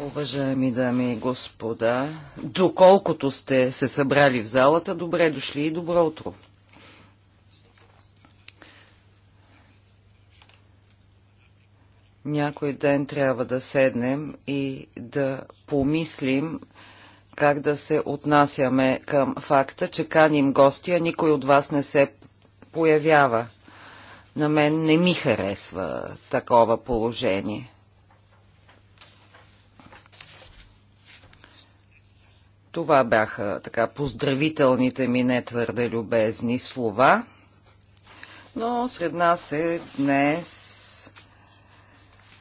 Уважаеми дами и господа, доколкото сте се събрали в залата, добре дошли и добро утро. Някой ден трябва да седнем и да помислим как да се отнасяме към факта, че каним гости, а никой от вас не се появява. На мен не ми харесва такова положение. Това бяха така поздравителните ми не твърде любезни слова. Но сред нас е днес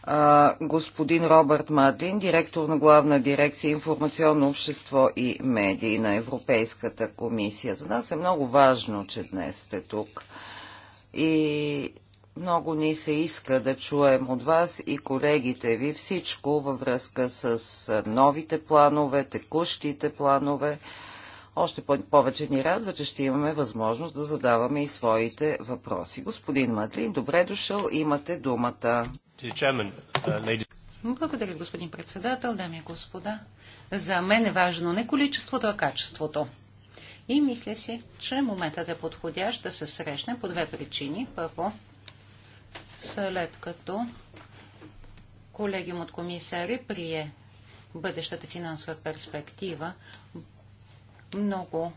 а, господин Робърт Мадлин, директор на главна дирекция информационно общество и медии на Европейската комисия. За нас е много важно, че днес сте тук. И много ни се иска да чуем от вас и колегите ви всичко във връзка с новите планове, текущите планове. Още повече ни радва, че ще имаме възможност да задаваме и своите въпроси. Господин Мадлин, добре дошъл, имате думата. Благодаря, господин председател, дами и господа. За мен е важно не количеството, а качеството. И мисля си, че моментът е подходящ да се срещнем по две причини. Първо, след като колегиум от комисари прие бъдещата финансова перспектива, много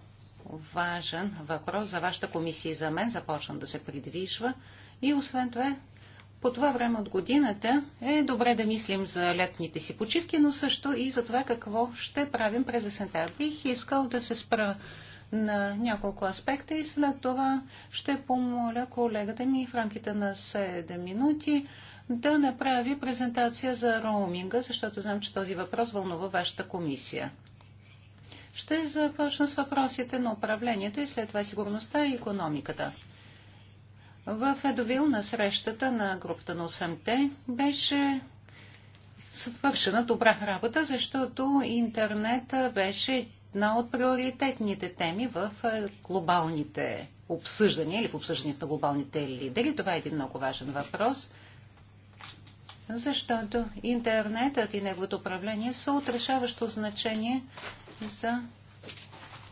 важен въпрос за вашата комисия и за мен започна да се придвижва. И освен това, по това време от годината е добре да мислим за летните си почивки, но също и за това какво ще правим през есента. Бих искал да се спра на няколко аспекта и след това ще помоля колегата ми в рамките на 7 минути да направи презентация за роуминга, защото знам, че този въпрос вълнува вашата комисия. Ще започна с въпросите на управлението и след това сигурността и економиката. В Едовил на срещата на групата на 8-те беше свършена добра работа, защото интернет беше една от приоритетните теми в глобалните обсъждания или в обсъждането на глобалните лидери. Това е един много важен въпрос, защото интернетът и неговото управление са от решаващо значение за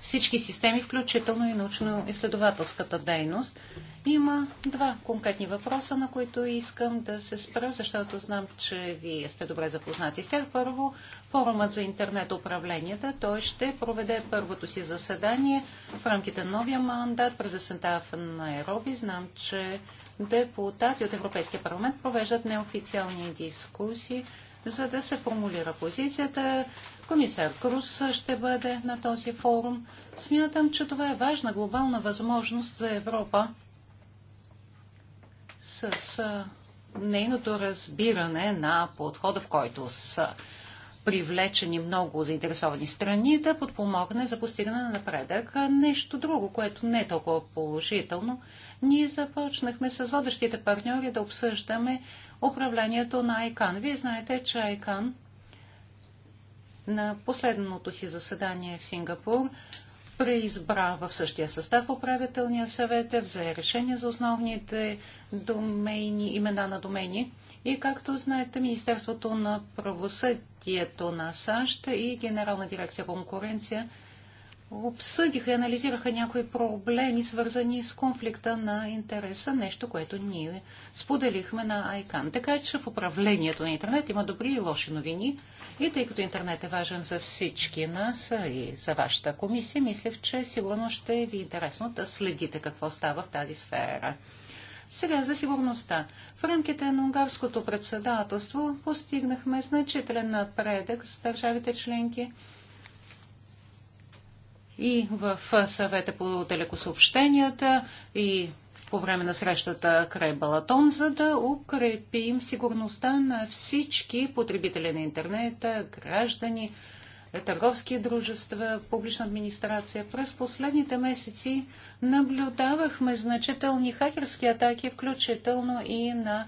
всички системи, включително и научно-изследователската дейност. Има два конкретни въпроса, на които искам да се спра, защото знам, че вие сте добре запознати с тях. Първо, форумът за интернет управленията. Той ще проведе първото си заседание в рамките на новия мандат през есента в Найроби. Знам, че депутати от Европейския парламент провеждат неофициални дискусии, за да се формулира позицията. Комисар Крус ще бъде на този форум. Смятам, че това е важна глобална възможност за Европа с нейното разбиране на подхода, в който са привлечени много заинтересовани страни, да подпомогне за постигане на напредък. Нещо друго, което не е толкова положително, ние започнахме с водещите партньори да обсъждаме управлението на ICAN. Вие знаете, че ICAN на последното си заседание в Сингапур преизбра в същия състав управителния съвет, е взе решение за основните домейни, имена на домени. И както знаете, Министерството на правосъдието на САЩ и Генерална дирекция конкуренция обсъдиха и анализираха някои проблеми, свързани с конфликта на интереса, нещо, което ние споделихме на ICANN. Така че в управлението на интернет има добри и лоши новини. И тъй като интернет е важен за всички нас и за вашата комисия, мислех, че сигурно ще ви е интересно да следите какво става в тази сфера. Сега за сигурността. В рамките на унгарското председателство постигнахме значителен напредък с държавите членки и в съвета по телекосъобщенията и по време на срещата край Балатон, за да укрепим сигурността на всички потребители на интернета, граждани, търговски дружества, публична администрация. През последните месеци наблюдавахме значителни хакерски атаки, включително и на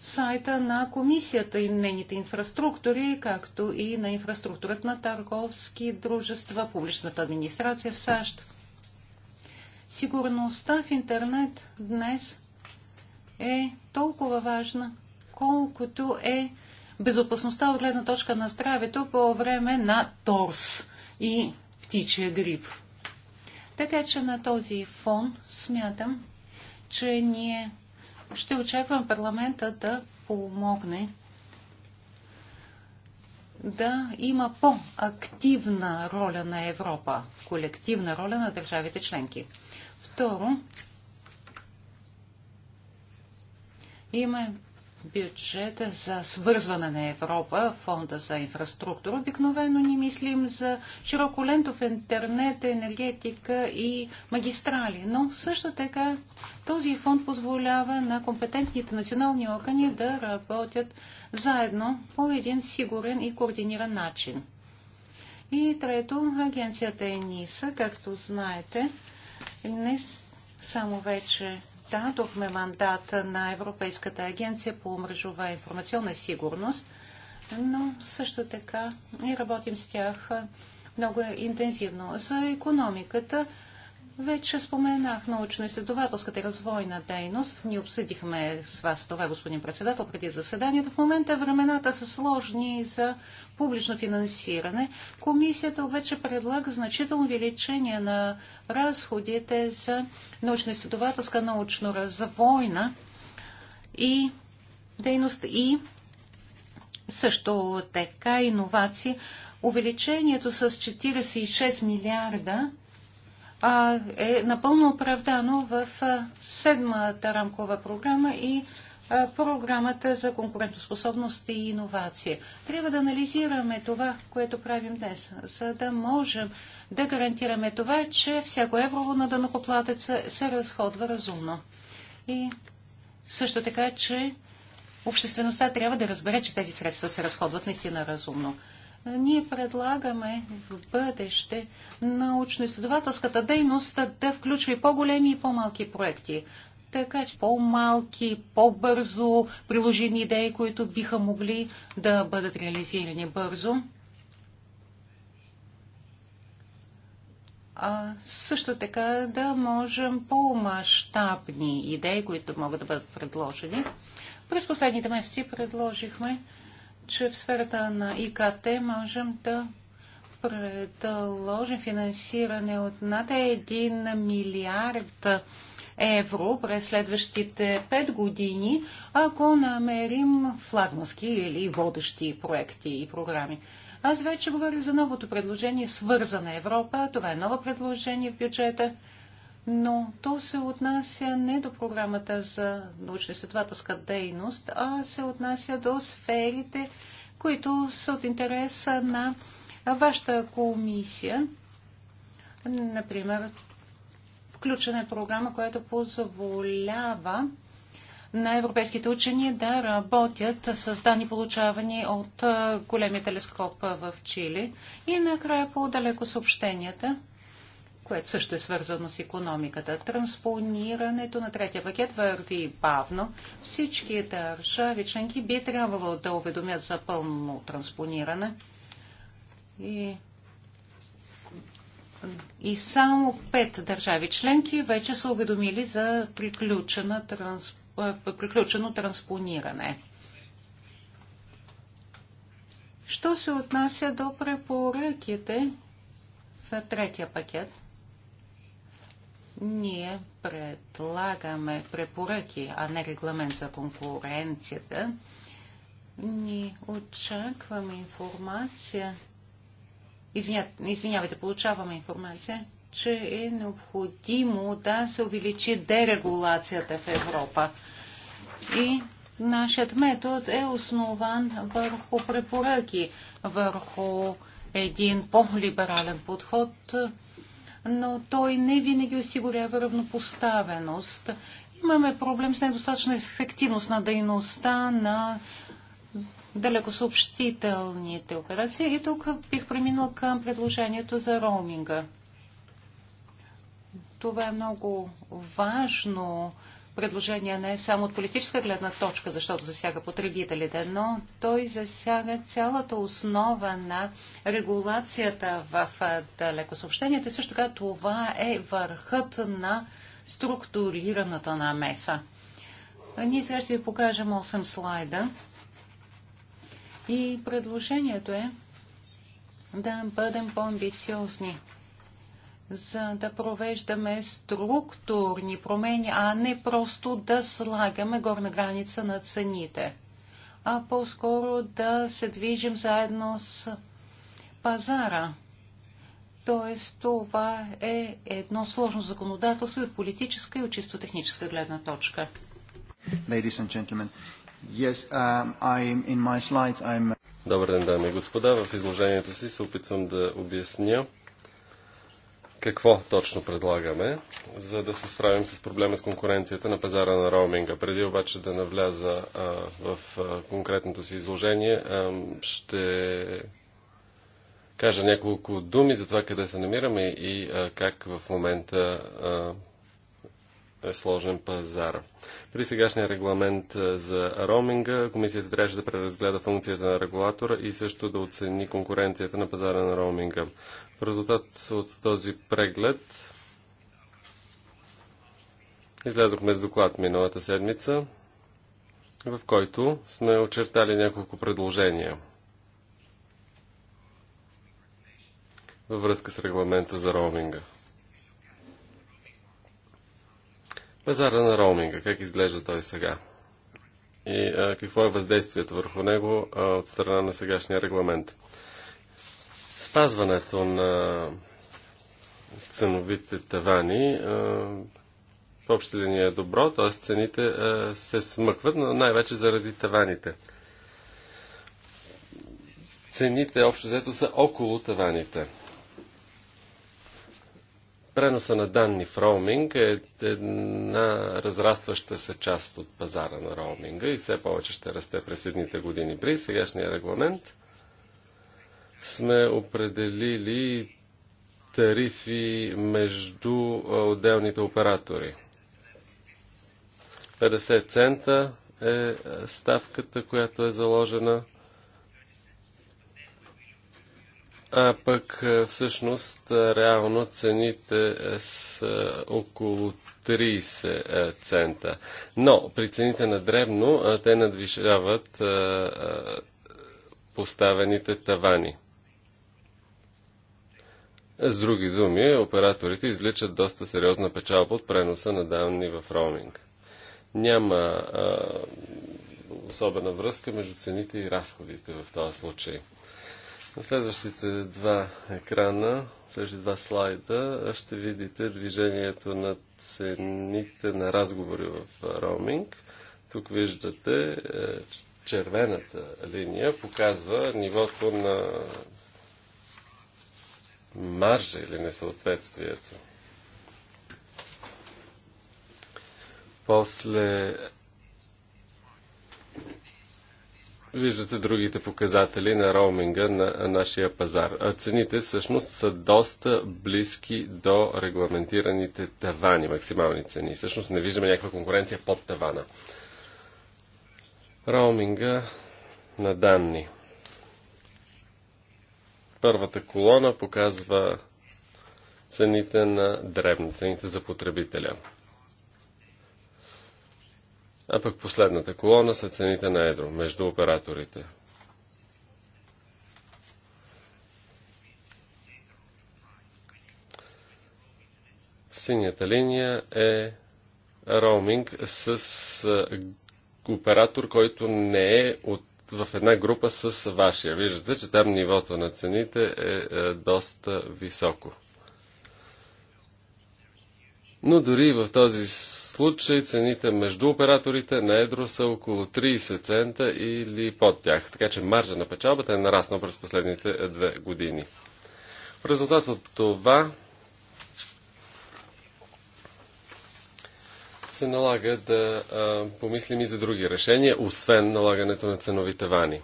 сайта на комисията и нейните инфраструктури, както и на инфраструктурата на търговски дружества, публичната администрация в САЩ. Сигурността в интернет днес е толкова важна, колкото е безопасността от гледна точка на здравето по време на торс и птичия грип. Така че на този фон смятам, че ние ще очаквам парламента да помогне да има по-активна роля на Европа, колективна роля на държавите членки. Второ, има бюджета за свързване на Европа, фонда за инфраструктура, обикновено ни мислим за широколентов интернет, енергетика и магистрали. Но също така този фонд позволява на компетентните национални органи да работят заедно по един сигурен и координиран начин. И трето, агенцията ЕНИСА, както знаете, не само вече дадохме мандат на Европейската агенция по мрежова информационна сигурност, но също така и работим с тях много интензивно. За економиката вече споменах научно-изследователската и развойна дейност. Ние обсъдихме с вас това, господин председател, преди заседанието. В момента времената са сложни за публично финансиране, комисията обаче предлага значително увеличение на разходите за научно-изследователска, научно-развойна и дейност и също така иновации. Увеличението с 46 милиарда е напълно оправдано в седмата рамкова програма и програмата за конкурентоспособност и иновация. Трябва да анализираме това, което правим днес, за да можем да гарантираме това, че всяко евро на дънокоплатеца се разходва разумно. И също така, че обществеността трябва да разбере, че тези средства се разходват наистина разумно. Ние предлагаме в бъдеще научно-изследователската дейност да включва и по-големи и по-малки проекти така че по-малки, по-бързо приложими идеи, които биха могли да бъдат реализирани бързо. А също така да можем по-масштабни идеи, които могат да бъдат предложени. През последните месеци предложихме, че в сферата на ИКТ можем да предложим финансиране от над 1 милиард евро през следващите 5 години, ако намерим флагмански или водещи проекти и програми. Аз вече говоря за новото предложение Свързана Европа. Това е ново предложение в бюджета, но то се отнася не до програмата за научно-изследователска дейност, а се отнася до сферите, които са от интерес на вашата комисия. Например, включена е програма, която позволява на европейските учени да работят с данни получавани от големия телескоп в Чили. И накрая по-далеко съобщенията, което също е свързано с економиката. Транспонирането на третия пакет върви бавно. Всички държави членки би трябвало да уведомят за пълно транспониране. И и само пет държави членки вече са уведомили за транс... Е, приключено транспониране. Що се отнася до препоръките в третия пакет? Ние предлагаме препоръки, а не регламент за конкуренцията. Ни очакваме информация Извиня... Извинявайте, получаваме информация, че е необходимо да се увеличи дерегулацията в Европа. И нашият метод е основан върху препоръки, върху един по-либерален подход, но той не винаги осигурява равнопоставеност. Имаме проблем с недостатъчна ефективност на дейността на далекосъобщителните операции. И тук бих преминал към предложението за роуминга. Това е много важно предложение не е само от политическа гледна точка, защото засяга потребителите, но той засяга цялата основа на регулацията в далекосъобщенията. Също така това е върхът на структурираната намеса. Ние сега ще ви покажем 8 слайда. И предложението е да бъдем по-амбициозни, за да провеждаме структурни промени, а не просто да слагаме горна граница на цените, а по-скоро да се движим заедно с пазара. Тоест, това е едно сложно законодателство и от политическа и от чисто техническа гледна точка. Ladies and gentlemen, Yes, um, in my slides, I'm... Uh, Добър ден, дами и господа. В изложението си се опитвам да обясня какво точно предлагаме, за да се справим с проблема с конкуренцията на пазара на роуминга. Преди обаче да навляза а, в а, конкретното си изложение, а, ще кажа няколко думи за това къде се намираме и а, как в момента а, е сложен пазар. При сегашния регламент е, за роуминга комисията трябваше да преразгледа функцията на регулатора и също да оцени конкуренцията на пазара на роуминга. В резултат от този преглед излязохме с доклад миналата седмица, в който сме очертали няколко предложения във връзка с регламента за роуминга. Пазара на роуминга, как изглежда той сега? И а, какво е въздействието върху него а, от страна на сегашния регламент? Спазването на ценовите тавани а, в общи линии е добро, т.е. цените а, се смъкват, но най-вече заради таваните. Цените общо взето са около таваните. Преноса на данни в роуминг е една разрастваща се част от пазара на роуминга и все повече ще расте през едните години. При сегашния регламент сме определили тарифи между отделните оператори. 50 цента е ставката, която е заложена – а пък всъщност реално цените са около 30 цента. Но при цените на дребно те надвишават поставените тавани. С други думи, операторите изличат доста сериозна печалба от преноса на данни в роуминг. Няма а, особена връзка между цените и разходите в този случай. На следващите два екрана, следващите два слайда, ще видите движението на цените на разговори в роуминг. Тук виждате е, червената линия, показва нивото на маржа или несъответствието. После Виждате другите показатели на роуминга на нашия пазар. цените всъщност са доста близки до регламентираните тавани, максимални цени. Всъщност не виждаме някаква конкуренция под тавана. Роуминга на данни. Първата колона показва цените на дребно, цените за потребителя а пък последната колона са цените на едро между операторите. Синята линия е роуминг с оператор, който не е от, в една група с вашия. Виждате, че там нивото на цените е, е доста високо. Но дори в този случай цените между операторите на едро са около 30 цента или под тях, така че маржа на печалбата е нараснал през последните две години. В резултат от това се налага да а, помислим и за други решения, освен налагането на ценовите вани,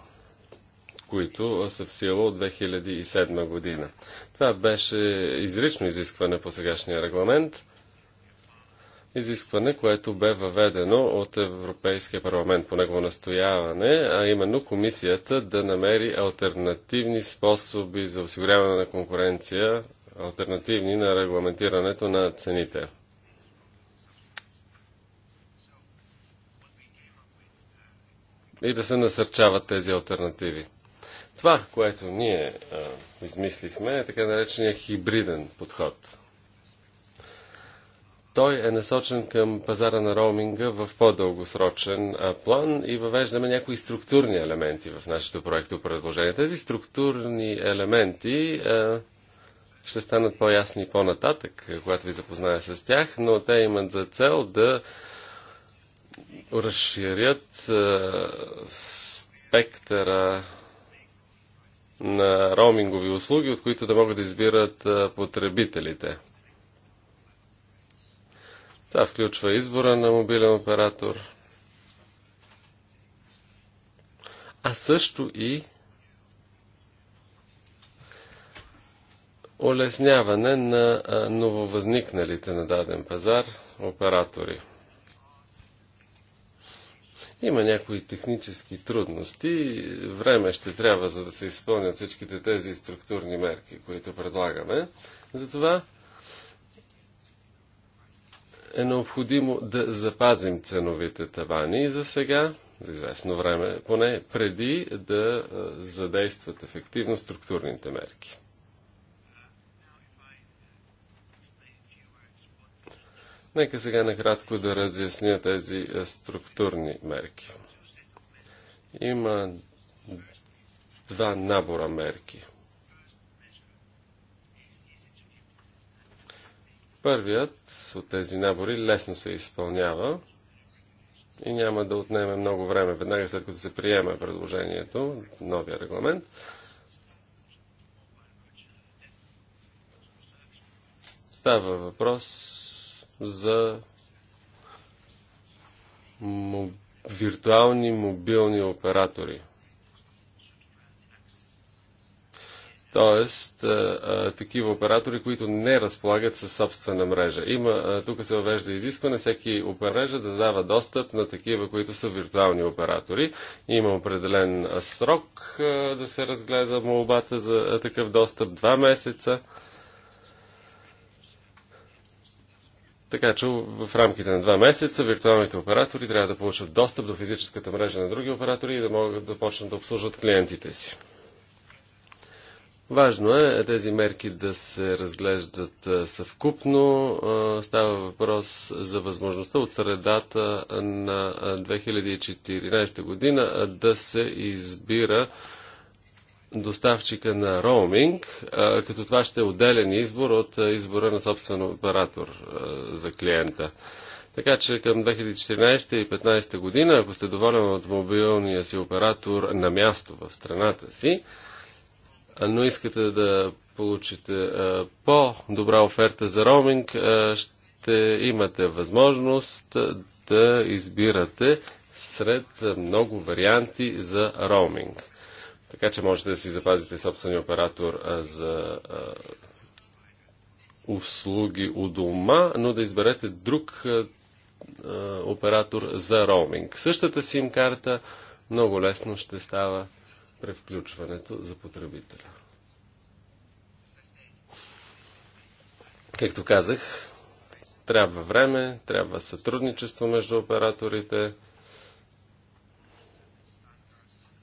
които са в сила от 2007 година. Това беше изрично изискване по сегашния регламент – изискване, което бе въведено от Европейския парламент по негово настояване, а именно комисията да намери альтернативни способи за осигуряване на конкуренция, альтернативни на регламентирането на цените. И да се насърчават тези альтернативи. Това, което ние а, измислихме, е така наречения хибриден подход – той е насочен към пазара на роуминга в по-дългосрочен план и въвеждаме някои структурни елементи в нашето проекто предложение. Тези структурни елементи ще станат по-ясни по-нататък, когато ви запозная с тях, но те имат за цел да разширят спектъра на роумингови услуги, от които да могат да избират потребителите. Това включва избора на мобилен оператор, а също и улесняване на нововъзникналите на даден пазар оператори. Има някои технически трудности. Време ще трябва, за да се изпълнят всичките тези структурни мерки, които предлагаме. Затова е необходимо да запазим ценовите тавани за сега, за известно време, поне преди да е, задействат ефективно структурните мерки. Нека сега накратко да разясня тези е, структурни мерки. Има два набора мерки – Първият от тези набори лесно се изпълнява и няма да отнеме много време, веднага след като се приеме предложението, новия регламент. Става въпрос за виртуални мобилни оператори – Тоест, такива оператори, които не разполагат със собствена мрежа. Има, тук се въвежда изискване всеки опережа да дава достъп на такива, които са виртуални оператори. Има определен срок да се разгледа молбата за такъв достъп два месеца. Така че в рамките на два месеца виртуалните оператори трябва да получат достъп до физическата мрежа на други оператори и да могат да почнат да обслужват клиентите си. Важно е тези мерки да се разглеждат съвкупно. Става въпрос за възможността от средата на 2014 година да се избира доставчика на роуминг, като това ще е отделен избор от избора на собствен оператор за клиента. Така че към 2014 и 2015 година, ако сте доволен от мобилния си оператор на място в страната си, но искате да получите по-добра оферта за роуминг, ще имате възможност да избирате сред много варианти за роуминг. Така че можете да си запазите собствения оператор за услуги у дома, но да изберете друг оператор за роуминг. Същата сим карта много лесно ще става превключването за потребителя. Както казах, трябва време, трябва сътрудничество между операторите,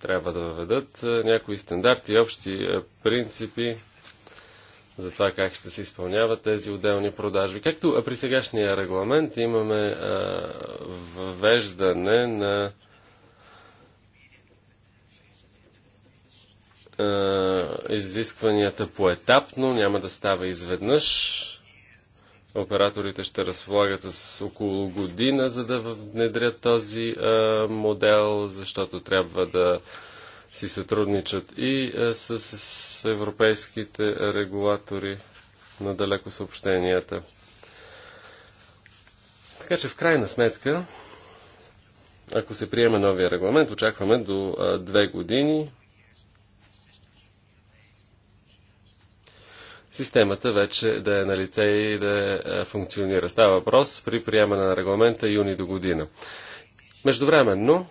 трябва да въведат е, някои стандарти и общи е, принципи за това как ще се изпълняват тези отделни продажби. Както при сегашния регламент имаме е, въвеждане на Е, изискванията поетапно, няма да става изведнъж. Операторите ще разполагат с около година, за да внедрят този е, модел, защото трябва да си сътрудничат и е, с, с европейските регулатори на далеко съобщенията. Така че в крайна сметка, ако се приеме новия регламент, очакваме до а, две години системата вече да е на лице и да е, е, функционира. Става въпрос при приемане на регламента юни до година. Междувременно,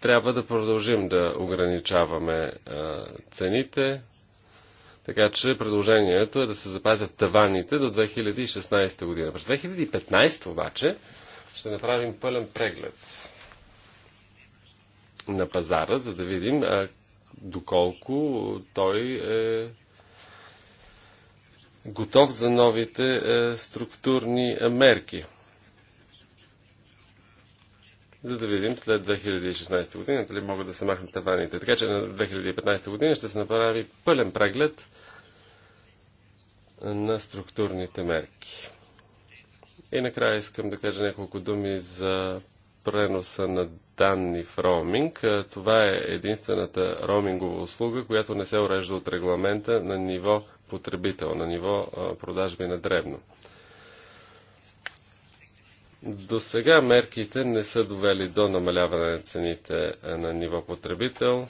трябва да продължим да ограничаваме а, е, цените, така че предложението е да се запазят таваните до 2016 година. През 2015 обаче ще направим пълен преглед на пазара, за да видим а, доколко той е готов за новите е, структурни е, мерки. За да видим след 2016 година дали могат да се махнат таваните. Така че на 2015 година ще се направи пълен преглед е, на структурните мерки. И накрая искам да кажа няколко думи за преноса на данни в роуминг. Е, това е единствената роумингова услуга, която не се урежда от регламента на ниво потребител, на ниво продажби на дребно. До сега мерките не са довели до намаляване на цените на ниво потребител.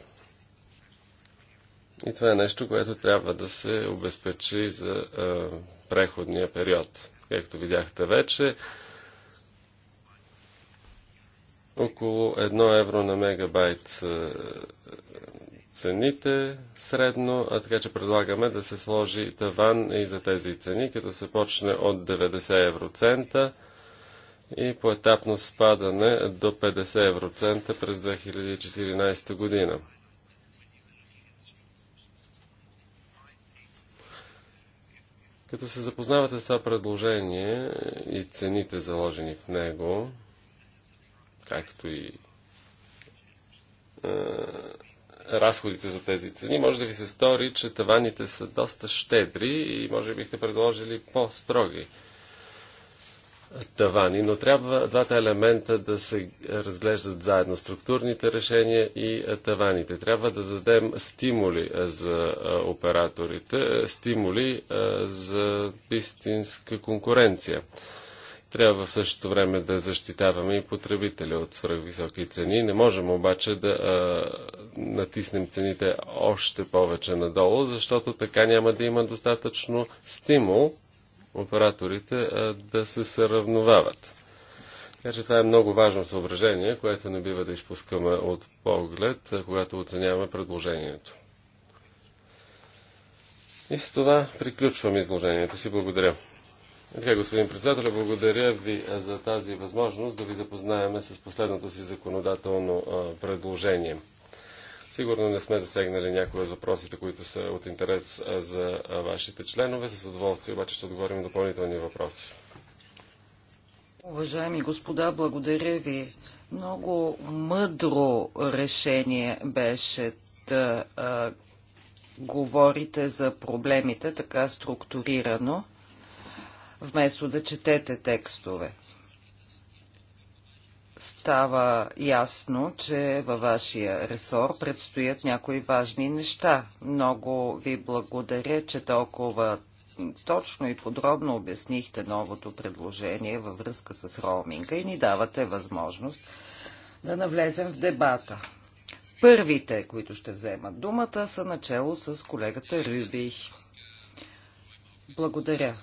И това е нещо, което трябва да се обезпечи за а, преходния период. Както видяхте вече, около 1 евро на мегабайт цените средно, а така че предлагаме да се сложи таван и за тези цени, като се почне от 90 евроцента и поетапно спадане до 50 евроцента през 2014 година. Като се запознавате с това предложение и цените заложени в него, както и разходите за тези цени, може да ви се стори, че таваните са доста щедри и може бихте предложили по-строги тавани, но трябва двата елемента да се разглеждат заедно. Структурните решения и таваните. Трябва да дадем стимули за операторите, стимули за истинска конкуренция. Трябва в същото време да защитаваме и потребителя от свръхвисоки цени. Не можем обаче да а, натиснем цените още повече надолу, защото така няма да има достатъчно стимул операторите а, да се съравновават. Така че това е много важно съображение, което не бива да изпускаме от поглед, а, когато оценяваме предложението. И с това приключвам изложението си. Благодаря така, господин председател, благодаря ви за тази възможност да ви запознаеме с последното си законодателно предложение. Сигурно не сме засегнали някои от въпросите, които са от интерес за вашите членове. С удоволствие обаче ще отговорим допълнителни въпроси. Уважаеми господа, благодаря ви. Много мъдро решение беше да а, говорите за проблемите така структурирано вместо да четете текстове. Става ясно, че във вашия ресор предстоят някои важни неща. Много ви благодаря, че толкова точно и подробно обяснихте новото предложение във връзка с роуминга и ни давате възможност да навлезем в дебата. Първите, които ще вземат думата, са начало с колегата Рюбих. Благодаря.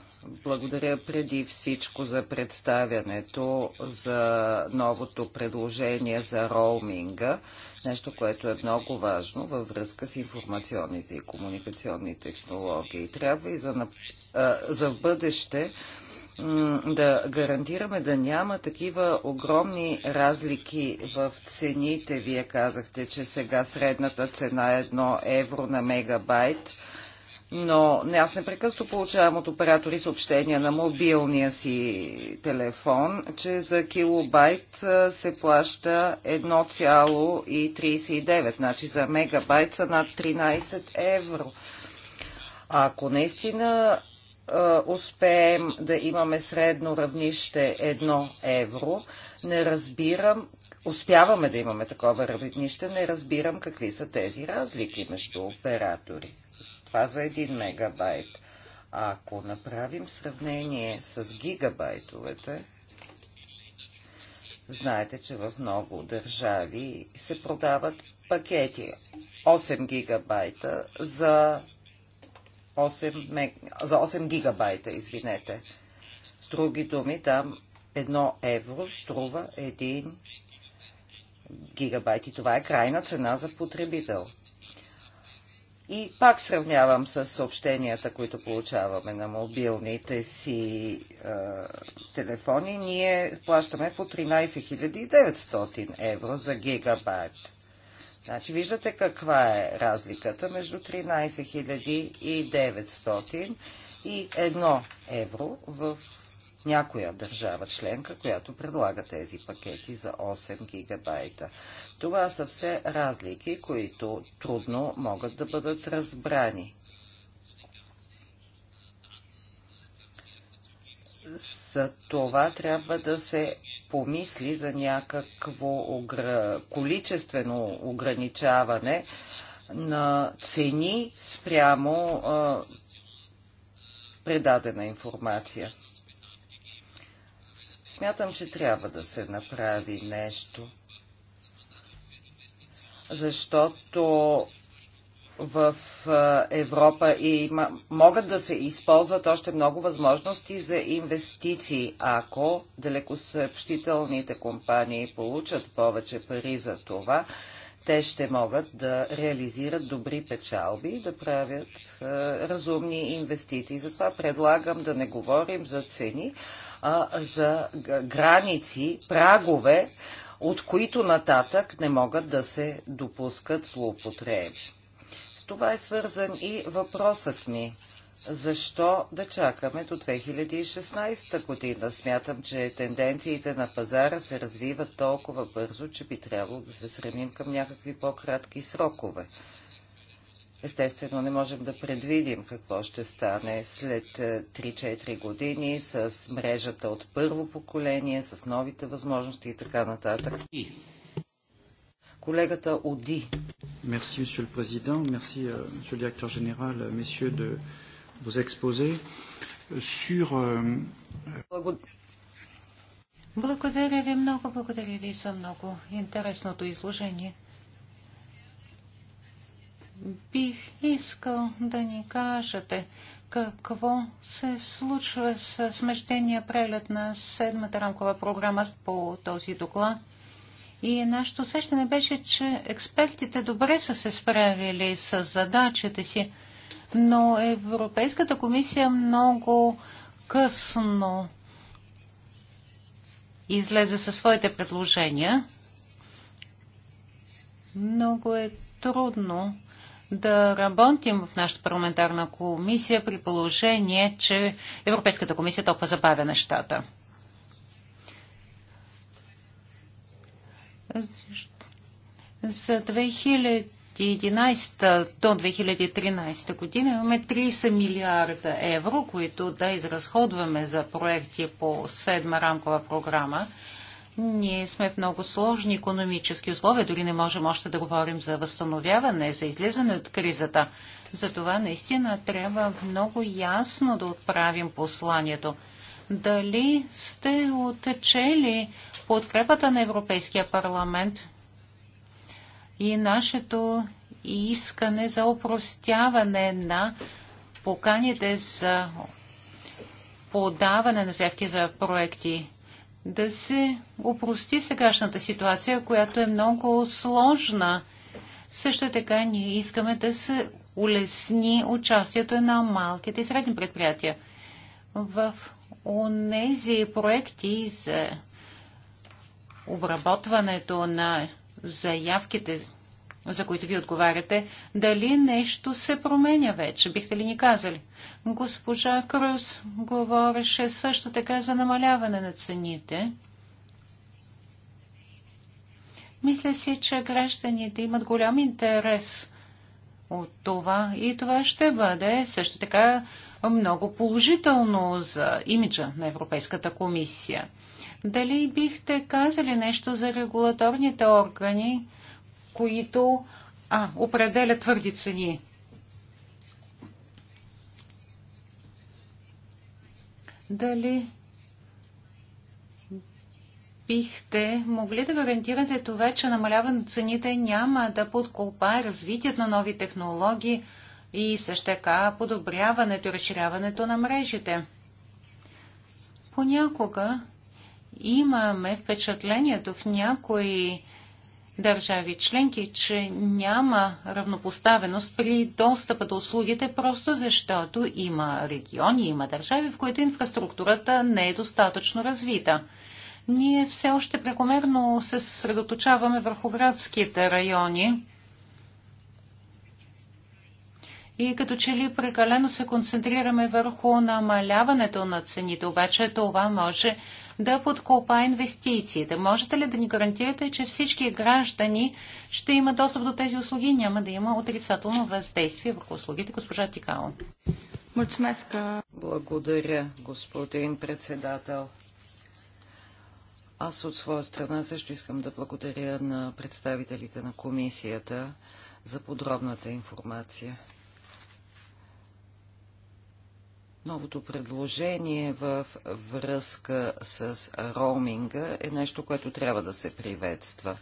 Благодаря преди всичко за представянето за новото предложение за роуминга, нещо, което е много важно във връзка с информационните и комуникационни технологии. Трябва и за, за в бъдеще да гарантираме да няма такива огромни разлики в цените. Вие казахте, че сега средната цена е 1 евро на мегабайт – но не, аз непрекъсто получавам от оператори съобщения на мобилния си телефон, че за килобайт се плаща 1,39, значи за мегабайт са над 13 евро. А ако наистина успеем да имаме средно равнище 1 евро, не разбирам, успяваме да имаме такова равнище, не разбирам какви са тези разлики между оператори. Това за 1 мегабайт. А ако направим сравнение с гигабайтовете, знаете, че в много държави се продават пакети 8 гигабайта за 8, мег... за 8 гигабайта, извинете. С други думи, там 1 евро струва 1 гигабайт и това е крайна цена за потребител. И пак сравнявам с съобщенията, които получаваме на мобилните си е, телефони. Ние плащаме по 13 900 евро за гигабайт. Значи виждате каква е разликата между 13 900 и 1 евро в някоя държава членка, която предлага тези пакети за 8 гигабайта. Това са все разлики, които трудно могат да бъдат разбрани. За това трябва да се помисли за някакво огр... количествено ограничаване на цени спрямо а, предадена информация. Смятам, че трябва да се направи нещо, защото в Европа и могат да се използват още много възможности за инвестиции, ако далекосъобщителните компании получат повече пари за това, те ще могат да реализират добри печалби и да правят е, разумни инвестиции. Затова предлагам да не говорим за цени, а, за граници, прагове, от които нататък не могат да се допускат злоупотреби. С това е свързан и въпросът ми. Защо да чакаме до 2016 година? Смятам, че тенденциите на пазара се развиват толкова бързо, че би трябвало да се сремим към някакви по-кратки срокове. Естествено, не можем да предвидим какво ще стане след 3-4 е, години с мрежата от първо поколение, с новите възможности и така нататък. Колегата Оди. Мерси, monsieur президент. Мерси, Merci, директор euh, генерал, directeur général, euh, messieurs, експозе. Euh, Сюр... Благодаря ви много, благодаря ви за много интересното изложение бих искал да ни кажете какво се случва с смещения преглед на седмата рамкова програма по този доклад. И нашето усещане беше, че експертите добре са се справили с задачите си, но Европейската комисия много късно излезе със своите предложения. Много е трудно да работим в нашата парламентарна комисия при положение, че Европейската комисия толкова забавя нещата. За 2011 до 2013 година имаме 30 милиарда евро, които да изразходваме за проекти по седма рамкова програма – ние сме в много сложни економически условия, дори не можем още да говорим за възстановяване, за излизане от кризата. Затова наистина трябва много ясно да отправим посланието. Дали сте отечели подкрепата на Европейския парламент и нашето искане за упростяване на поканите за подаване на заявки за проекти? да се упрости сегашната ситуация, която е много сложна. Също така ние искаме да се улесни участието на малките и средни предприятия. В онези проекти за обработването на заявките за които ви отговаряте, дали нещо се променя вече? Бихте ли ни казали? Госпожа Крус говореше също така за намаляване на цените. Мисля си, че гражданите имат голям интерес от това и това ще бъде също така много положително за имиджа на Европейската комисия. Дали бихте казали нещо за регулаторните органи? които а, определят твърди цени. Дали бихте могли да гарантирате това, че намаляване на цените няма да подкопае развитието на нови технологии и също така подобряването и разширяването на мрежите? Понякога имаме впечатлението в някои държави членки, че няма равнопоставеност при достъпа до услугите, просто защото има региони, има държави, в които инфраструктурата не е достатъчно развита. Ние все още прекомерно се съсредоточаваме върху градските райони и като че ли прекалено се концентрираме върху намаляването на цените, обаче това може да подкопа инвестициите. Можете ли да ни гарантирате, че всички граждани ще имат достъп до тези услуги и няма да има отрицателно въздействие върху услугите? Госпожа Тикао. Благодаря, господин председател. Аз от своя страна също искам да благодаря на представителите на комисията за подробната информация. Новото предложение в връзка с роуминга е нещо, което трябва да се приветства.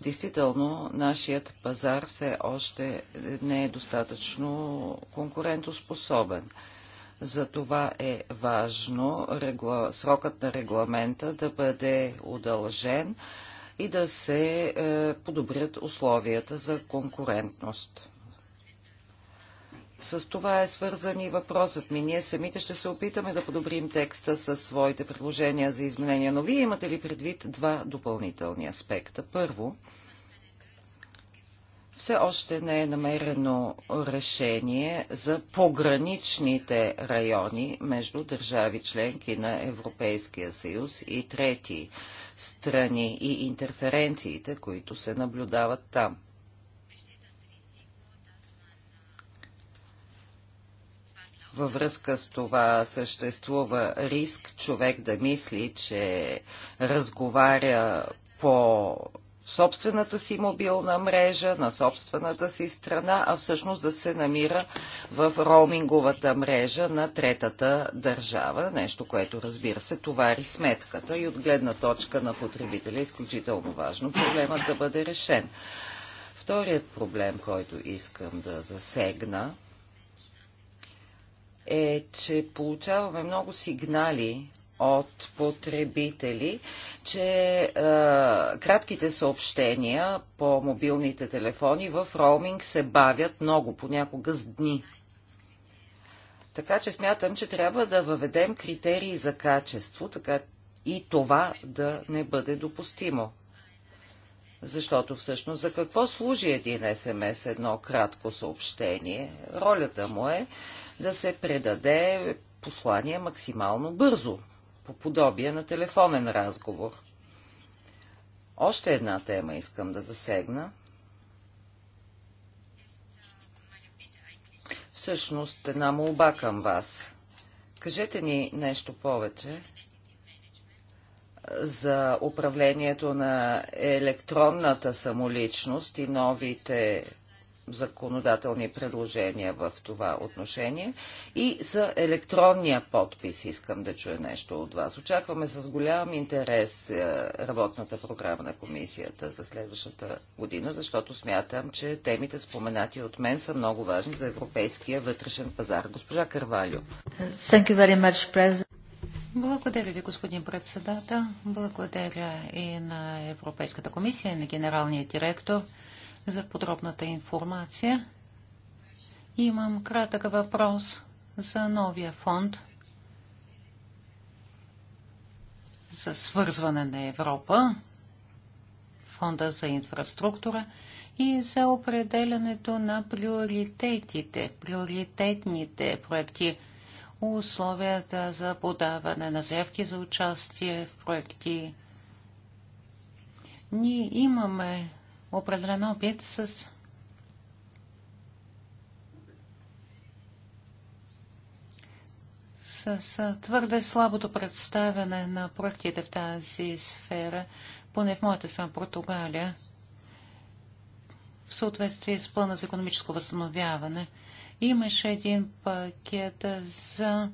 Действително, нашият пазар все още не е достатъчно конкурентоспособен. Затова е важно регла... срокът на регламента да бъде удължен и да се е, подобрят условията за конкурентност. С това е свързан и въпросът ми. Ние самите ще се опитаме да подобрим текста със своите предложения за изменения, но вие имате ли предвид два допълнителни аспекта? Първо, все още не е намерено решение за пограничните райони между държави членки на Европейския съюз и трети страни и интерференциите, които се наблюдават там. Във връзка с това съществува риск човек да мисли, че разговаря по собствената си мобилна мрежа, на собствената си страна, а всъщност да се намира в роуминговата мрежа на третата държава. Нещо, което разбира се товари сметката и от гледна точка на потребителя е изключително важно проблемът да бъде решен. Вторият проблем, който искам да засегна – е, че получаваме много сигнали от потребители, че е, кратките съобщения по мобилните телефони в роуминг се бавят много, понякога с дни. Така че смятам, че трябва да въведем критерии за качество, така и това да не бъде допустимо. Защото всъщност за какво служи един СМС едно кратко съобщение? Ролята му е да се предаде послание максимално бързо, по подобие на телефонен разговор. Още една тема искам да засегна. Всъщност една молба към вас. Кажете ни нещо повече за управлението на електронната самоличност и новите законодателни предложения в това отношение. И за електронния подпис искам да чуя нещо от вас. Очакваме с голям интерес е, работната програма на комисията за следващата година, защото смятам, че темите споменати от мен са много важни за европейския вътрешен пазар. Госпожа Карвалю. Благодаря ви, господин председател. Благодаря и на Европейската комисия, и на генералния директор – за подробната информация. Имам кратък въпрос за новия фонд за свързване на Европа, фонда за инфраструктура и за определянето на приоритетите, приоритетните проекти, условията за подаване на заявки за участие в проекти. Ние имаме определен опит с с твърде слабото представяне на проектите в тази сфера, поне в моята страна Португалия, в съответствие с плана за економическо възстановяване, имаше един пакет за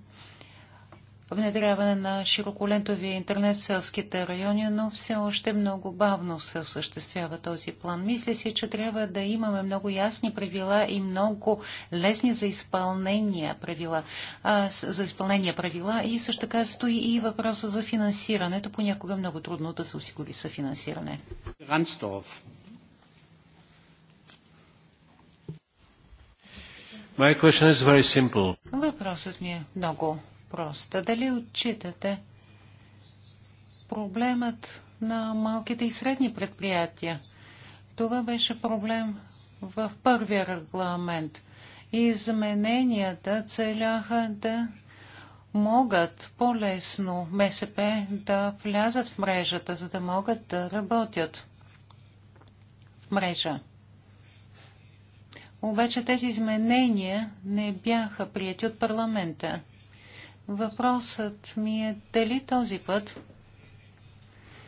внедряване на широколентовия интернет в селските райони, но все още много бавно се осъществява този план. Мисля си, че трябва да имаме много ясни правила и много лесни за изпълнение правила. А, за изпълнение правила и също така стои и въпроса за финансирането. Понякога е много трудно да се осигури съфинансиране. Рансдорф. Въпросът ми е много въпроса. Дали отчитате проблемът на малките и средни предприятия? Това беше проблем в първия регламент. Измененията целяха да могат по-лесно МСП да влязат в мрежата, за да могат да работят в мрежа. Обаче тези изменения не бяха прияти от парламента. Въпросът ми е дали този път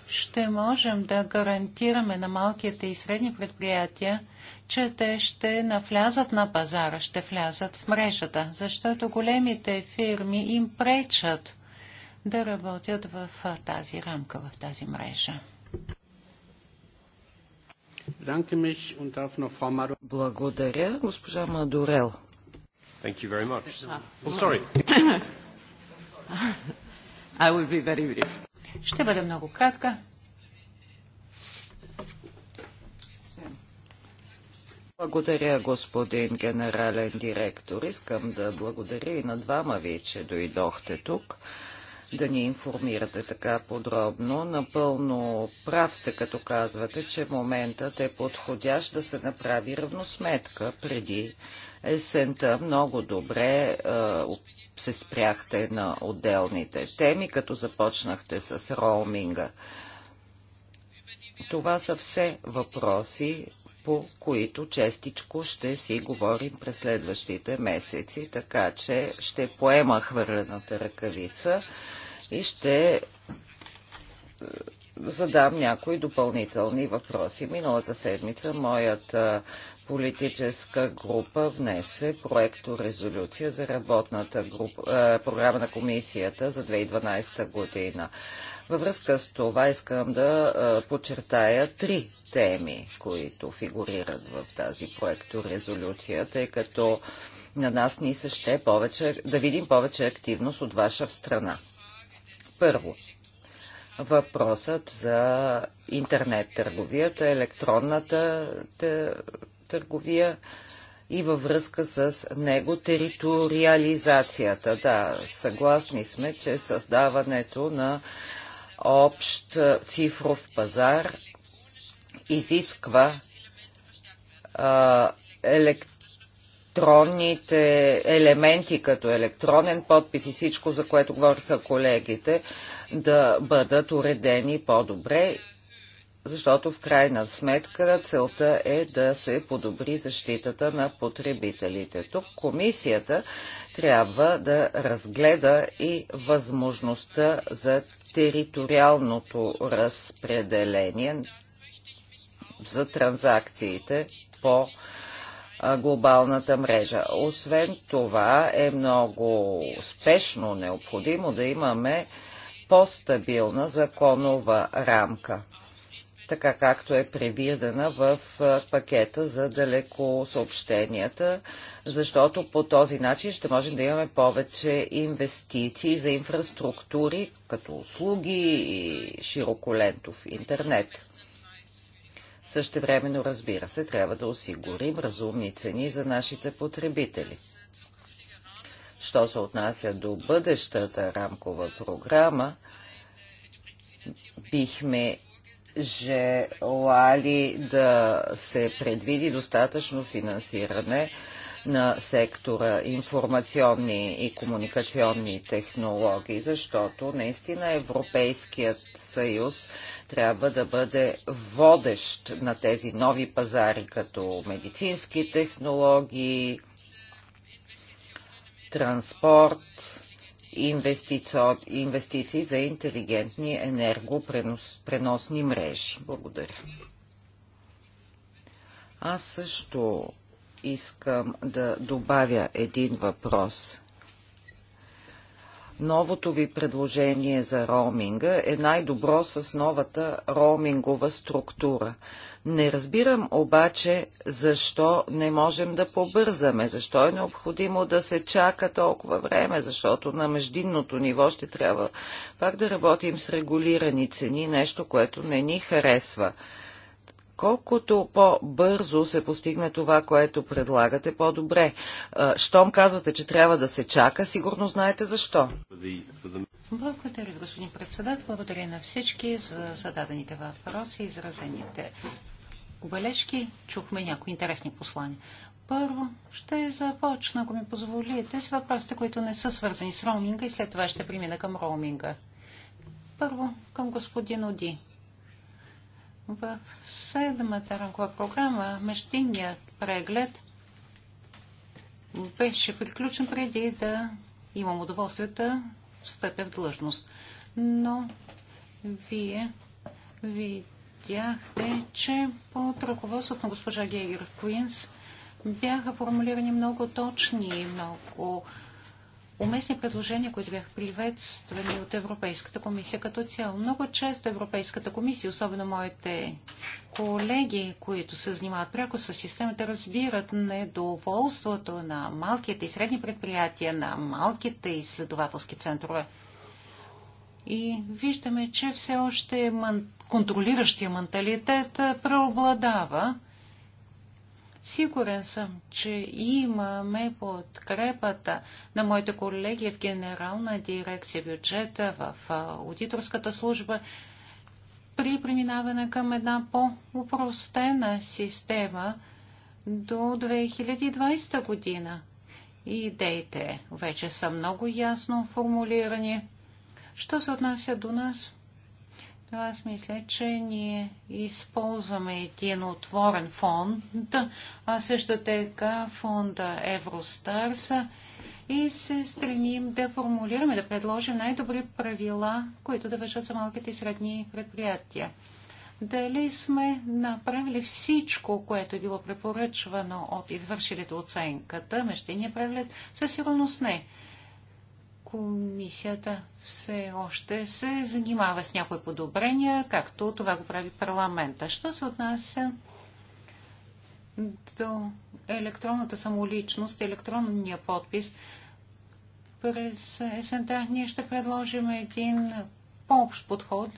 ще можем да гарантираме на малките и средни предприятия, че те ще навлязат на пазара, ще влязат в мрежата, защото големите фирми им пречат да работят в тази рамка, в тази мрежа. Благодаря, госпожа Мадорел. Thank you very much. sorry. I will be very brief. Ще бъда много кратка. Благодаря, господин генерален директор. Искам да благодаря и на двама ви, че дойдохте тук да ни информирате така подробно. Напълно прав сте, като казвате, че моментът е подходящ да се направи равносметка преди есента. Много добре е, се спряхте на отделните теми, като започнахте с роуминга. Това са все въпроси, по които честичко ще си говорим през следващите месеци, така че ще поема хвърлената ръкавица и ще е, задам някои допълнителни въпроси. Миналата седмица моят политическа група внесе проекто резолюция за работната група, а, е, програма на комисията за 2012 година. Във връзка с това искам да а, е, подчертая три теми, които фигурират в тази проекто резолюция, тъй като на нас ни се ще повече, да видим повече активност от ваша страна. Първо, въпросът за интернет търговията, електронната търговия и във връзка с него териториализацията. Да, съгласни сме, че създаването на общ цифров пазар изисква а, електронните елементи, като електронен подпис и всичко, за което говориха колегите, да бъдат уредени по-добре защото в крайна сметка целта е да се подобри защитата на потребителите. Тук комисията трябва да разгледа и възможността за териториалното разпределение за транзакциите по глобалната мрежа. Освен това е много спешно необходимо да имаме по-стабилна законова рамка така както е предвидена в пакета за далеко съобщенията, защото по този начин ще можем да имаме повече инвестиции за инфраструктури, като услуги и широколентов интернет. времено, разбира се, трябва да осигурим разумни цени за нашите потребители. Що се отнася до бъдещата рамкова програма, бихме желали да се предвиди достатъчно финансиране на сектора информационни и комуникационни технологии, защото наистина Европейският съюз трябва да бъде водещ на тези нови пазари, като медицински технологии, транспорт, инвестиции за интелигентни енергопреносни мрежи. Благодаря. Аз също искам да добавя един въпрос новото ви предложение за роуминга е най-добро с новата роумингова структура. Не разбирам обаче защо не можем да побързаме, защо е необходимо да се чака толкова време, защото на междинното ниво ще трябва пак да работим с регулирани цени, нещо, което не ни харесва. Колкото по-бързо се постигне това, което предлагате, по-добре. Щом казвате, че трябва да се чака, сигурно знаете защо. Благодаря, господин председател. Благодаря на всички за зададените въпроси и изразените обележки. Чухме някои интересни послания. Първо ще започна, ако ми позволите, с въпросите, които не са свързани с роуминга и след това ще премина към роуминга. Първо към господин Оди. В седмата рамкова програма мещиният преглед беше приключен преди да имам удоволствие да встъпя в длъжност. Но вие видяхте, че под ръководството на госпожа Гейгер Куинс бяха формулирани много точни и много уместни предложения, които бяха приветствани от Европейската комисия като цяло. Много често Европейската комисия, особено моите колеги, които се занимават пряко с системата, разбират недоволството на малките и средни предприятия, на малките изследователски центрове. И виждаме, че все още контролиращия менталитет преобладава Сигурен съм, че имаме подкрепата на моите колеги в Генерална дирекция бюджета, в аудиторската служба, при преминаване към една по-упростена система до 2020 година. Идеите вече са много ясно формулирани. Що се отнася до нас, но аз мисля, че ние използваме един отворен фонд, а също така фонда Евростарс и се стремим да формулираме, да предложим най-добри правила, които да вършат за малките и средни предприятия. Дали сме направили всичко, което е било препоръчвано от извършилите оценката, мещения преглед? Със сигурност не комисията все още се занимава с някои подобрения, както това го прави парламента. Що се отнася до електронната самоличност, електронния подпис, през есента ние ще предложим един по-общ подход.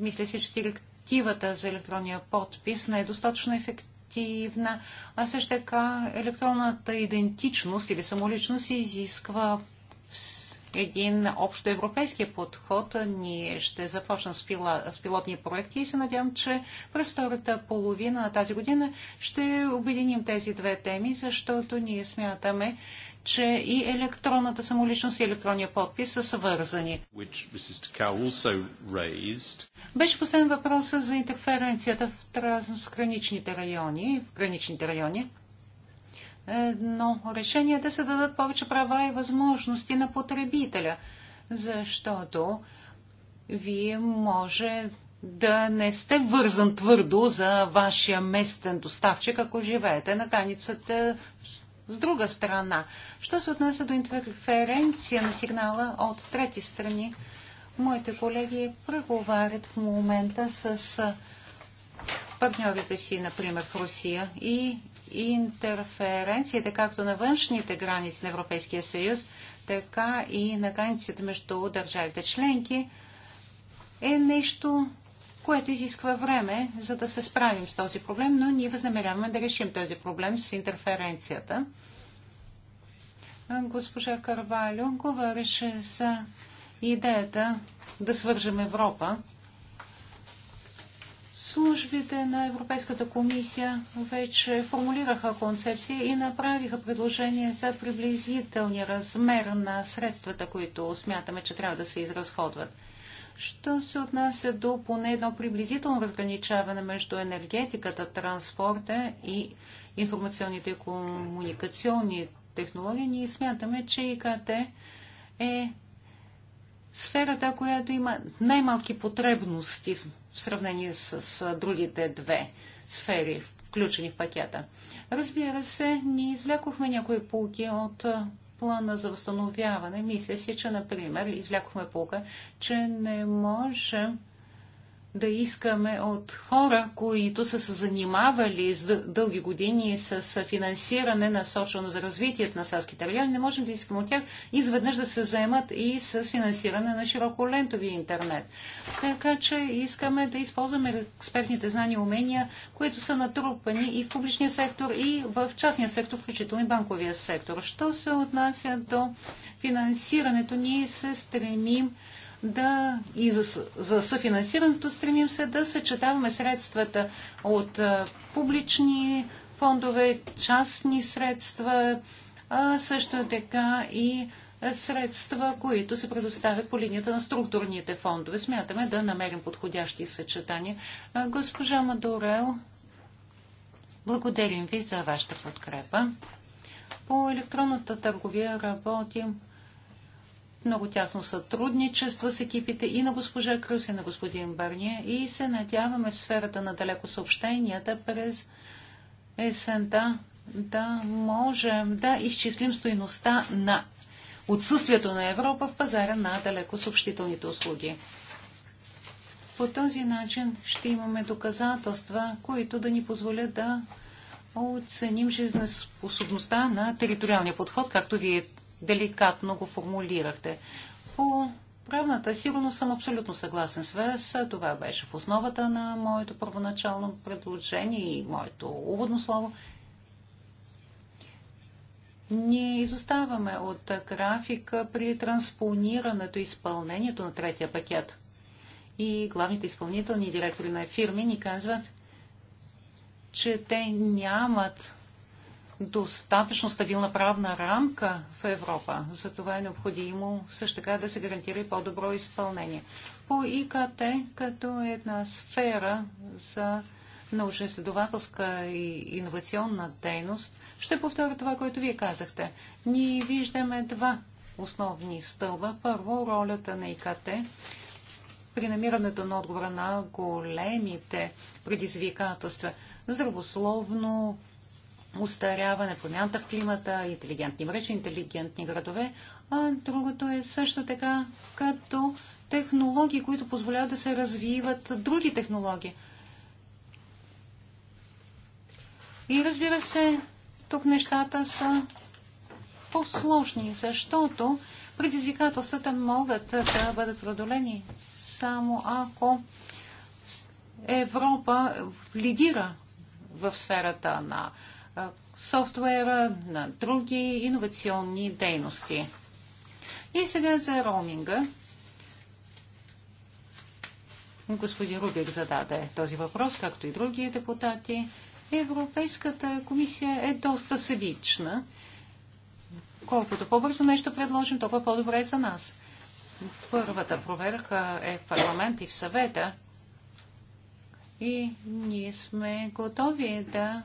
Мисля си, че директивата за електронния подпис не е достатъчно ефективна, а също така електронната идентичност или самоличност изисква един общоевропейски подход. Ние ще започнем с, пилотни проекти и се надявам, че през втората половина на тази година ще обединим тези две теми, защото ние смятаме, че и електронната самоличност и електронния подпис са свързани. Беше последен въпрос за интерференцията в трансграничните райони, в граничните райони едно решение да се дадат повече права и възможности на потребителя, защото вие може да не сте вързан твърдо за вашия местен доставчик, ако живеете на границата с друга страна. Що се отнася до интерференция на сигнала от трети страни, моите колеги преговарят в момента с партньорите си, например в Русия, и интерференциите както на външните граници на Европейския съюз, така и на границите между държавите членки, е нещо, което изисква време, за да се справим с този проблем, но ние възнамеряваме да решим този проблем с интерференцията. Госпожа Карвалю говореше за идеята да свържем Европа Службите на Европейската комисия вече формулираха концепция и направиха предложение за приблизителния размер на средствата, които смятаме, че трябва да се изразходват. Що се отнася до поне едно приблизително разграничаване между енергетиката, транспорта и информационните и комуникационни технологии, ние смятаме, че ИКТ е сферата, която има най-малки потребности в сравнение с, с другите две сфери, включени в пакета. Разбира се, ние извлякохме някои полки от плана за възстановяване. Мисля си, че, например, извлякохме полка, че не можем да искаме от хора, които са се занимавали с дълги години с финансиране насочено за развитието на САСките райони, не можем да искаме от тях изведнъж да се заемат и с финансиране на широколентови интернет. Така че искаме да използваме експертните знания и умения, които са натрупани и в публичния сектор, и в частния сектор, включително и банковия сектор. Що се отнася до финансирането, ние се стремим да и за, за съфинансирането стремим се да съчетаваме средствата от публични фондове, частни средства, а също така и средства, които се предоставят по линията на структурните фондове. Смятаме да намерим подходящи съчетания. Госпожа Мадорел, благодарим ви за вашата подкрепа. По електронната търговия работим много тясно сътрудничество с екипите и на госпожа Крус и на господин Барния и се надяваме в сферата на далеко съобщенията през есента да можем да изчислим стоиността на отсъствието на Европа в пазара на далеко съобщителните услуги. По този начин ще имаме доказателства, които да ни позволят да оценим жизнеспособността на териториалния подход, както вие деликатно го формулирахте. По правната сигурност съм абсолютно съгласен с вас. Това беше в основата на моето първоначално предложение и моето уводно слово. Ние изоставаме от графика при транспонирането и изпълнението на третия пакет. И главните изпълнителни директори на фирми ни казват, че те нямат достатъчно стабилна правна рамка в Европа. Затова е необходимо също така да се гарантира и по-добро изпълнение. По ИКТ като е една сфера за научно-изследователска и иновационна дейност, ще повторя това, което вие казахте. Ние виждаме два основни стълба. Първо, ролята на ИКТ при намирането на отговора на големите предизвикателства. Здравословно, устаряване, промяната в климата, интелигентни мрежи, интелигентни градове, а другото е също така като технологии, които позволяват да се развиват други технологии. И разбира се, тук нещата са по-сложни, защото предизвикателствата могат да бъдат продолени само ако Европа лидира в сферата на софтуера, на други иновационни дейности. И сега за роуминга. Господин Рубик зададе този въпрос, както и други депутати. Европейската комисия е доста събична. Колкото по-бързо нещо предложим, толкова по-добре е за нас. Първата проверка е в парламент и в съвета. И ние сме готови да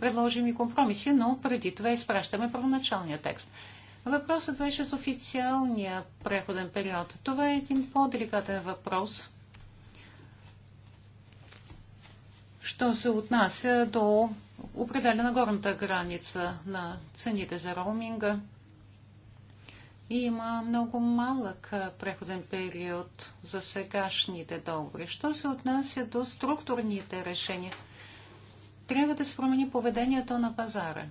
предложим и компромиси, но преди това изпращаме първоначалния текст. Въпросът беше с официалния преходен период. Това е един по-деликатен въпрос. Що се отнася до определена горната граница на цените за роуминга, и има много малък преходен период за сегашните договори. Що се отнася до структурните решения – трябва да се промени поведението на пазара.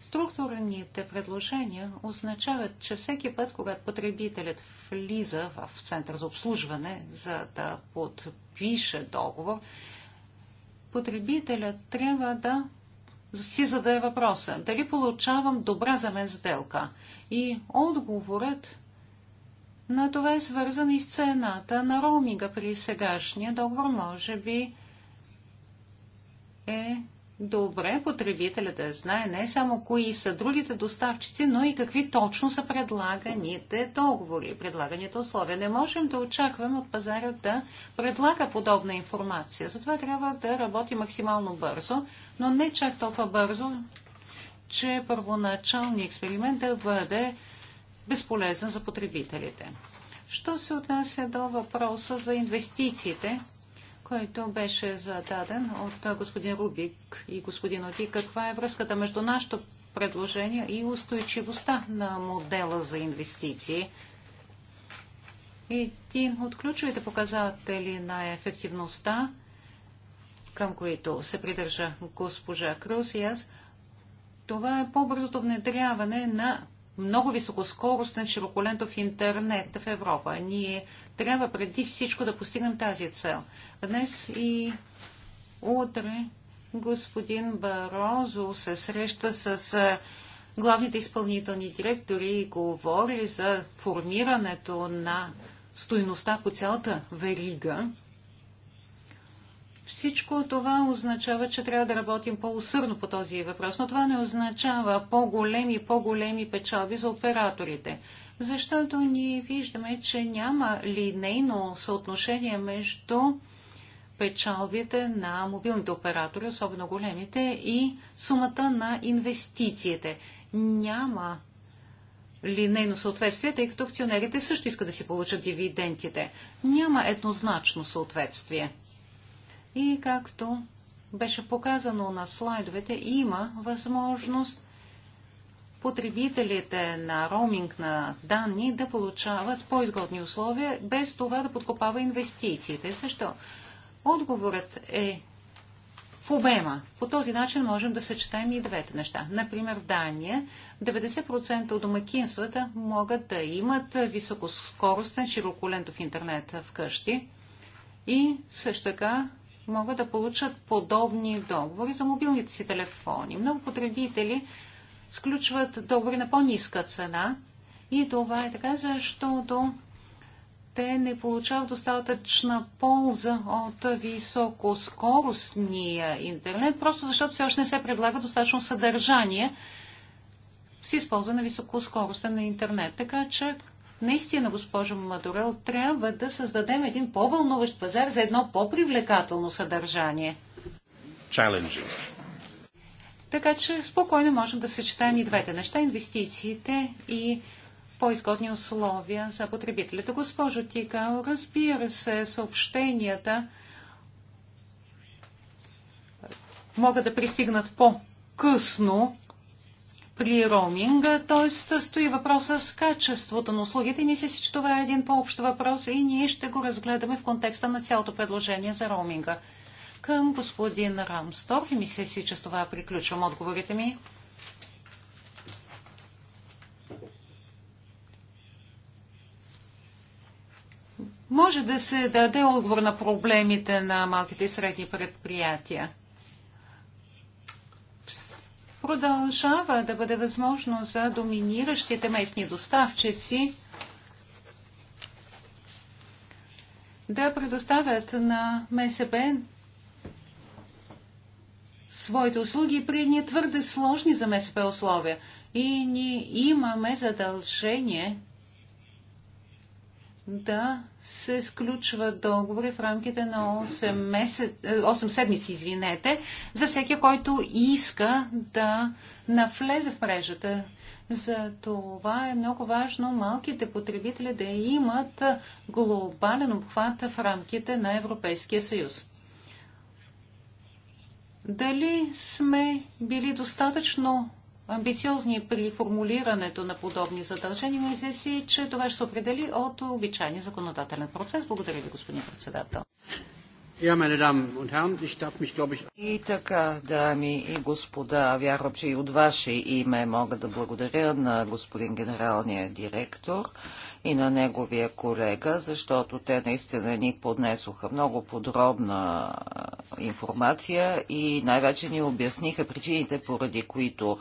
Структурните предложения означават, че всеки път, когато потребителят влиза в център за обслужване, за да подпише договор, потребителят трябва да си зададе въпроса дали получавам добра за мен сделка. И отговорът на това е свързан и с цената на роуминга при сегашния договор. Може би е добре потребителя да знае не само кои са другите доставчици, но и какви точно са предлаганите договори, предлаганите условия. Не можем да очакваме от пазара да предлага подобна информация. Затова трябва да работи максимално бързо, но не чак толкова бързо, че първоначалният експеримент да бъде безполезен за потребителите. Що се отнася до въпроса за инвестициите, който беше зададен от господин Рубик и господин Оди. Каква е връзката между нашото предложение и устойчивостта на модела за инвестиции? Един от ключовите показатели на ефективността, към които се придържа госпожа Крусиас, и аз, това е по-бързото внедряване на много високоскоростен широколентов интернет в Европа. Ние трябва преди всичко да постигнем тази цел – днес и утре господин Барозо се среща с главните изпълнителни директори и говори за формирането на стоиността по цялата верига. Всичко това означава, че трябва да работим по усърно по този въпрос, но това не означава по-големи по-големи печалби за операторите, защото ние виждаме, че няма линейно съотношение между печалбите на мобилните оператори, особено големите, и сумата на инвестициите. Няма линейно съответствие, тъй като акционерите също искат да си получат дивидендите. Няма еднозначно съответствие. И както беше показано на слайдовете, има възможност потребителите на роуминг на данни да получават по-изгодни условия, без това да подкопава инвестициите. Защо? Отговорът е в обема. По този начин можем да съчетаем и двете неща. Например, в Дания 90% от домакинствата могат да имат високоскоростен широколентов интернет вкъщи и също така могат да получат подобни договори за мобилните си телефони. Много потребители сключват договори на по-ниска цена и това е така, защото те не получават достатъчна полза от високоскоростния интернет, просто защото все още не се предлага достатъчно съдържание с използване на на интернет. Така че Наистина, госпожо Мадурел, трябва да създадем един по-вълнуващ пазар за едно по-привлекателно съдържание. Challenges. Така че спокойно можем да съчетаем и двете неща, инвестициите и по-изгодни условия за потребителите. Госпожо Тика, разбира се, съобщенията могат да пристигнат по-късно при роуминга, т.е. стои въпроса с качеството на услугите. Ние си, че това е един по-общ въпрос и ние ще го разгледаме в контекста на цялото предложение за роуминга. Към господин Рамсторф мисля си, че с това приключвам отговорите ми. може да се даде отговор на проблемите на малките и средни предприятия. Продължава да бъде възможно за доминиращите местни доставчици да предоставят на МСБ своите услуги при ни твърде сложни за МСБ условия. И ние имаме задължение да се сключват договори в рамките на 8, месец, 8 е, седмици, извинете, за всеки, който иска да навлезе в мрежата. За това е много важно малките потребители да имат глобален обхват в рамките на Европейския съюз. Дали сме били достатъчно амбициозни при формулирането на подобни задължения, мисля си, че това ще се определи от обичайния законодателен процес. Благодаря ви, господин председател. И така, дами и господа, вярвам, че и от ваше име мога да благодаря на господин генералния директор и на неговия колега, защото те наистина ни поднесоха много подробна информация и най-вече ни обясниха причините, поради които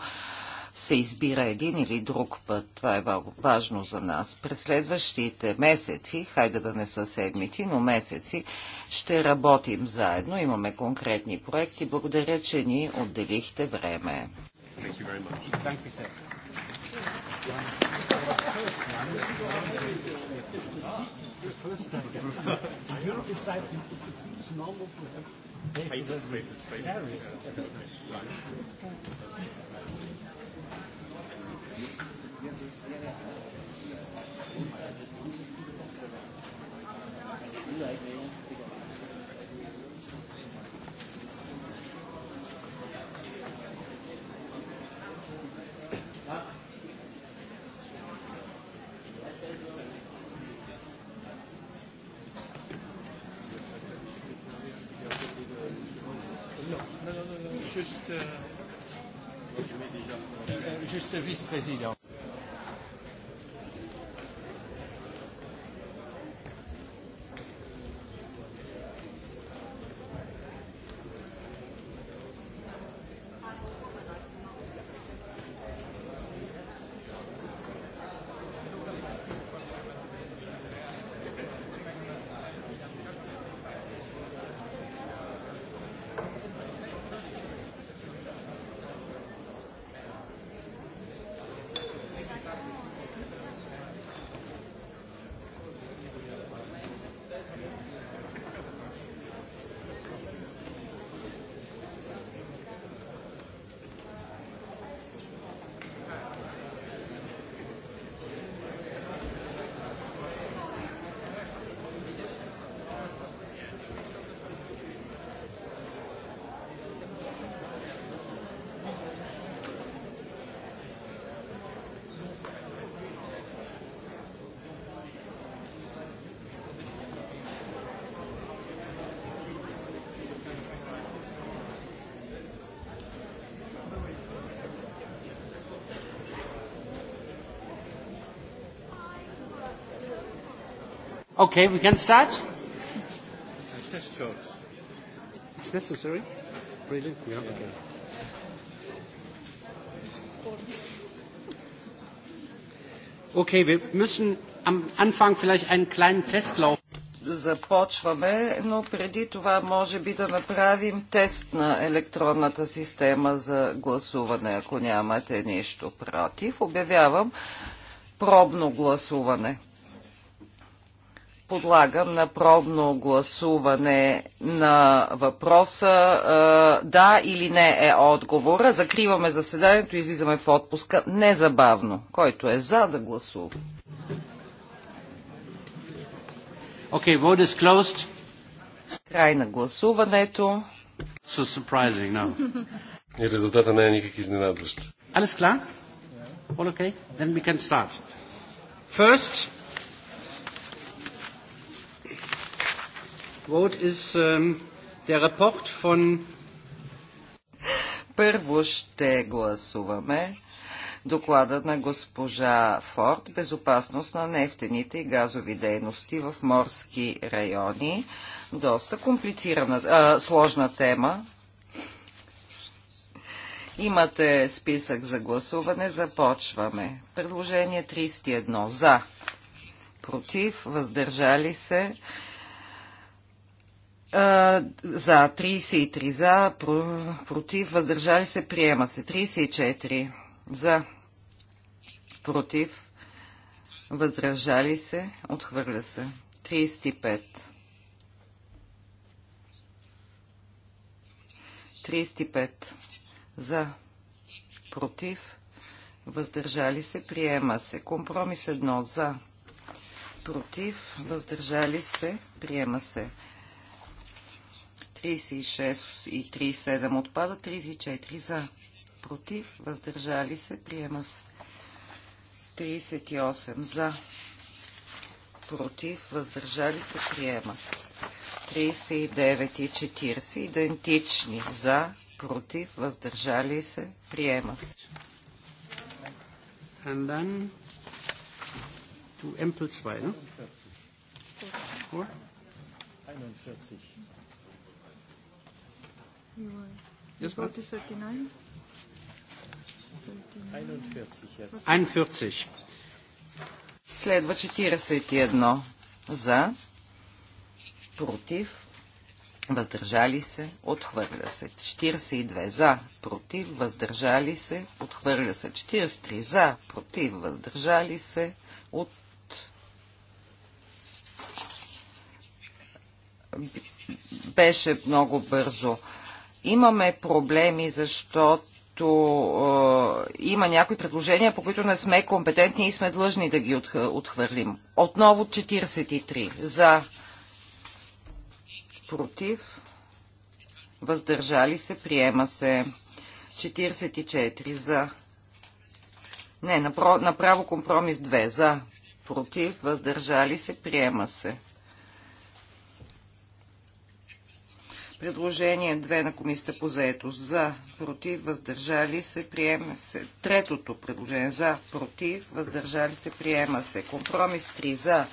се избира един или друг път. Това е важно за нас. През следващите месеци, хайде да не са седмици, но месеци, ще работим заедно. Имаме конкретни проекти. Благодаря, че ни отделихте време. Thank you Presidium. Okay, we can start. Test vote. It's necessary? Really? Yeah. yeah. Okay. Okay, wir müssen am Anfang vielleicht einen kleinen Testlauf. Започваме, но преди това може би да направим тест на електронната система за гласуване, ако нямате нищо против. Обявявам пробно гласуване подлагам на пробно гласуване на въпроса. Да или не е отговора. Закриваме заседанието, излизаме в отпуска незабавно. Който е за да гласува. Okay, vote is closed. Край на гласуването. So surprising, no. И резултата не е никак изненадващ. Alles klar? All okay? Then we can start. First, is um, der Report von... Първо ще гласуваме доклада на госпожа Форд «Безопасност на нефтените и газови дейности в морски райони». Доста комплицирана, а, сложна тема. Имате списък за гласуване. Започваме. Предложение 31. За. Против. Въздържали се за 33 за, против, въздържали се, приема се. 34 за, против, въздържали се, отхвърля се. 35. 35 за, против, въздържали се, приема се. Компромис 1 за, против, въздържали се, приема се. 36 и 37 отпада. 34 за. Против, въздържали се, приема се. 38 за. Против, въздържали се, приема се. 39 и 40 идентични за, против, въздържали се, приема се. And then to Empel 2, 41. You 39. 41. Следва 41 за, против, въздържали се, отхвърля се. 42 за, против, въздържали се, отхвърля се. 43 за, против, въздържали се, от... Беше много бързо. Имаме проблеми, защото е, има някои предложения, по които не сме компетентни и сме длъжни да ги отхвърлим. Отново 43. За. Против. Въздържали се. Приема се. 44. За. Не, направо компромис 2. За. Против. Въздържали се. Приема се. Предложение 2 на комисията по заетост за, против, въздържали се, приема се. Третото предложение за, против, въздържали се, приема се. Компромис 3 за,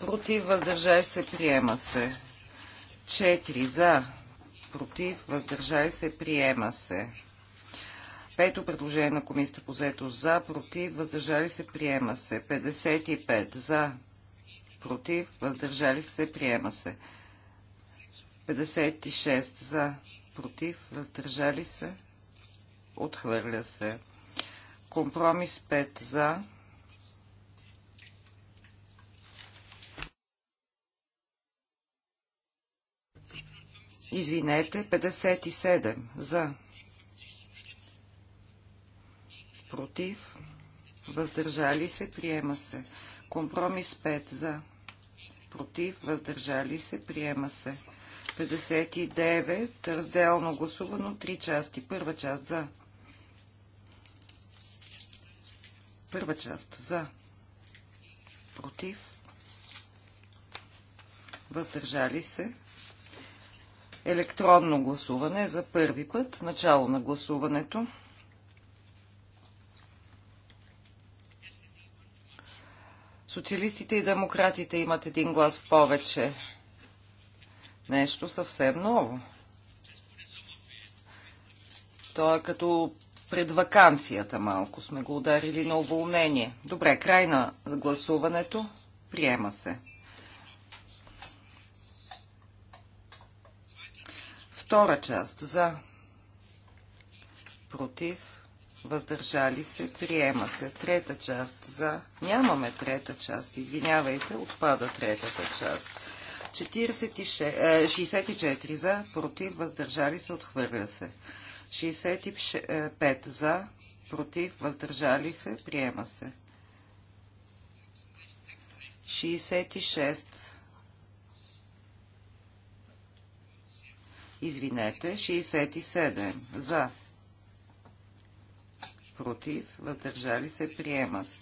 против, въздържали се, приема се. 4 за, против, въздържали се, приема се. Пето предложение на комисията по заетост за, против, въздържали се, приема се. 55 за, против, въздържали се, приема се. 56 за, против, въздържали се, отхвърля се. Компромис 5 за. Извинете, 57 за. Против, въздържали се, приема се. Компромис 5 за. Против, въздържали се, приема се. 59, разделно гласувано, 3 части. Първа част за. Първа част за. Против. Въздържали се. Електронно гласуване за първи път. Начало на гласуването. Социалистите и демократите имат един глас в повече нещо съвсем ново. То е като пред вакансията малко сме го ударили на уволнение. Добре, край на гласуването. Приема се. Втора част за против, въздържали се, приема се. Трета част за... Нямаме трета част, извинявайте, отпада третата част. 64 е, за, против, въздържали се, отхвърля се. 65 за, против, въздържали се, приема се. 66 Извинете, 67 за, против, въздържали се, приема се.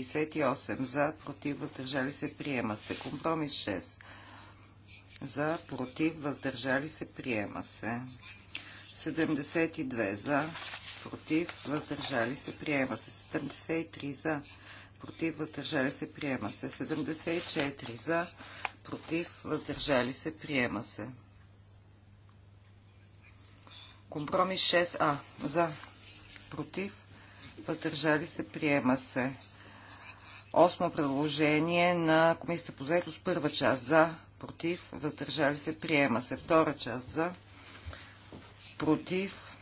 68 за, против, въздържали се, приема се. Компромис 6 за, против, въздържали се, приема се. 72 за, против, въздържали се, приема се. 73 за, против, въздържали се, приема се. 74 за, против, въздържали се, приема се. Компромис 6А. За. Против. Въздържали се. Приема се. Осмо предложение на Комисията по заедост. Първа част. За против, въздържали се, приема се. Втора част за, против,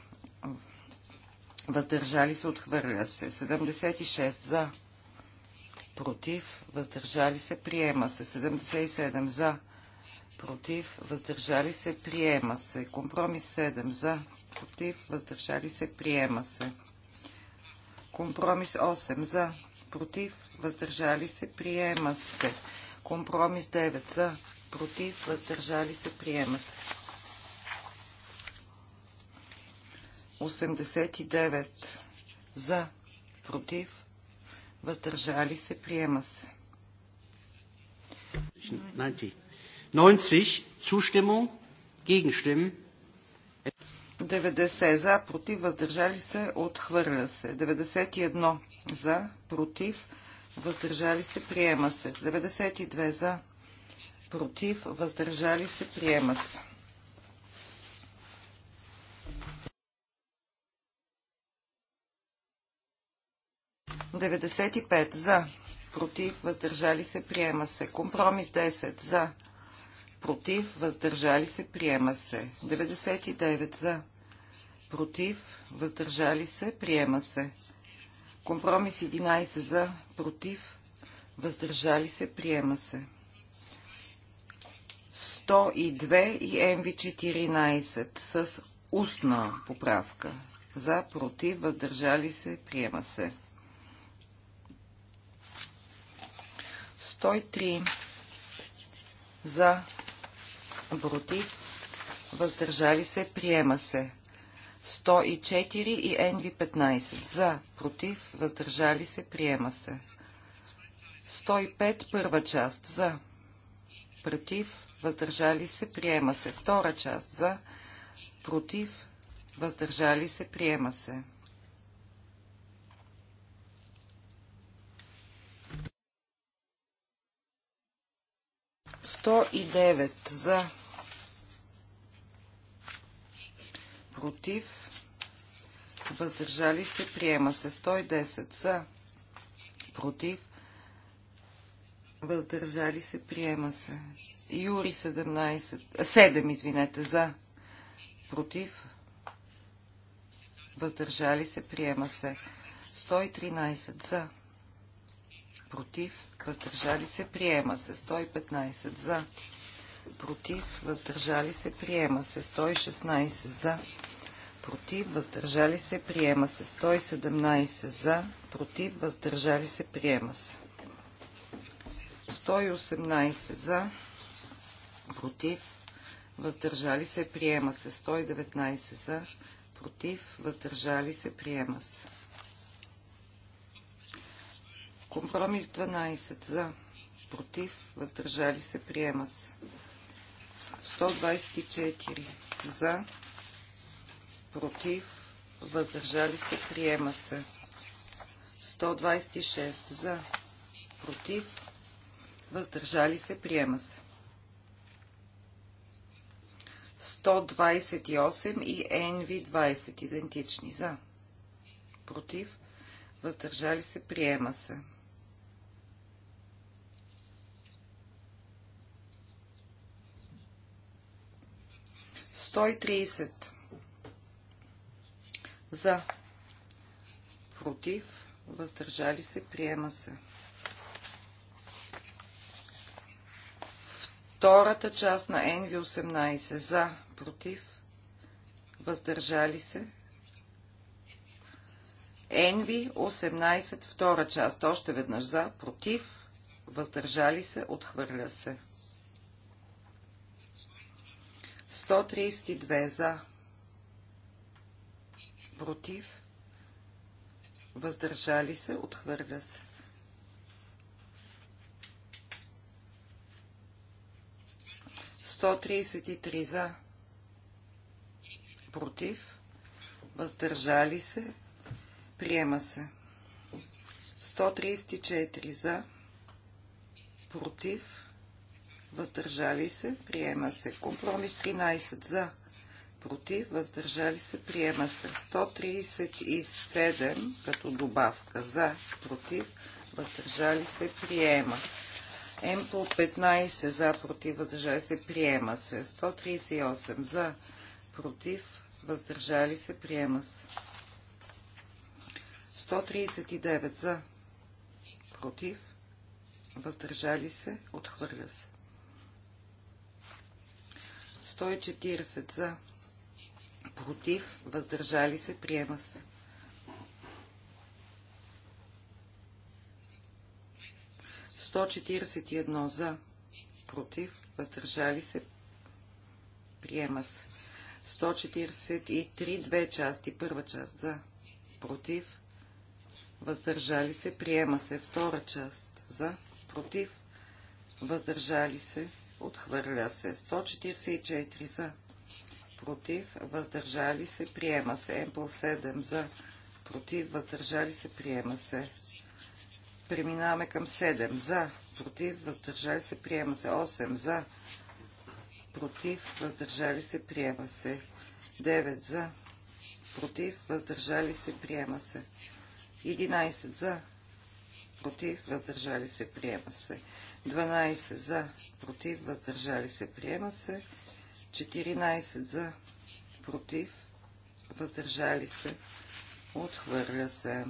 въздържали се, отхвърля се. 76 за, против, въздържали се, приема се. 77 за, против, въздържали се, приема се. Компромис 7 за, против, въздържали се, приема се. Компромис 8 за, против, въздържали се, приема се. Компромис 9 за, против, въздържали се, приема се. 89 за, против, въздържали се, приема се. 90. Zustimmung. Gegenstimmen. 90 за, против, въздържали се, отхвърля се. 91 за, против, въздържали се, приема се. 92 за, против, въздържали се, приема се. за, против, въздържали се, приема се. Компромис 10 за, против, въздържали се, приема се. 99 за, против, въздържали се, приема се. Компромис 11 за, против, въздържали се, приема се. 102 и МВ-14 с устна поправка. За, против, въздържали се, приема се. 103 за, против, въздържали се, приема се. 104 и НВ 15 за, против, въздържали се, приема се. 105 първа част за, против, въздържали се, приема се. Втора част за, против, въздържали се, приема се. Сто и девет за, против, въздържали се, приема се. 110 за, против, въздържали се, приема се. Юри 17, 7, извинете, за, против, въздържали се, приема се. 113 за, против, въздържали се, приема се. 115 за, против, въздържали се, приема се. 116 за, против, въздържали се, приема се. 117 за, против, въздържали се, приема се. 118 за, против, въздържали се, приема се. 119 за, против, въздържали се, приема се. Компромис 12 за, против, въздържали се, приема се. 124 за, против, въздържали се, приема се. 126 за, против, въздържали се, приема се. 128 и NV20 идентични за. Против. Въздържали се. Приема се. За. Против. Въздържали се. Приема се. Втората част на NV18 за, против, въздържали се. NV18, втора част, още веднъж за, против, въздържали се, отхвърля се. 132 за, против, въздържали се, отхвърля се. 133 за, против, въздържали се, приема се. 134 за, против, въздържали се, приема се. Компромис 13 за, против, въздържали се, приема се. 137 като добавка за, против, въздържали се, приема по 15 за, против, въздържали се, приема се. 138 за, против, въздържали се, приема се. 139 за, против, въздържали се, отхвърля се. 140 за, против, въздържали се, приема се. 141 за, против, въздържали се, приема се. 143, две части, първа част за, против, въздържали се, приема се. Втора част за, против, въздържали се, отхвърля се. 144 за, против, въздържали се, приема се. Емпл 7 за, против, въздържали се, приема се. Преминаваме към 7. За. Против. Въздържали се. Приема се. 8. За. Против. Въздържали се. Приема се. 9. За. Против. Въздържали се. Приема се. 11. За. Против. Въздържали се. Приема се. 12. За. Против. Въздържали се. Приема се. 14. За. Против. Въздържали се. Отхвърля се.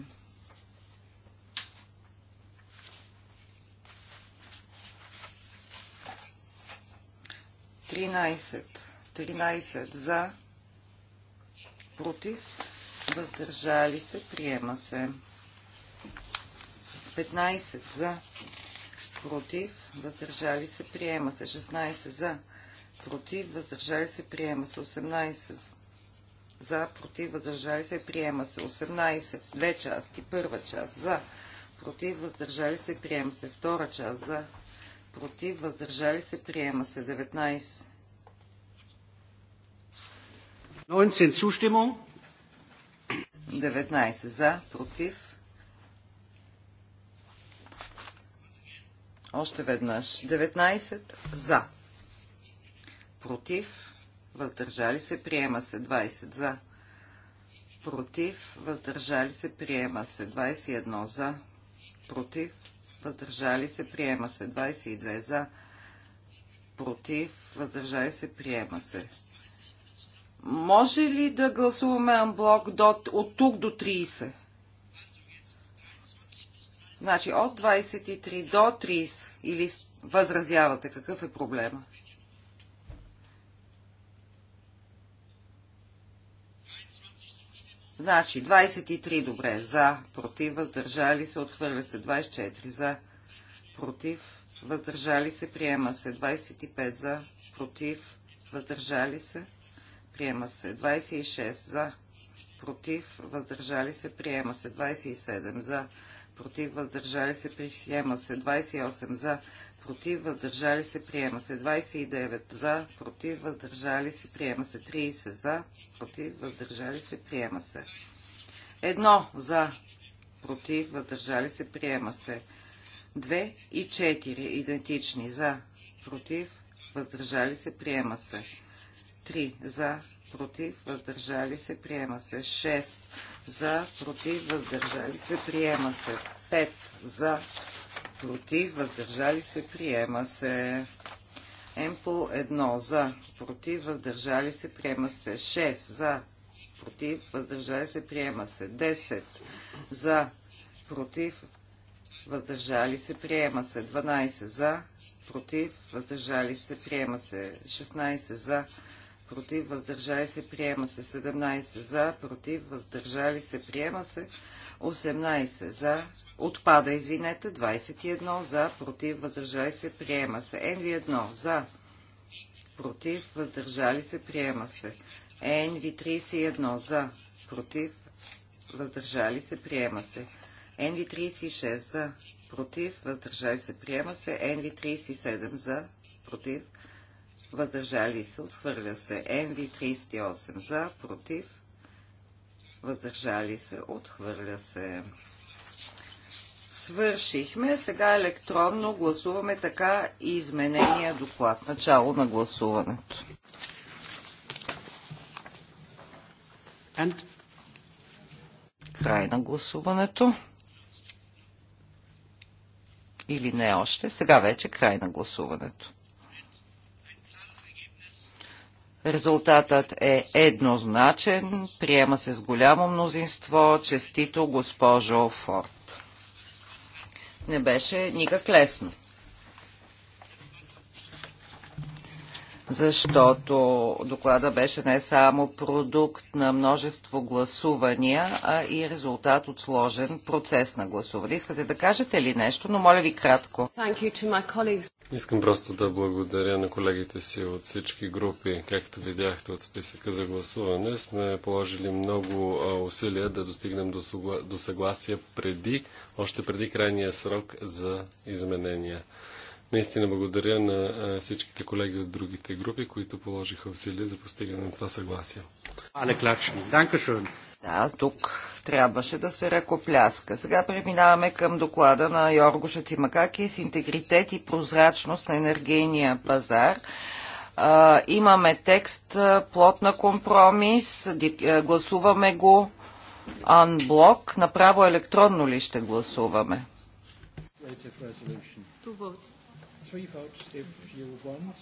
13. 13 за, против, въздържали се, приема се. 15 за, против, въздържали се, приема се. 16 за, против, въздържали се, приема се. 18 за, против, въздържали се, приема се. 18 в две части. Първа част за, против, въздържали се, приема се. Втора част за, против, въздържали се, приема се. 19. 19 за, против. Още веднъж. 19 за. Против. Въздържали се. Приема се. 20 за. Против. Въздържали се. Приема се. 21 за. Против въздържали се, приема се. 22 за, против, въздържали се, приема се. Може ли да гласуваме анблок до, от тук до 30? Значи от 23 до 30 или възразявате, какъв е проблема? Значи 23 добре за, против, въздържали се, отхвърля се 24 за, против, въздържали се, приема се 25 за, против, въздържали се, приема се 26 за, против, въздържали се, приема се 27 за, против, въздържали се, приема се 28 за, против, въздържали се, приема се. 29 за, против, въздържали се, приема се. 30 за, против, въздържали се, приема се. Едно за, против, въздържали се, приема се. 2 и 4 идентични за, против, въздържали се, приема се. 3 за, против, въздържали се, приема се. 6 за, против, въздържали се, приема се. 5 за, против, въздържали се, приема се. Емпо 1 за, против, въздържали се, приема се. 6 за, против, въздържали се, приема се. 10 за, против, въздържали се, приема се. 12 за, против, въздържали се, приема се. 16 за, против, въздържали се, приема се. 17 за, против, въздържали се, приема се. 18 за, отпада, извинете, 21 за, против, въздържали се, приема се. NV1 за, против, въздържали се, приема се. NV31 за, против, въздържали се, приема се. NV36 за, против, въздържали се, приема се. NV37 за, против, въздържали се, отхвърля се. NV38 за, против, въздържали се, отхвърля се. Свършихме, сега електронно гласуваме така и изменения доклад. Начало на гласуването. And? Край на гласуването. Или не още. Сега вече край на гласуването. Резултатът е еднозначен, приема се с голямо мнозинство, честито госпожо Форд. Не беше никак лесно. защото доклада беше не само продукт на множество гласувания, а и резултат от сложен процес на гласуване. Искате да кажете ли нещо, но моля ви кратко. Искам просто да благодаря на колегите си от всички групи. Както видяхте от списъка за гласуване, сме положили много усилия да достигнем до, съгласие преди, още преди крайния срок за изменения. Наистина благодаря на всичките колеги от другите групи, които положиха усилия за постигане на това съгласие. Але Да, тук трябваше да се ръкопляска. Сега преминаваме към доклада на Йорго Шатимакаки с интегритет и прозрачност на енергийния пазар. имаме текст, плот на компромис, гласуваме го анблок. Направо електронно ли ще гласуваме? To vote three votes if you want,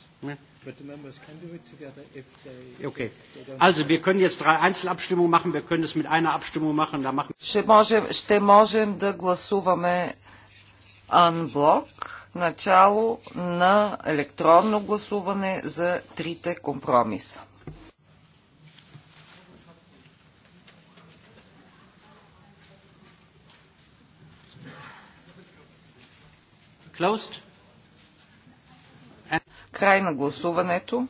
but the members can do it together if they... Okay. If they don't Also, wir können jetzt drei Einzelabstimmungen machen, wir können es mit einer Abstimmung machen, da machen... Ще можем, ще можем да гласуваме анблок, начало на електронно гласуване за трите компромиса. Closed. Край на гласуването.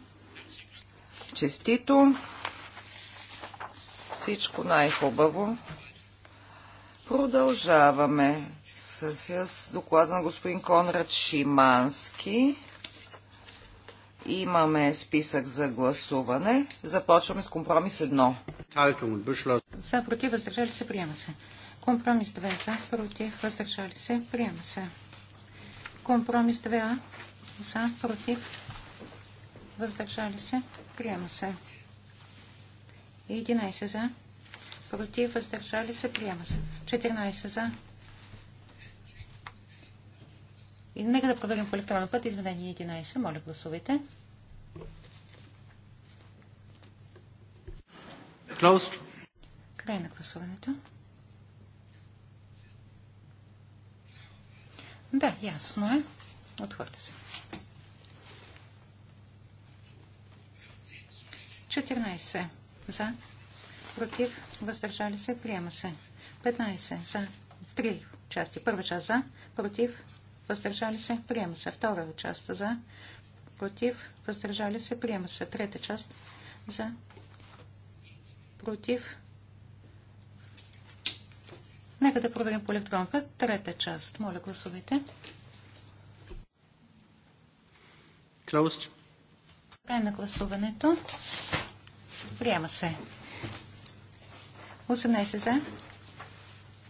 Честито. Всичко най-хубаво. Продължаваме с доклада на господин Конрад Шимански. Имаме списък за гласуване. Започваме с компромис 1. За против въздържали се, приема се. Компромис 2 за против въздържали се, приема се. Компромис 2а за, против, въздържали се, приема се. 11 за, против, въздържали се, приема се. 14 за. И нека да проверим по електронен път изменение 11. Моля, гласувайте. Closed. Край на гласуването. Да, ясно е. Отхвърля се. 14 за, против, въздържали се, приема се. 15 за, в три части. Първа част за, против, въздържали се, приема се. Втора част за, против, въздържали се, приема се. Трета част за, против. Нека да проверим по електронка. Трета част. Моля, гласувайте. Closed. Край на гласуването. Приема се. 18 за.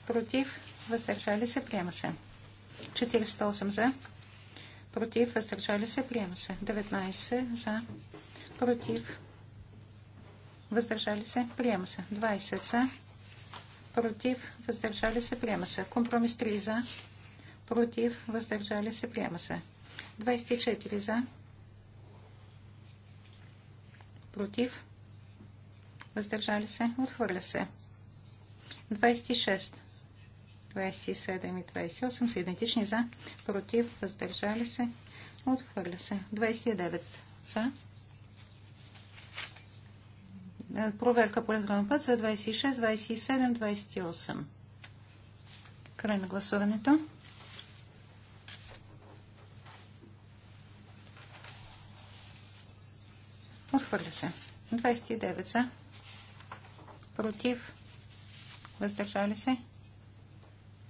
Против. Въздържали се. Приема се. 408 за. Против. Въздържали се. Приема се. 19 за. Против. Въздържали се. Приема се. 20 за. Против. Въздържали се. Приема се. Компромис 3 за. Против. Въздържали се. Приема се. 24 за. Против въздържали се, отхвърля се. 26, 27 и 28 са идентични за, против, въздържали се, отхвърля се. 29 са. Е, проверка по електронен път за 26, 27, 28. Край на гласуването. Отхвърля се. 29 за против, въздържали се,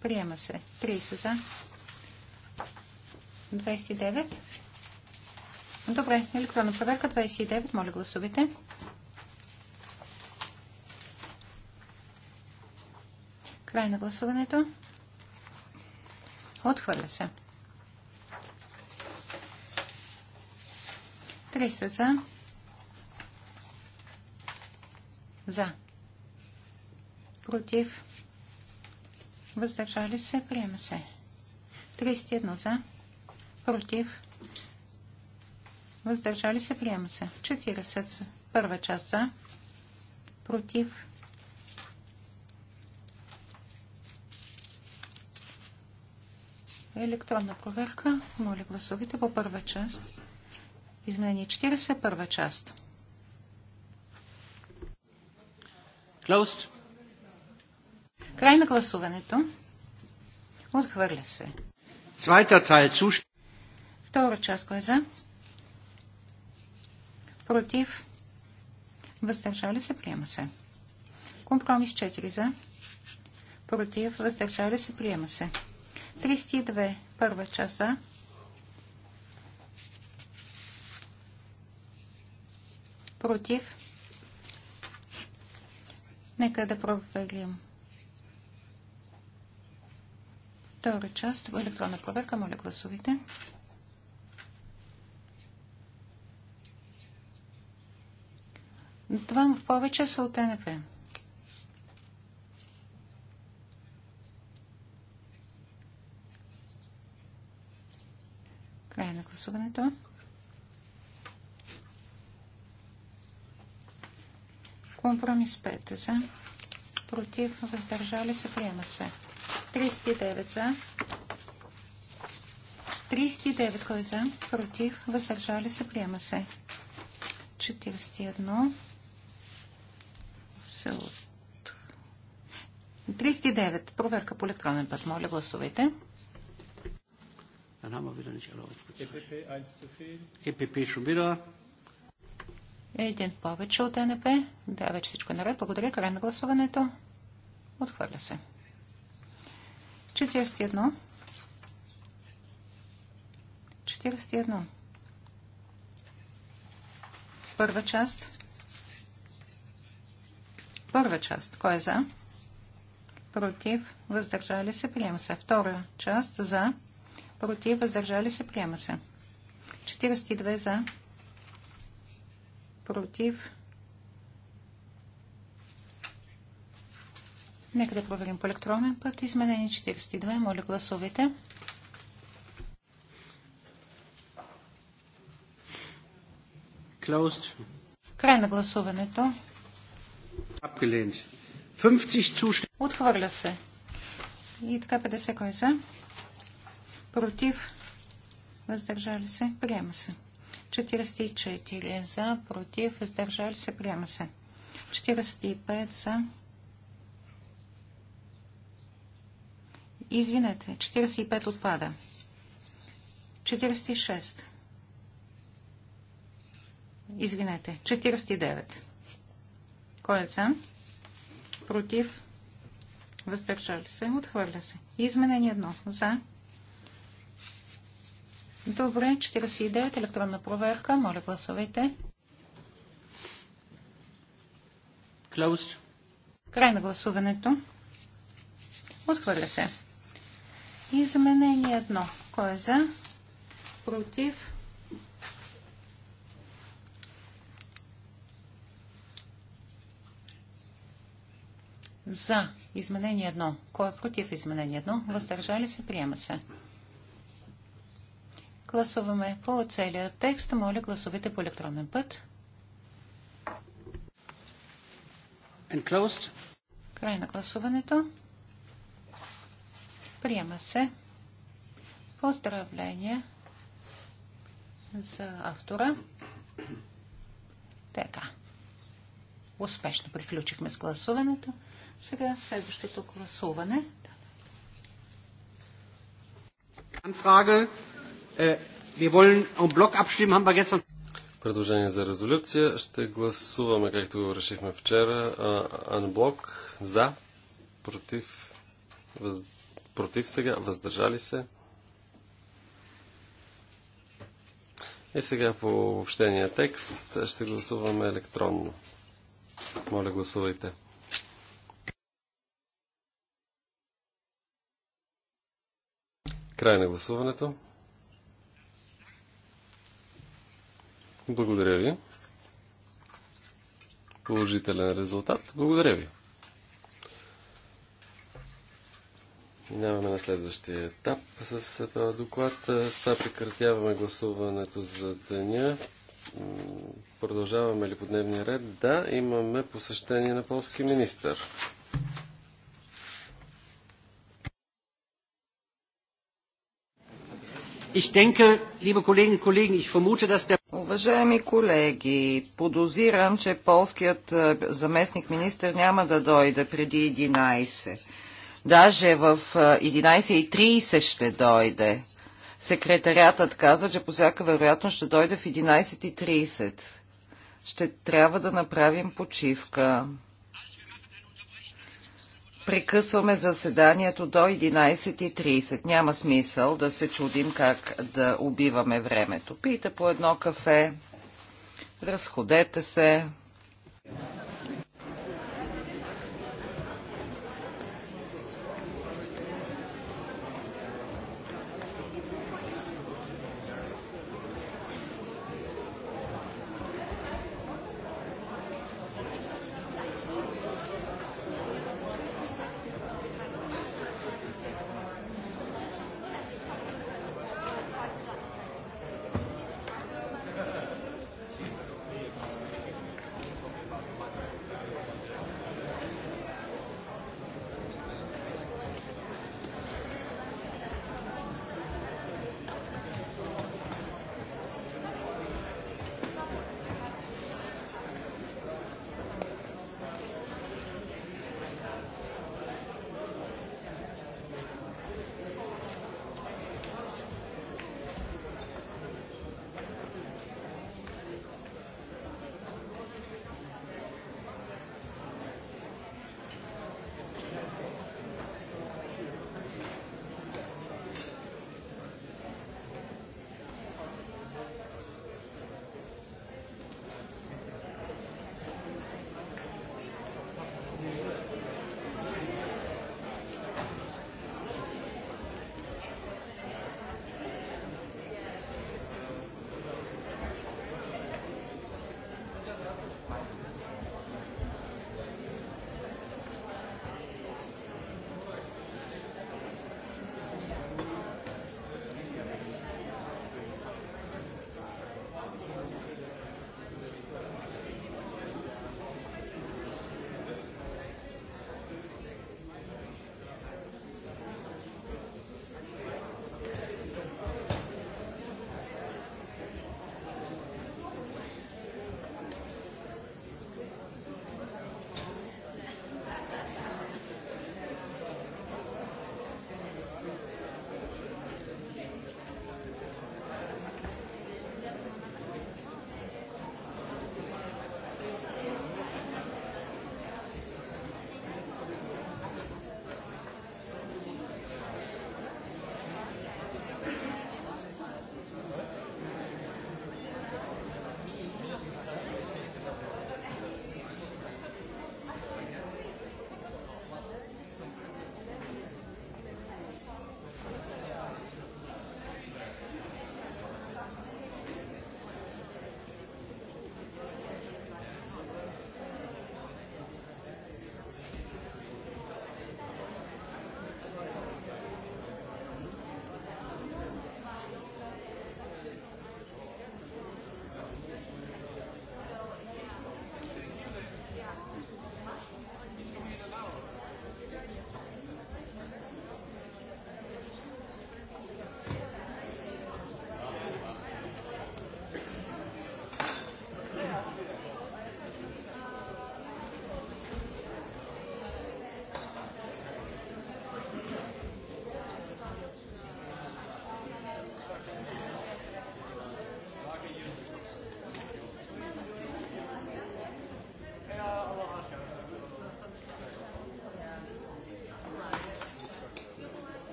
приема се 30 за, 29. Добре, електронна проверка 29, моля гласовете. Край на гласуването. Отхвърля се. 30 за. За против, въздържали се, приема се. 31 за, против, въздържали се, приема се. 40 за, първа част за, против, електронна проверка. Моля гласовите по първа част. Изменение 40, първа част. Closed. Край на гласуването. Отхвърля се. Втора част, кой е за? Против. Въздържали се, приема се. Компромис 4 за. Против. Въздържали се, приема се. 32. Първа част за. Против. Нека да проверим Втора част в електронна проверка. Моля, гласувайте. Това в повече са от НП. Край на гласуването. Компромис 5 за. Против, въздържали се, приема се. 39 за. 39 кой е за? Против. Въздържали се. Приема се. 41. Се от... 39. Проверка по електронен път. Моля, гласувайте. Dann haben wir wieder nicht EPP 1 zu viel. EPP schon wieder. Един повече от НП. Да, вече всичко е наред. Благодаря. Край на гласуването. Отхвърля се. 41. Първа част. Първа част. Кой е за? Против. Въздържали се. Приема се. Втора част. За. Против. Въздържали се. Приема се. 42 за. Против. Нека да проверим по електронен път. Изменение 42. Моля, гласувайте. Closed. Край на гласуването. Апгелент. 50 Отхвърля се. И така 50 кой е за? Против. Въздържали се. Приема се. 44 е за. Против. Въздържали се. Приема се. 45 за Извинете, 45 отпада. 46. Извинете, 49. Кой е Против? Въздържали се? Отхвърля се. Изменение 1. За? Добре, 49. Електронна проверка. Моля, гласувайте. Closed. Край на гласуването. Отхвърля се. Изменение едно. Кой е за? Против? За изменение едно. Кой е против изменение едно? Въздържали се? Приема се. Гласуваме по целия текст. Моля, гласувайте по електронен път. Край на гласуването. Приема се. Поздравления за автора. Така. Успешно приключихме с гласуването. Сега следващото гласуване. Anfrage. Wir е, предложение за резолюция. Ще гласуваме, както го решихме вчера, анблок за, против, въз против сега, въздържали се. И сега по общения текст ще гласуваме електронно. Моля, гласувайте. Край на гласуването. Благодаря ви. Положителен резултат. Благодаря ви. Минаваме на следващия етап с този доклад. Е, с това прекратяваме гласуването за деня. Продължаваме ли по дневния ред? Да, имаме посещение на полски министър. Уважаеми колеги, подозирам, че полският е, заместник министр няма да дойде преди 11. Даже в 11.30 ще дойде. Секретарятът казва, че по всяка вероятност ще дойде в 11.30. Ще трябва да направим почивка. Прекъсваме заседанието до 11.30. Няма смисъл да се чудим как да убиваме времето. Пийте по едно кафе, разходете се.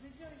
plusieurs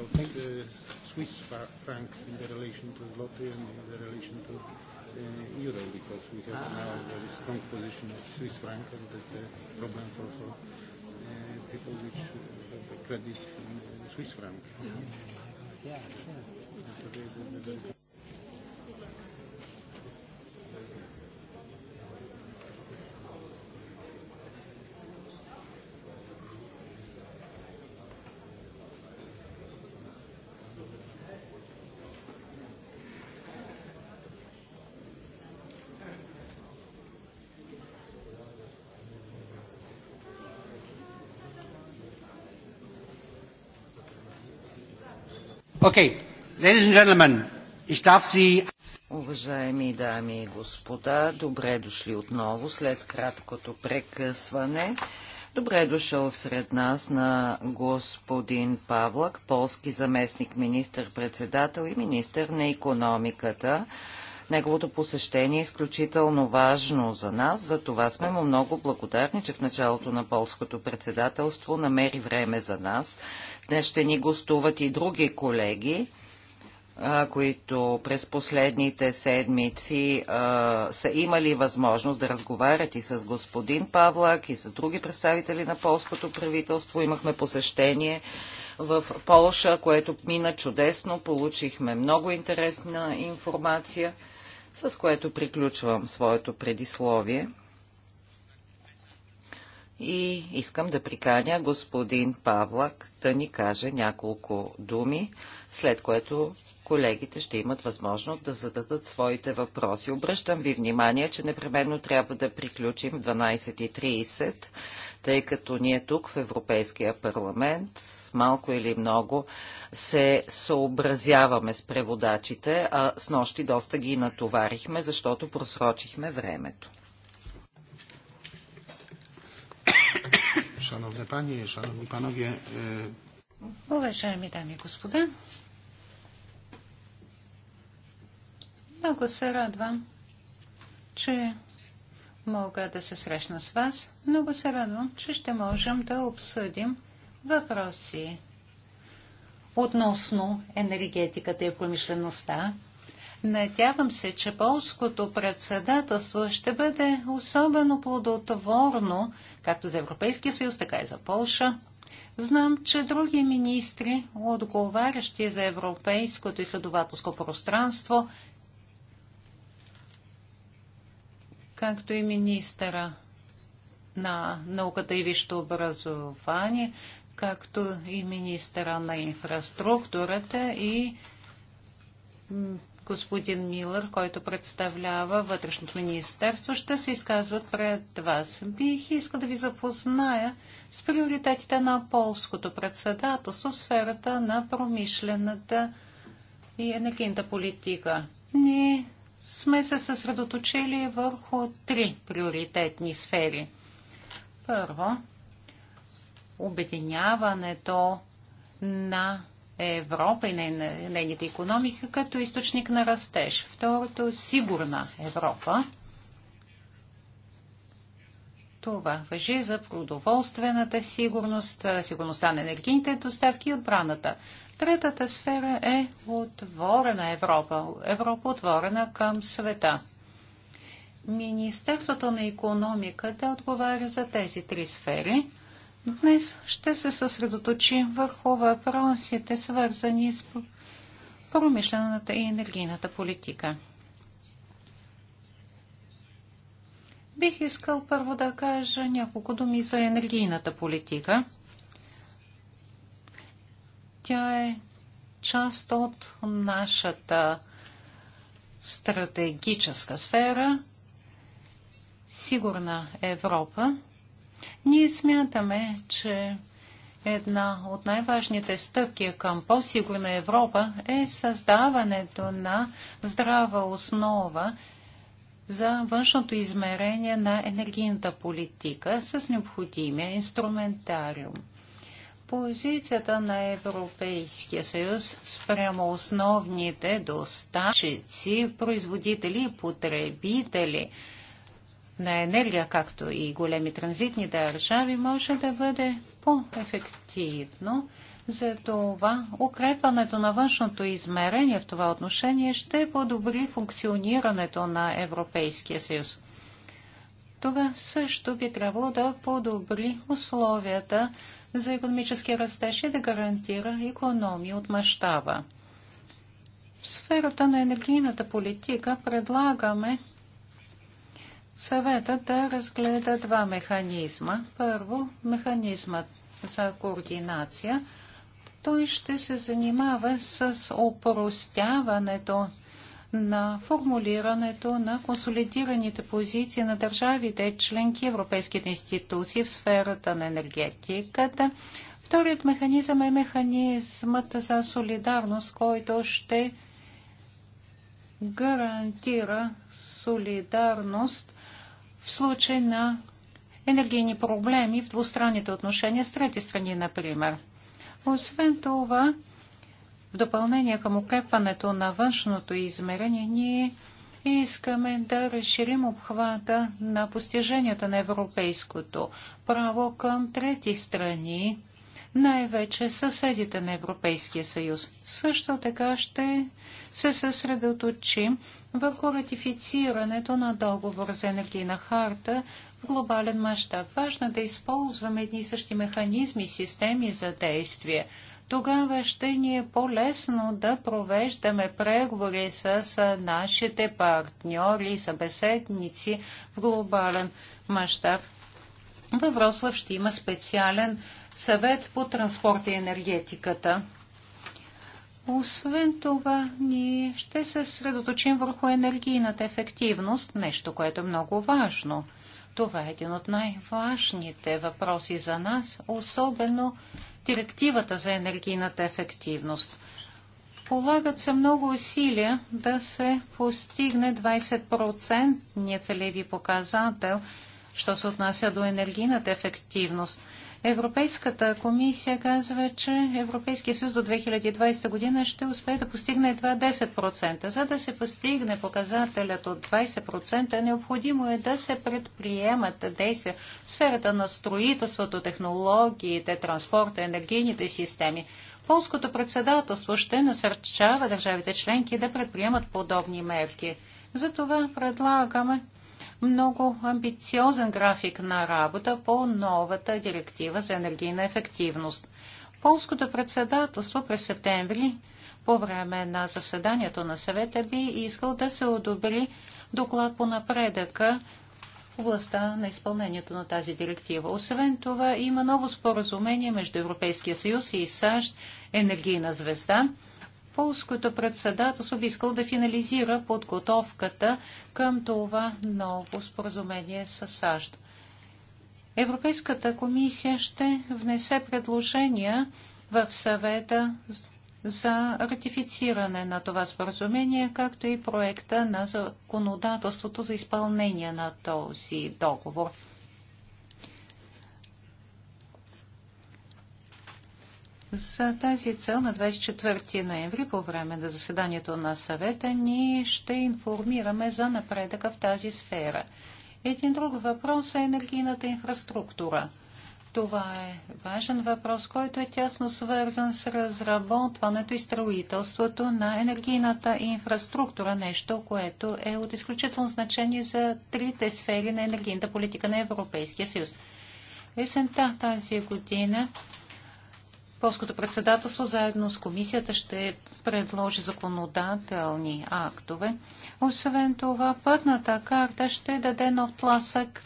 about the Swiss franc in the relation to the lottery and in the relation to uh, euro, because we have now a very strong position of Swiss franc, and that's a problem for, for uh, people which have credit in Swiss franc. Yeah, Yeah. Yeah. Okay. and gentlemen, ich darf Sie... Уважаеми дами и господа, добре дошли отново след краткото прекъсване. Добре е дошъл сред нас на господин Павлак, полски заместник министър-председател и министър на економиката. Неговото посещение е изключително важно за нас, за това сме му много благодарни, че в началото на полското председателство намери време за нас Днес ще ни гостуват и други колеги, които през последните седмици а, са имали възможност да разговарят и с господин Павлак, и с други представители на полското правителство. Имахме посещение в Полша, което мина чудесно. Получихме много интересна информация, с което приключвам своето предисловие и искам да приканя господин Павлак да ни каже няколко думи, след което колегите ще имат възможност да зададат своите въпроси. Обръщам ви внимание, че непременно трябва да приключим в 12.30, тъй като ние тук в Европейския парламент малко или много се съобразяваме с преводачите, а с нощи доста ги натоварихме, защото просрочихме времето. Szanowne Panie, Szanowni панове. E, Уважаеми дами и господа, много се радвам, че мога да се срещна с вас. Много се радвам, че ще можем да обсъдим въпроси относно енергетиката и промишлеността, Надявам се, че полското председателство ще бъде особено плодотворно, както за Европейския съюз, така и за Полша. Знам, че други министри, отговарящи за европейското изследователско пространство, както и министъра на науката и висшето образование, както и министъра на инфраструктурата и господин Милър, който представлява Вътрешното министерство, ще се изказва пред вас. Бих искал да ви запозная с приоритетите на полското председателство в сферата на промишлената и енергийната политика. Ние сме се съсредоточили върху три приоритетни сфери. Първо, обединяването на Европа и нейните економика като източник на растеж. Второто е – сигурна Европа. Това въжи за продоволствената сигурност, сигурността на енергийните доставки и отбраната. Третата сфера е отворена Европа. Европа отворена към света. Министерството на економиката отговаря за тези три сфери – Днес ще се съсредоточим върху въпросите, свързани с промишлената и енергийната политика. Бих искал първо да кажа няколко думи за енергийната политика. Тя е част от нашата стратегическа сфера Сигурна Европа – ние смятаме, че една от най-важните стъпки към по-сигурна Европа е създаването на здрава основа за външното измерение на енергийната политика с необходимия инструментариум. Позицията на Европейския съюз спрямо основните доставчици, производители и потребители – на енергия, както и големи транзитни държави, може да бъде по-ефективно. За това укрепването на външното измерение в това отношение ще подобри функционирането на Европейския съюз. Това също би трябвало да подобри условията за економически растеж и да гарантира економия от мащаба. В сферата на енергийната политика предлагаме съвета да разгледа два механизма. Първо, механизмът за координация. Той ще се занимава с опростяването на формулирането на консолидираните позиции на държавите, членки европейските институции в сферата на енергетиката. Вторият механизъм е механизмът за солидарност, който ще гарантира солидарност в случай на енергийни проблеми в двустранните отношения с трети страни, например. Освен това, в допълнение към укрепването на външното измерение, ние искаме да разширим обхвата на постиженията на европейското право към трети страни, най-вече съседите на Европейския съюз. Също така ще се съсредоточим върху ратифицирането на договор за енергийна харта в глобален мащаб. Важно е да използваме едни и същи механизми и системи за действие. Тогава ще ни е по-лесно да провеждаме преговори с нашите партньори и събеседници в глобален мащаб. Във Рослав ще има специален съвет по транспорт и енергетиката. Освен това, ние ще се средоточим върху енергийната ефективност, нещо, което е много важно. Това е един от най-важните въпроси за нас, особено директивата за енергийната ефективност. Полагат се много усилия да се постигне 20% целеви показател, що се отнася до енергийната ефективност – Европейската комисия казва, че Европейския съюз до 2020 година ще успее да постигне едва 10%. За да се постигне показателят от 20%, необходимо е да се предприемат действия в сферата на строителството, технологиите, транспорта, енергийните системи. Полското председателство ще насърчава държавите членки да предприемат подобни мерки. Затова предлагаме много амбициозен график на работа по новата директива за енергийна ефективност. Полското председателство през септември по време на заседанието на съвета би искал да се одобри доклад по напредъка в областта на изпълнението на тази директива. Освен това, има ново споразумение между Европейския съюз и САЩ, енергийна звезда, полското председателство би искало да финализира подготовката към това ново споразумение с САЩ. Европейската комисия ще внесе предложения в съвета за ратифициране на това споразумение, както и проекта на законодателството за изпълнение на този договор. За тази цел на 24 ноември по време на заседанието на съвета ние ще информираме за напредъка в тази сфера. Един друг въпрос е енергийната инфраструктура. Това е важен въпрос, който е тясно свързан с разработването и строителството на енергийната инфраструктура, нещо, което е от изключително значение за трите сфери на енергийната политика на Европейския съюз. Есента тази година Полското председателство заедно с комисията ще предложи законодателни актове. Освен това, пътната карта ще даде нов тласък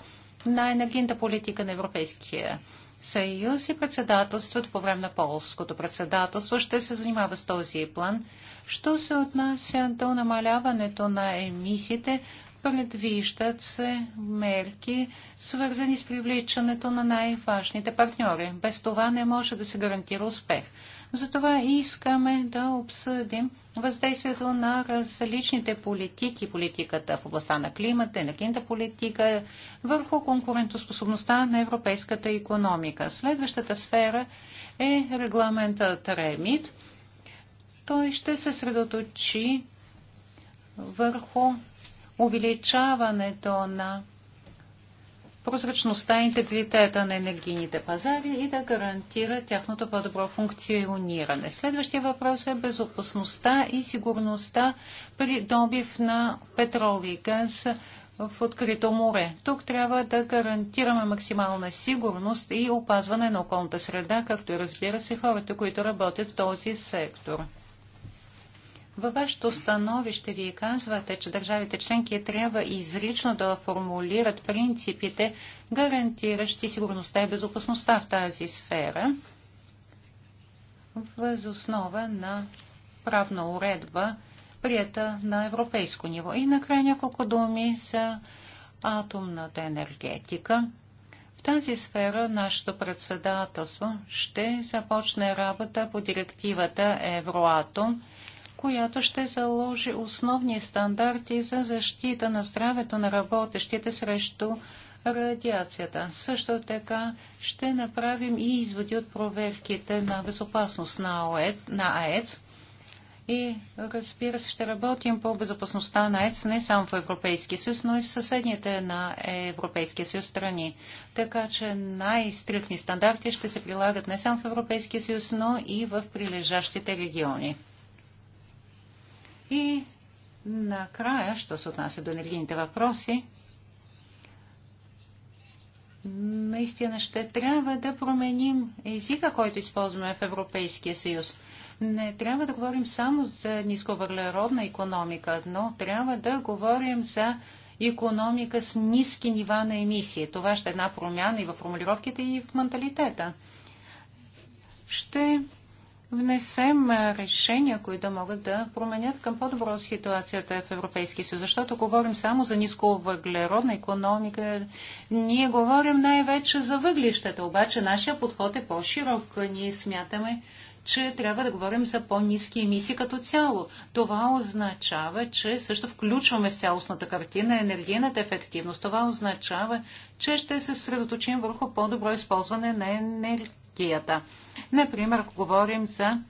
на енергийната политика на Европейския съюз и председателството по време на полското председателство ще се занимава с този план. Що се отнася до намаляването на емисиите, Предвиждат се мерки, свързани с привличането на най-важните партньори. Без това не може да се гарантира успех. Затова искаме да обсъдим въздействието на различните политики, политиката в областта на климата, енергийната политика, върху конкурентоспособността на европейската економика. Следващата сфера е регламентът РЕМИТ. Той ще се средоточи върху увеличаването на прозрачността и интегритета на енергийните пазари и да гарантира тяхното по-добро функциониране. Следващия въпрос е безопасността и сигурността при добив на петрол и газ в открито море. Тук трябва да гарантираме максимална сигурност и опазване на околната среда, както и разбира се хората, които работят в този сектор. Във вашето становище вие казвате, че държавите членки трябва изрично да формулират принципите, гарантиращи сигурността и безопасността в тази сфера, въз основа на правна уредба, прията на европейско ниво. И накрая няколко думи за атомната енергетика. В тази сфера нашето председателство ще започне работа по директивата Евроатом, която ще заложи основни стандарти за защита на здравето на работещите срещу радиацията. Също така ще направим и изводи от проверките на безопасност на, ОЕД, на АЕЦ. И разбира се, ще работим по безопасността на ЕЦ не само в Европейския съюз, но и в съседните на Европейския съюз страни. Така че най-стрихни стандарти ще се прилагат не само в Европейския съюз, но и в прилежащите региони. И накрая, що се отнася до енергийните въпроси, наистина ще трябва да променим езика, който използваме в Европейския съюз. Не трябва да говорим само за нисковъглеродна економика, но трябва да говорим за економика с ниски нива на емисии. Това ще е една промяна и в формулировките, и в менталитета. Ще внесем решения, които могат да променят към по-добро ситуацията в Европейския съюз. Защото говорим само за нисковъглеродна економика. Ние говорим най-вече за въглищата, обаче нашия подход е по-широк. Ние смятаме, че трябва да говорим за по-низки емисии като цяло. Това означава, че също включваме в цялостната картина енергийната ефективност. Това означава, че ще се средоточим върху по-добро използване на енергия енергията. Например, ако говорим за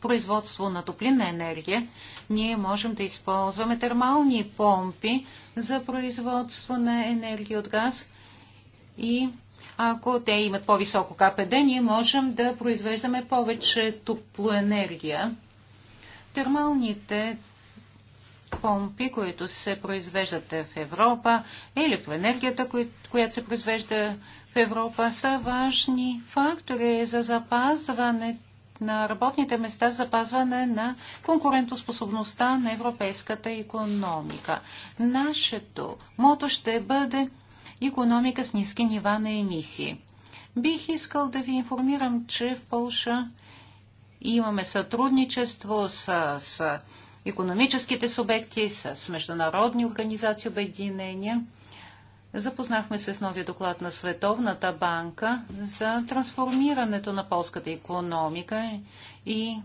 производство на топлинна енергия, ние можем да използваме термални помпи за производство на енергия от газ и ако те имат по-високо КПД, ние можем да произвеждаме повече топлоенергия. Термалните помпи, които се произвеждат в Европа, електроенергията, която се произвежда в Европа са важни фактори за запазване на работните места, запазване на конкурентоспособността на европейската економика. Нашето мото ще бъде економика с ниски нива на емисии. Бих искал да ви информирам, че в Полша имаме сътрудничество с, с економическите субекти, с международни организации, обединения – Запознахме се с новия доклад на Световната банка за трансформирането на полската економика и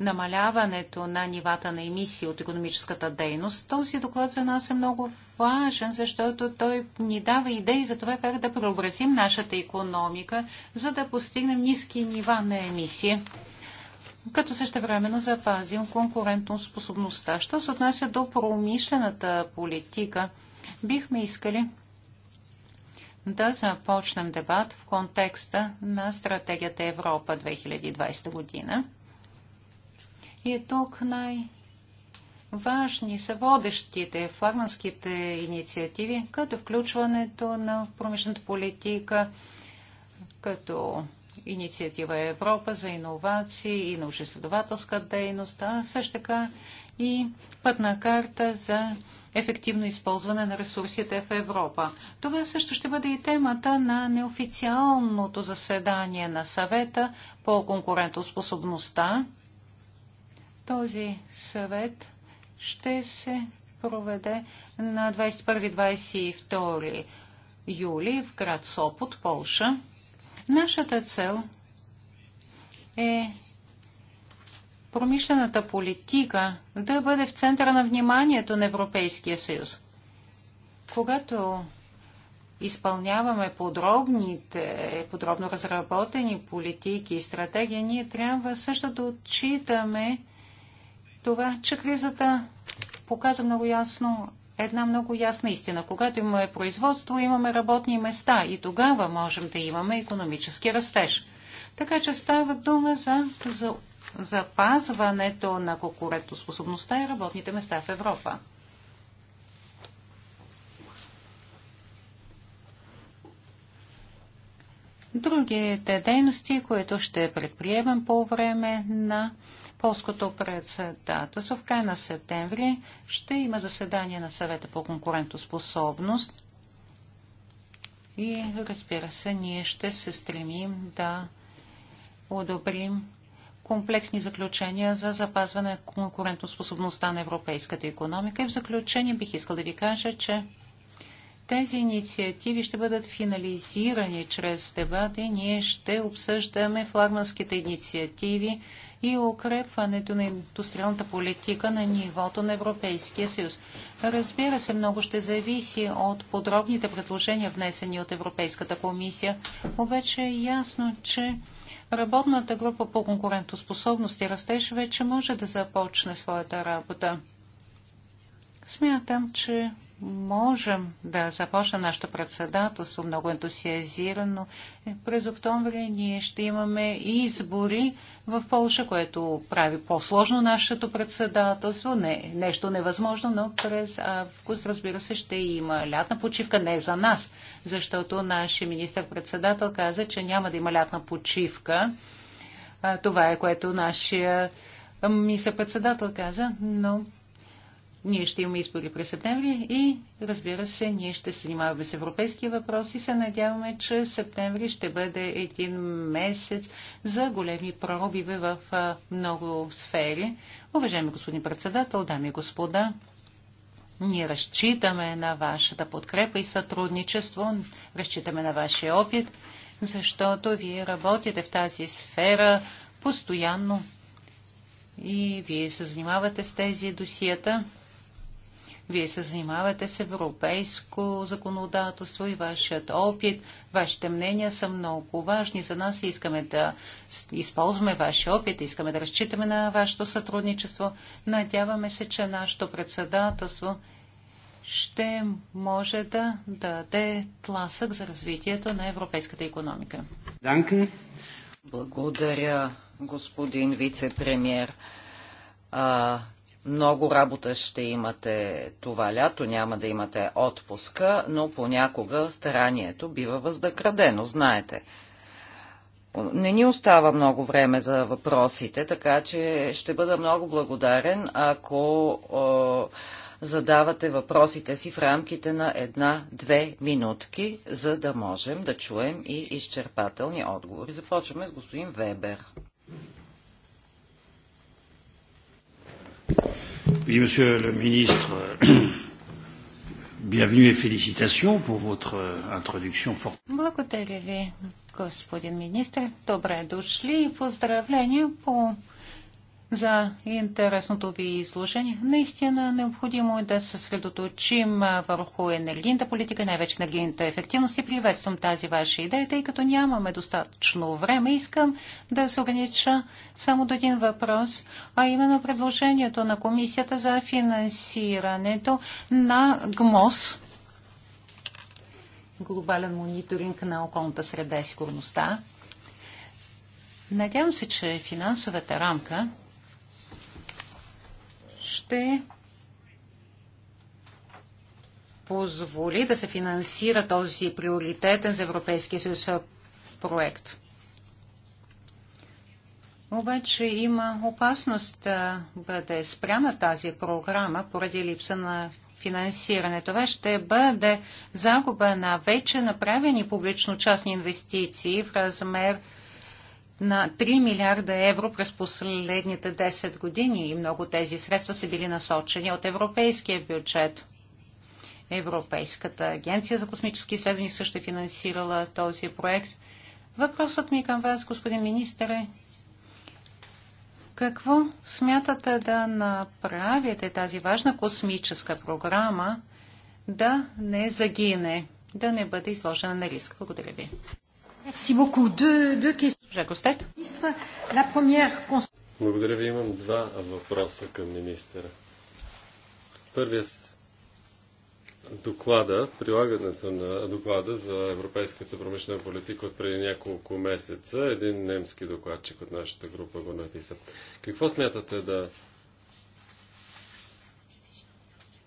намаляването на нивата на емисии от економическата дейност. Този доклад за нас е много важен, защото той ни дава идеи за това как да преобразим нашата економика, за да постигнем ниски нива на емисии като същевременно запазим конкурентоспособността. Що се отнася до промишлената политика – бихме искали да започнем дебат в контекста на стратегията Европа 2020 година. И тук най- Важни са водещите флагманските инициативи, като включването на промишлената политика, като инициатива Европа за иновации и научно-изследователска дейност, а също така и пътна карта за ефективно използване на ресурсите в Европа. Това също ще бъде и темата на неофициалното заседание на съвета по конкурентоспособността. Този съвет ще се проведе на 21-22 юли в град Сопот, Полша. Нашата цел е промишлената политика да бъде в центъра на вниманието на Европейския съюз. Когато изпълняваме подробните, подробно разработени политики и стратегии, ние трябва също да отчитаме това, че кризата показва много ясно една много ясна истина. Когато имаме производство, имаме работни места и тогава можем да имаме економически растеж. Така че става дума за, за запазването на конкурентоспособността и е работните места в Европа. Другите дейности, които ще предприемем по време на полското председателство в края на септември, ще има заседание на съвета по конкурентоспособност. И разбира се, ние ще се стремим да одобрим комплексни заключения за запазване на конкурентоспособността на европейската економика. И в заключение бих искал да ви кажа, че тези инициативи ще бъдат финализирани чрез дебати. Ние ще обсъждаме флагманските инициативи и укрепването на индустриалната политика на нивото на Европейския съюз. Разбира се, много ще зависи от подробните предложения, внесени от Европейската комисия. Обаче е ясно, че Работната група по конкурентоспособност и растеж вече може да започне своята работа. Смятам, че можем да започнем нашето председателство много ентусиазирано. Е. През октомври ние ще имаме и избори в Польша, което прави по-сложно нашето председателство. Не, нещо невъзможно, но през август, разбира се, ще има лятна почивка. Не за нас, защото нашия министр-председател каза, че няма да има лятна почивка. Това е което нашия министр-председател каза, но ние ще имаме избори през септември и, разбира се, ние ще се занимаваме с европейски въпроси. Се надяваме, че септември ще бъде един месец за големи проробиви в много сфери. Уважаеми господин председател, дами и господа, ние разчитаме на вашата подкрепа и сътрудничество, разчитаме на вашия опит, защото вие работите в тази сфера постоянно и вие се занимавате с тези досията. Вие се занимавате с европейско законодателство и вашият опит, вашите мнения са много важни за нас и искаме да използваме вашия опит, искаме да разчитаме на вашето сътрудничество. Надяваме се, че нашето председателство ще може да даде тласък за развитието на европейската економика. Благодаря, господин вице-премьер. Много работа ще имате това лято, няма да имате отпуска, но понякога старанието бива възнаградено, знаете. Не ни остава много време за въпросите, така че ще бъда много благодарен, ако е, задавате въпросите си в рамките на една-две минутки, за да можем да чуем и изчерпателни отговори. Започваме с господин Вебер. Oui, monsieur le ministre, bienvenue et félicitations pour votre introduction forte. Благодаря ви, господин министр. Добре дошли и поздравления по за интересното ви изложение. Наистина необходимо е да се съсредоточим върху енергийната политика, най-вече енергийната ефективност и приветствам тази ваша идея, тъй като нямаме достатъчно време. Искам да се огранича само до един въпрос, а именно предложението на комисията за финансирането на ГМОС, глобален мониторинг на околната среда и сигурността. Надявам се, че финансовата рамка ще позволи да се финансира този приоритетен за Европейския съюз проект. Обаче има опасност да бъде спряна тази програма поради липса на финансиране. Това ще бъде загуба на вече направени публично-частни инвестиции в размер на 3 милиарда евро през последните 10 години и много тези средства са били насочени от европейския бюджет. Европейската агенция за космически изследвания също е финансирала този проект. Въпросът ми към вас, господин министър, е какво смятате да направите тази важна космическа програма да не загине, да не бъде изложена на риск? Благодаря ви. Благодаря ви. Имам два въпроса към министъра. Първият доклада, прилагането на доклада за европейската промишлена политика от преди няколко месеца. Един немски докладчик от нашата група го написа. Какво смятате да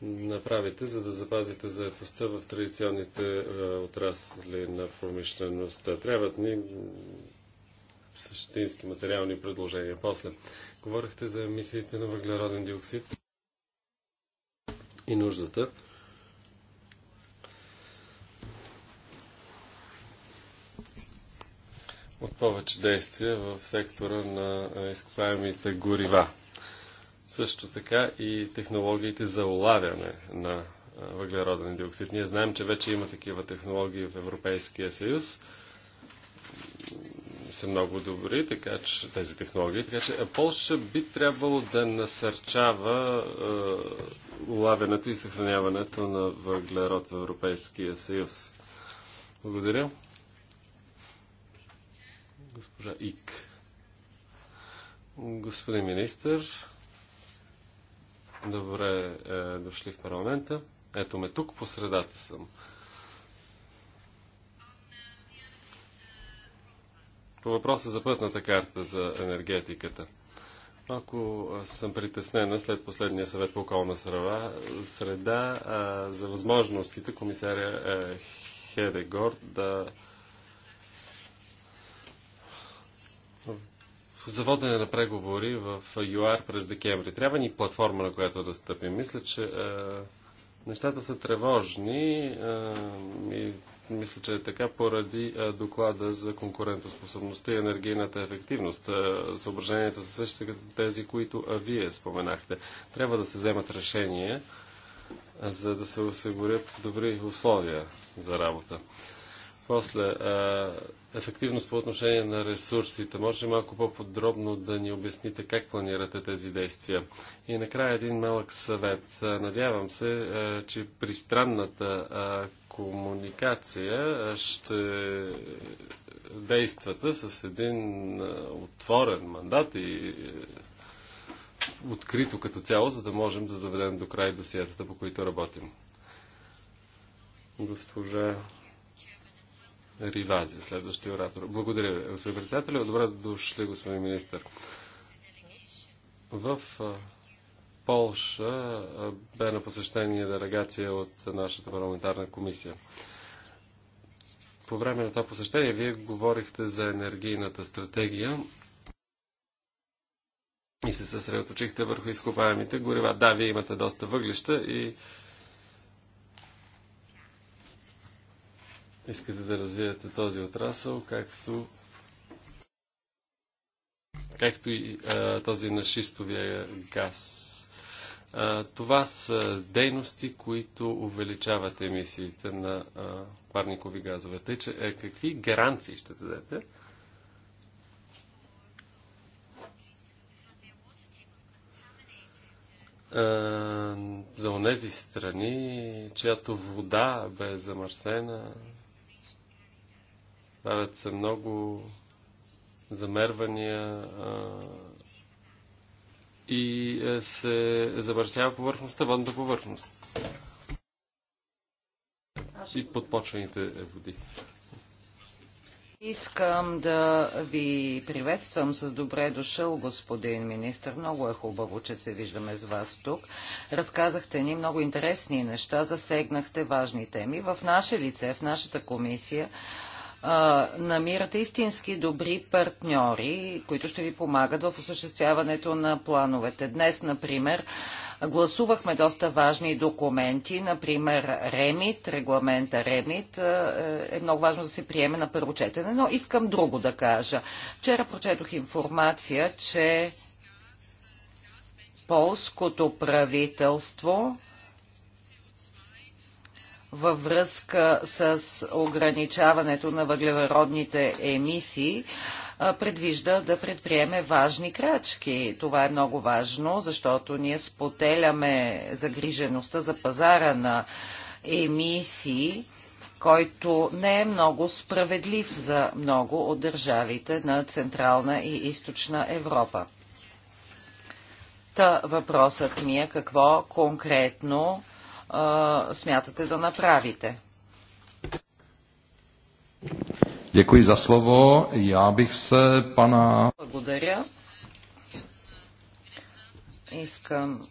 направите, за да запазите заедостта в традиционните е, отрасли на промишлеността? Трябват ни същински материални предложения. После, говорихте за емисиите на въглероден диоксид и нуждата. От повече действия в сектора на е, изкопаемите горива. Също така и технологиите за улавяне на въглероден диоксид. Ние знаем, че вече има такива технологии в Европейския съюз. Са много добри, така че тези технологии. Така че Полша би трябвало да насърчава е, улавянето и съхраняването на въглерод в Европейския съюз. Благодаря. Госпожа Ик. Господин министър, Добре е, дошли в парламента. Ето ме тук, по средата съм. По въпроса за пътната карта за енергетиката. Малко е, съм притеснена след последния съвет по околна среда, среда а, е, за възможностите комисаря е, Хедегор да за водене на преговори в ЮАР през декември. Трябва ни платформа, на която да стъпим. Мисля, че а, е, нещата са тревожни а, е, и мисля, че е така поради а, е, доклада за конкурентоспособността и енергийната ефективност. А, съображенията са същите като тези, които а, вие споменахте. Трябва да се вземат решения, а, за да се осигурят добри условия за работа. После, ефективност по отношение на ресурсите. Може малко по-подробно да ни обясните как планирате тези действия? И накрая един малък съвет. Е, надявам се, е, че при странната е, комуникация ще действате с един отворен мандат и открито като цяло, за да можем да доведем до край досиетата, по които работим. Госпожа Ривази, следващия оратор. Благодаря ви, господин председател. Добре дошли, господин министр. В Полша бе на посещение делегация от нашата парламентарна комисия. По време на това посещение вие говорихте за енергийната стратегия и се съсредоточихте върху изкопаемите горива. Да, вие имате доста въглища и искате да развиете този отрасъл, както както и а, този на шистовия газ. А, това са дейности, които увеличават емисиите на а, парникови газове. Тъй, че а, е, какви гаранции ще дадете? за онези страни, чиято вода бе замърсена Правят се много замервания а, и е, се замърсява повърхността, водната повърхност. И подпочвените води. Искам да ви приветствам с добре дошъл, господин министр. Много е хубаво, че се виждаме с вас тук. Разказахте ни много интересни неща, засегнахте важни теми. В наше лице, в нашата комисия, намирате истински добри партньори, които ще ви помагат в осъществяването на плановете. Днес, например, гласувахме доста важни документи, например Ремит, регламента Ремит е, е много важно да се приеме на първо четене, но искам друго да кажа. Вчера прочетох информация, че полското правителство във връзка с ограничаването на въглеродните емисии предвижда да предприеме важни крачки. Това е много важно, защото ние споделяме загрижеността за пазара на емисии, който не е много справедлив за много от държавите на Централна и Източна Европа. Та въпросът ми е какво конкретно а, смятате да направите. Děkuji za slovo. Já bych se pana... Благодаря. Искам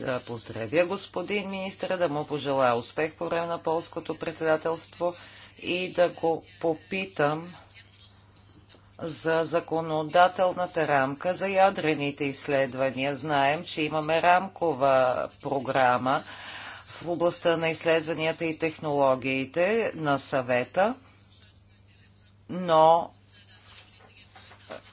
да поздравя господин министра, да му пожелая успех по време на полското председателство и да го попитам за законодателната рамка за ядрените изследвания. Знаем, че имаме рамкова програма в областта на изследванията и технологиите на съвета, но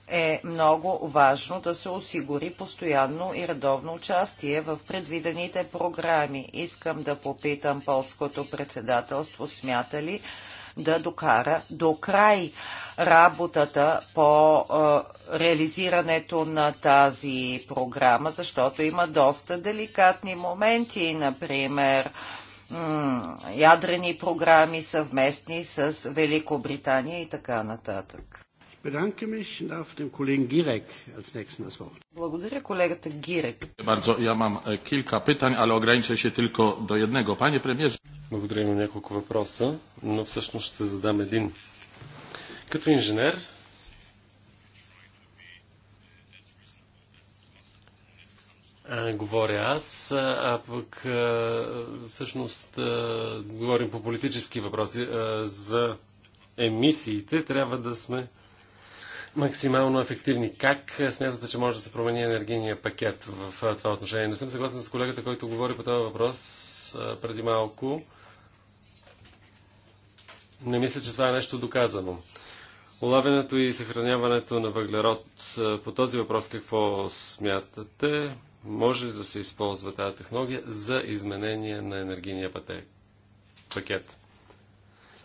е много важно да се осигури постоянно и редовно участие в предвидените програми. Искам да попитам полското председателство, смята ли да докара до край работата по реализирането на тази програма, защото има доста деликатни моменти, например ядрени програми съвместни с Великобритания и така нататък. Благодаря колегата Гирек. Bardzo, ja mam e, kilka pytań, ale ograniczę się tylko do jednego. Panie premierze. Благодаря, имам няколко въпроса, но всъщност ще задам един. Като инженер, говоря аз, а пък всъщност говорим по политически въпроси. за емисиите трябва да сме максимално ефективни. Как смятате, че може да се промени енергийния пакет в това отношение? Не съм съгласен с колегата, който говори по този въпрос преди малко. Не мисля, че това е нещо доказано. Улавянето и съхраняването на въглерод. Е, по този въпрос какво смятате? Може да се използва тази технология за изменение на енергийния пакет.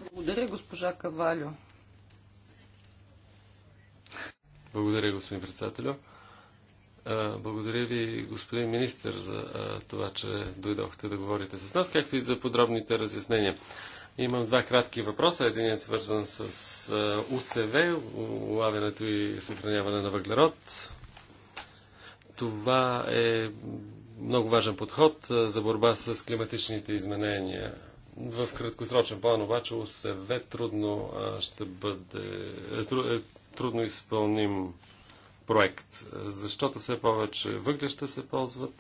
Благодаря, госпожа Кавалю. Благодаря, господин председателю. Е, благодаря ви, господин министр, за е, това, че дойдохте да говорите с нас, както и за подробните разяснения. Имам два кратки въпроса. Един е свързан с УСВ, улавянето и съхраняване на въглерод. Това е много важен подход за борба с климатичните изменения. В краткосрочен план обаче УСВ трудно ще бъде е, е, трудно изпълним проект, защото все повече въглища се ползват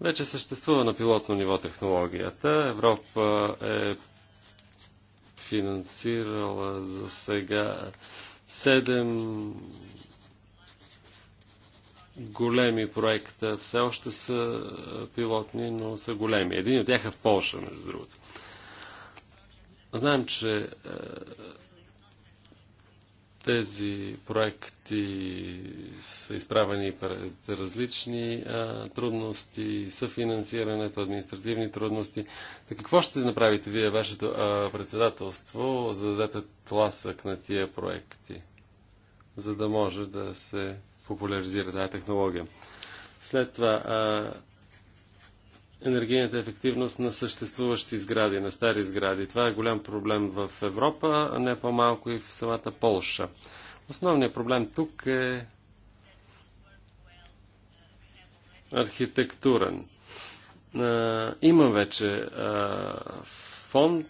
Вече съществува на пилотно ниво технологията. Европа е финансирала за сега 7 големи проекта. Все още са пилотни, но са големи. Един от тях е в Польша, между другото. Знаем, че е, тези проекти са изправени пред различни а, трудности, съфинансирането, административни трудности. Та какво ще направите вие, вашето а, председателство, за да дадете тласък на тия проекти, за да може да се популяризира тази технология? След това, а, енергийната ефективност на съществуващи сгради, на стари сгради. Това е голям проблем в Европа, а не по-малко и в самата Полша. Основният проблем тук е архитектурен. Има вече фонд,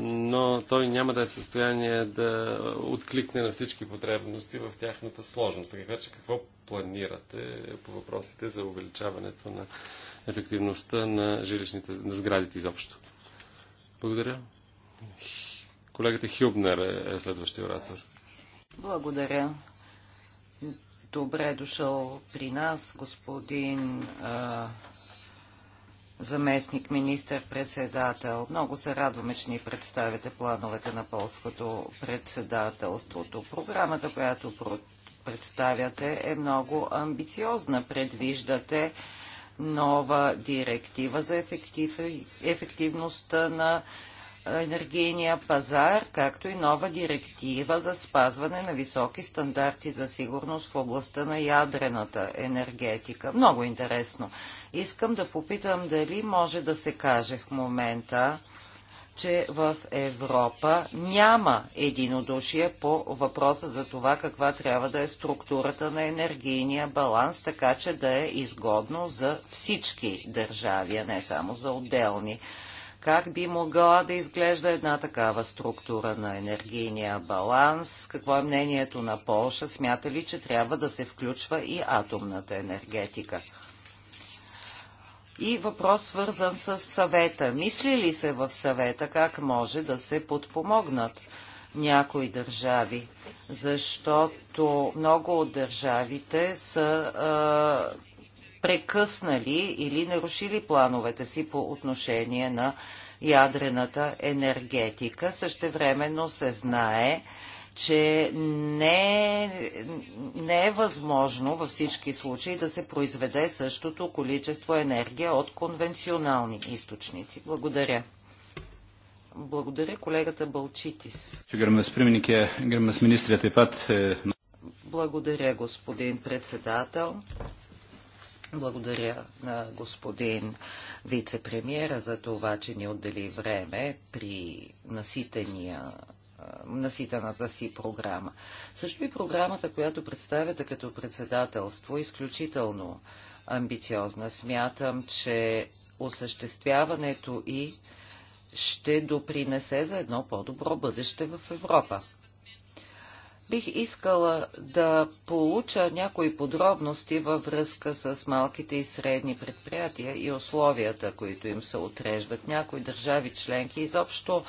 но той няма да е в състояние да откликне на всички потребности в тяхната сложност. Така че какво планирате по въпросите за увеличаването на ефективността на жилищните на сградите изобщо. Благодаря. Колегата Хюбнер е, е следващия оратор. Благодаря. Добре е дошъл при нас, господин а, заместник министър-председател. Много се радваме, че ни представяте плановете на полското председателството. Програмата, която представяте, е много амбициозна. Предвиждате нова директива за ефектив, ефективността на енергийния пазар, както и нова директива за спазване на високи стандарти за сигурност в областта на ядрената енергетика. Много интересно. Искам да попитам дали може да се каже в момента че в Европа няма единодушие по въпроса за това каква трябва да е структурата на енергийния баланс, така че да е изгодно за всички държави, а не само за отделни. Как би могла да изглежда една такава структура на енергийния баланс? Какво е мнението на Полша? Смята ли, че трябва да се включва и атомната енергетика? И въпрос свързан с съвета. Мисли ли се в съвета как може да се подпомогнат някои държави? Защото много от държавите са а, прекъснали или нарушили плановете си по отношение на ядрената енергетика. Същевременно се знае, че не, не е възможно във всички случаи да се произведе същото количество енергия от конвенционални източници. Благодаря. Благодаря колегата Балчитис. Е, е, Благодаря, господин председател. Благодаря на господин вице за това, че ни отдели време при наситения наситената си програма. Също и програмата, която представяте като председателство, е изключително амбициозна. Смятам, че осъществяването и ще допринесе за едно по-добро бъдеще в Европа. Бих искала да получа някои подробности във връзка с малките и средни предприятия и условията, които им се отреждат. Някои държави членки изобщо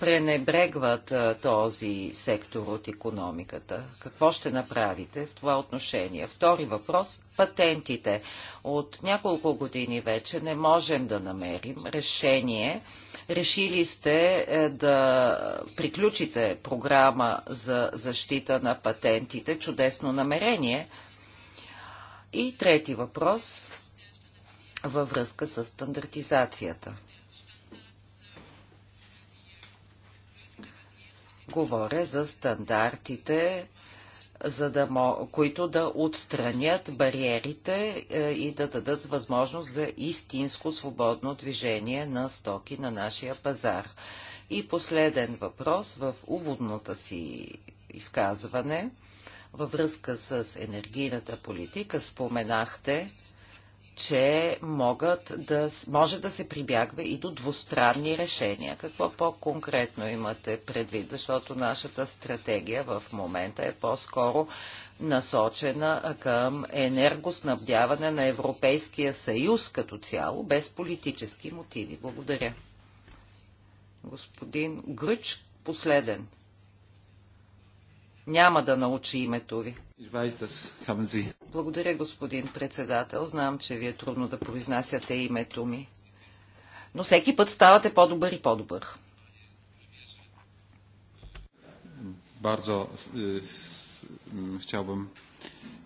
пренебрегват този сектор от економиката? Какво ще направите в това отношение? Втори въпрос – патентите. От няколко години вече не можем да намерим решение. Решили сте е, да приключите програма за защита на патентите. Чудесно намерение. И трети въпрос във връзка с стандартизацията. Говоря за стандартите, за да, мо... които да отстранят бариерите е, и да дадат възможност за истинско свободно движение на стоки на нашия пазар. И последен въпрос в уводната си изказване във връзка с енергийната политика споменахте, че могат да, може да се прибягва и до двустранни решения. Какво по-конкретно имате предвид? Защото нашата стратегия в момента е по-скоро насочена към енергоснабдяване на Европейския съюз като цяло, без политически мотиви. Благодаря. Господин Гръч, последен. Няма да научи името ви. Благодаря, господин председател. Знам, че ви е трудно да произнасяте името ми. Но всеки път ставате по-добър и по-добър. Бързо хотел бъм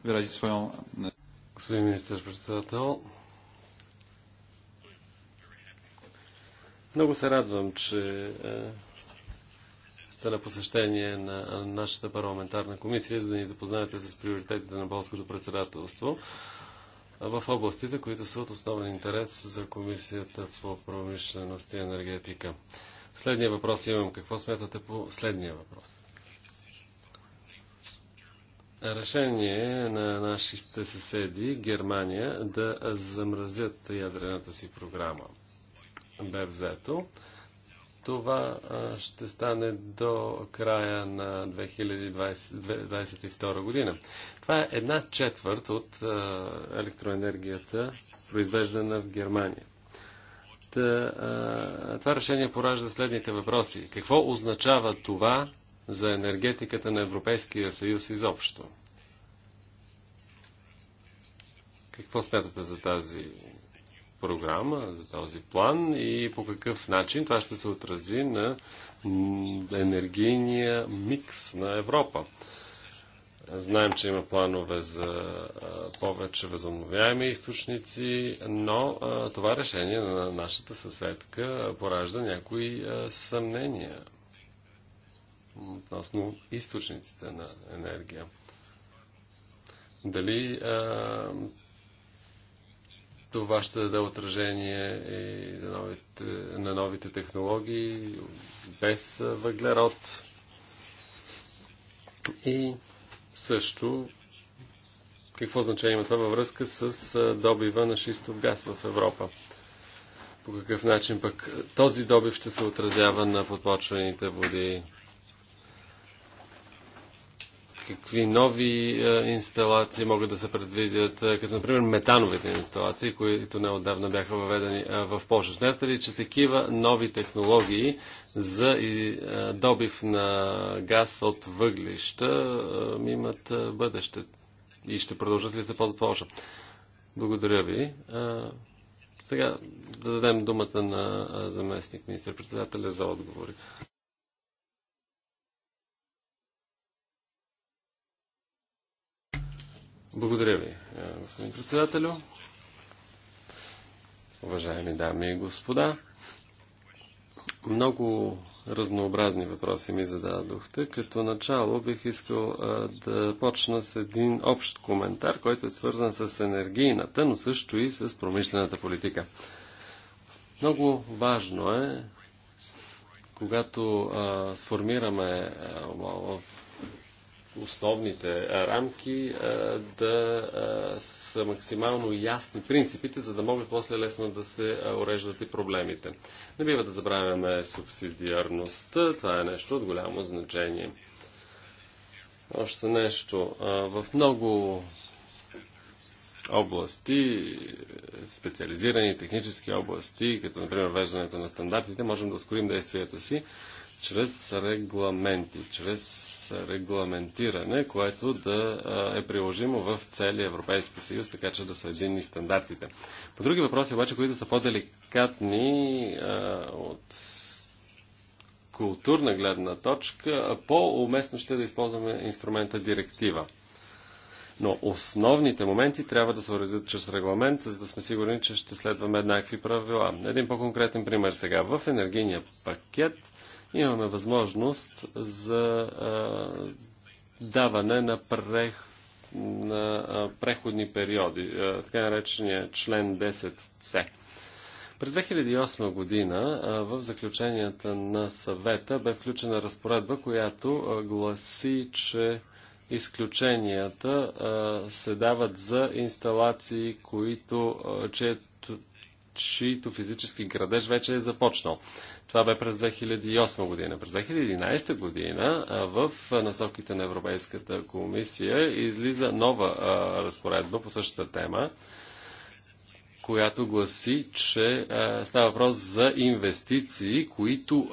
wyrazić своя... E, господин министър-председател, много се радвам, че е, сте на посещение на нашата парламентарна комисия, за да ни запознаете с приоритетите на Болското председателство в областите, които са от основен интерес за Комисията по промишленост и енергетика. Следния въпрос имам. Какво смятате по следния въпрос? Решение на нашите съседи, Германия, да замразят ядрената си програма бе взето. Това ще стане до края на 2022 година. Това е една четвърт от електроенергията, произвеждана в Германия. това решение поражда следните въпроси. Какво означава това за енергетиката на Европейския съюз изобщо? Какво смятате за тази програма, за този план и по какъв начин това ще се отрази на енергийния микс на Европа. Знаем, че има планове за повече възобновяеми източници, но това решение на нашата съседка поражда някои съмнения относно източниците на енергия. Дали това ще даде отражение и за новите, на новите технологии без въглерод. И също какво значение има това във връзка с добива на шистов газ в Европа? По какъв начин пък този добив ще се отразява на подпочвените води? какви нови е, инсталации могат да се предвидят, е, като например метановите инсталации, които неодавна бяха въведени е, в Польша. Смятате ли, че такива нови технологии за добив на газ от въглища имат бъдеще и ще продължат ли да се ползват Польша? Благодаря ви. Сега да дадем думата на заместник министър-председателя за отговори. Благодаря ви, е, господин председателю. Уважаеми дами и господа, много разнообразни въпроси ми зададохте. Като начало бих искал а, е, да почна с един общ коментар, който е свързан с енергийната, но също и с промишлената политика. Много важно е, когато а, е, сформираме а, основните рамки да са максимално ясни принципите, за да могат после лесно да се уреждат и проблемите. Не бива да забравяме субсидиарността, това е нещо от голямо значение. Още нещо. В много области, специализирани технически области, като например веждането на стандартите, можем да ускорим действията си чрез регламенти, чрез регламентиране, което да е приложимо в целия Европейски съюз, така че да са единни стандартите. По други въпроси обаче, които са по-деликатни от културна гледна точка, по-уместно ще е да използваме инструмента директива. Но основните моменти трябва да се уредят чрез регламент, за да сме сигурни, че ще следваме еднакви правила. Един по-конкретен пример сега. В енергийния пакет имаме възможност за даване на, прех, на преходни периоди, така наречения член 10c. През 2008 година в заключенията на съвета бе включена разпоредба, която гласи, че изключенията се дават за инсталации, които, чието Чийто физически градеж вече е започнал. Това бе през 2008 година. През 2011 година в насоките на Европейската комисия излиза нова разпоредба по същата тема, която гласи, че става въпрос за инвестиции, които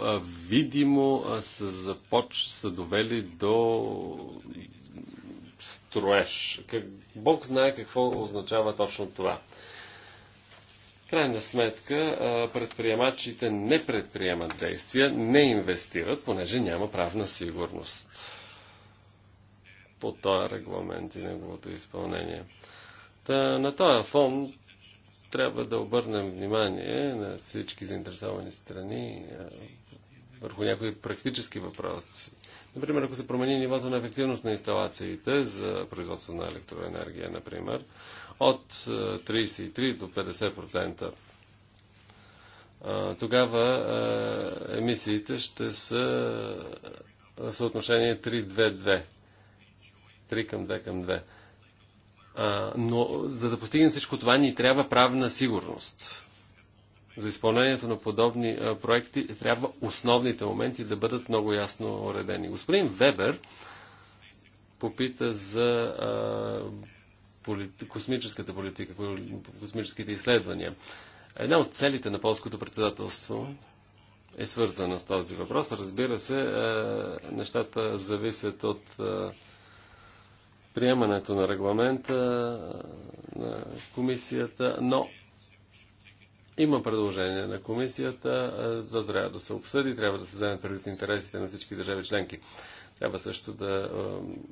видимо са, започ... са довели до строеж. Бог знае какво означава точно това крайна сметка предприемачите не предприемат действия, не инвестират, понеже няма правна сигурност по този регламент и неговото изпълнение. Та, на този фон трябва да обърнем внимание на всички заинтересовани страни върху някои практически въпроси. Например, ако се промени нивото на ефективност на инсталациите за производство на електроенергия, например, от 33 е, до 50%. Тогава е, емисиите ще са е, съотношение 3-2-2. 3 към 2 към 2. но за да постигнем всичко това, ни трябва правна сигурност. За изпълнението на подобни проекти трябва основните моменти да бъдат много ясно уредени. Господин Вебер попита за а, космическата политика, космическите изследвания. Една от целите на полското председателство е свързана с този въпрос. Разбира се, е, нещата зависят от е, приемането на регламента е, на комисията, но има предложение на комисията, това да трябва да се обсъди, трябва да се вземе предвид интересите на всички държави членки. Трябва също да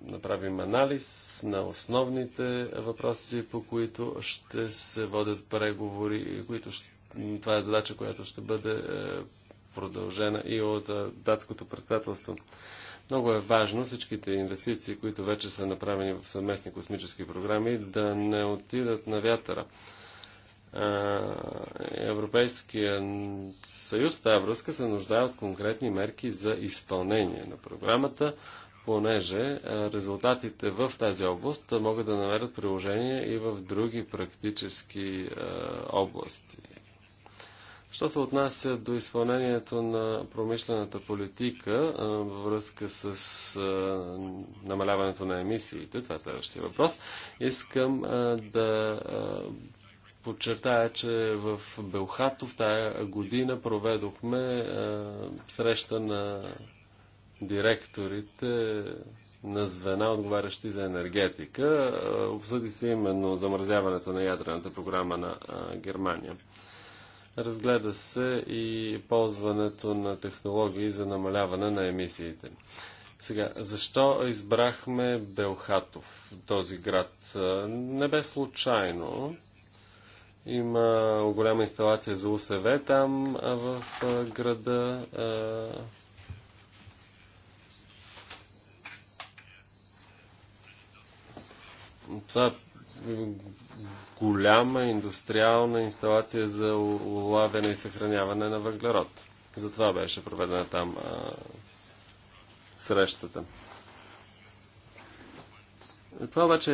направим анализ на основните въпроси, по които ще се водят преговори, които ще... това е задача, която ще бъде е, продължена и от датското председателство. Много е важно всичките инвестиции, които вече са направени в съвместни космически програми, да не отидат на вятъра. А, Европейския съюз в тази връзка се нуждае от конкретни мерки за изпълнение на програмата, понеже е, резултатите в тази област могат да намерят приложение и в други практически е, области. Що се отнася до изпълнението на промишлената политика е, във връзка с намаляването на емисиите, това е следващия въпрос, искам да подчертая, че в Белхатов тая година проведохме а, е, среща на директорите на звена, отговарящи за енергетика. Е, обсъди се именно замразяването на ядрената програма на а, е, Германия. Разгледа се и ползването на технологии за намаляване на емисиите. Сега, защо избрахме Белхатов, този град? Не бе случайно. Има голяма инсталация за УСВ там в града. Това е голяма индустриална инсталация за улавяне и съхраняване на въглерод. Затова беше проведена там а, срещата. Това обаче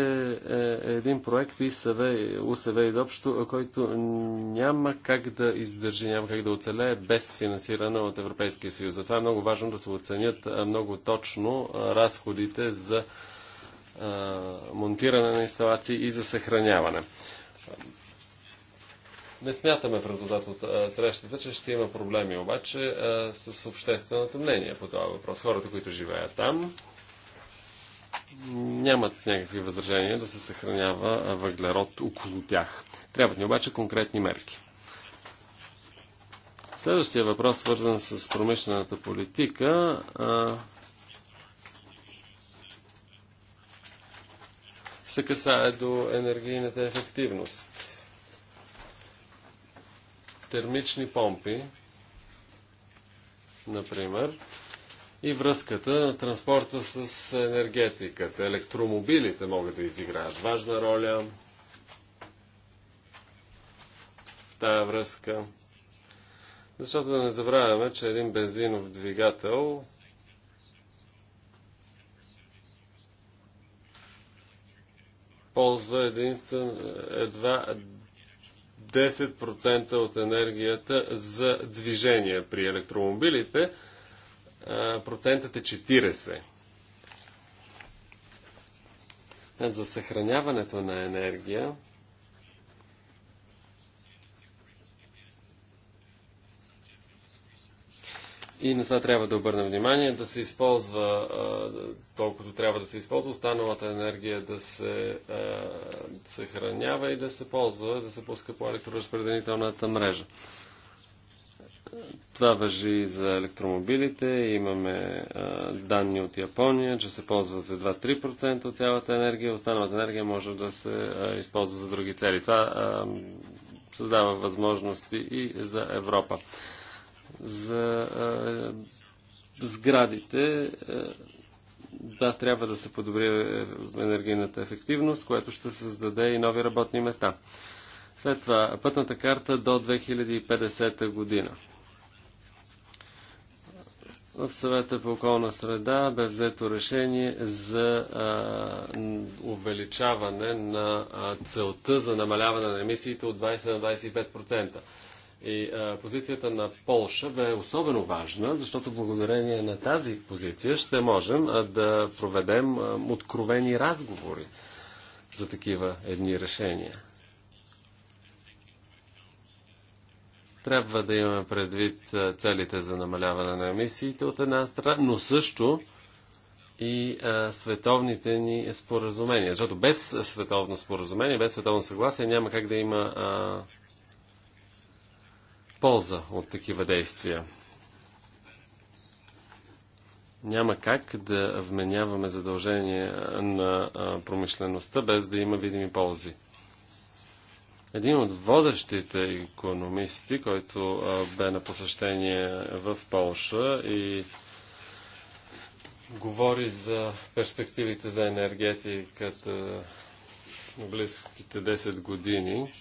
е, е един проект ИСВ, УСВ изобщо, който няма как да издържи, няма как да оцелее без финансиране от Европейския съюз. Затова е много важно да се оценят много точно разходите за а, монтиране на инсталации и за съхраняване. Не смятаме в резултат от срещата, че ще има проблеми обаче с общественото мнение по това въпрос. Хората, които живеят там, нямат някакви възражения да се съхранява въглерод около тях. Трябват ни обаче конкретни мерки. Следващия въпрос, свързан с промишлената политика. се касае до енергийната ефективност. Термични помпи, например, и връзката на транспорта с енергетиката. Електромобилите могат да изиграят важна роля в тая връзка. Защото да не забравяме, че един бензинов двигател ползва единствен едва 10% от енергията за движение при електромобилите процентът е 40. За съхраняването на енергия И на това трябва да обърнем внимание, да се използва колкото трябва да се използва, останалата енергия да се съхранява и да се ползва, да се пуска по електроразпределителната мрежа. Това въжи за електромобилите. Имаме а, данни от Япония, че се ползват едва 3% от цялата енергия. Останалата енергия може да се а, използва за други цели. Това а, създава възможности и за Европа. За а, сградите. А, да, трябва да се подобри е, енергийната ефективност, което ще създаде и нови работни места. След това, пътната карта до 2050 година. В съвета по околна среда бе взето решение за а, увеличаване на а, целта за намаляване на емисиите от 20 на 25%. И а, позицията на Полша бе особено важна, защото благодарение на тази позиция ще можем а, да проведем а, откровени разговори за такива едни решения. Трябва да имаме предвид целите за намаляване на емисиите от една страна, но също и а, световните ни споразумения. Защото без световно споразумение, без световно съгласие няма как да има а, полза от такива действия. Няма как да вменяваме задължение на промишлеността без да има видими ползи. Един от водещите економисти, който бе на посещение в Полша и говори за перспективите за енергетиката на близките 10 години,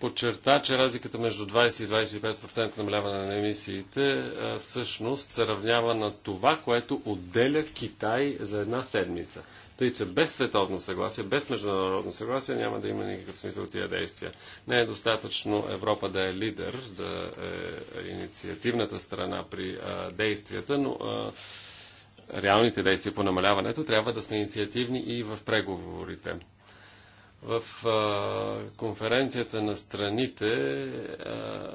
подчерта, че разликата между 20 и 25% намаляване на емисиите всъщност се равнява на това, което отделя Китай за една седмица. Тъй, че без световно съгласие, без международно съгласие няма да има никакъв смисъл тия действия. Не е достатъчно Европа да е лидер, да е, е инициативната страна при а, действията, но а, реалните действия по намаляването трябва да сме инициативни и в преговорите. В а, конференцията на страните а,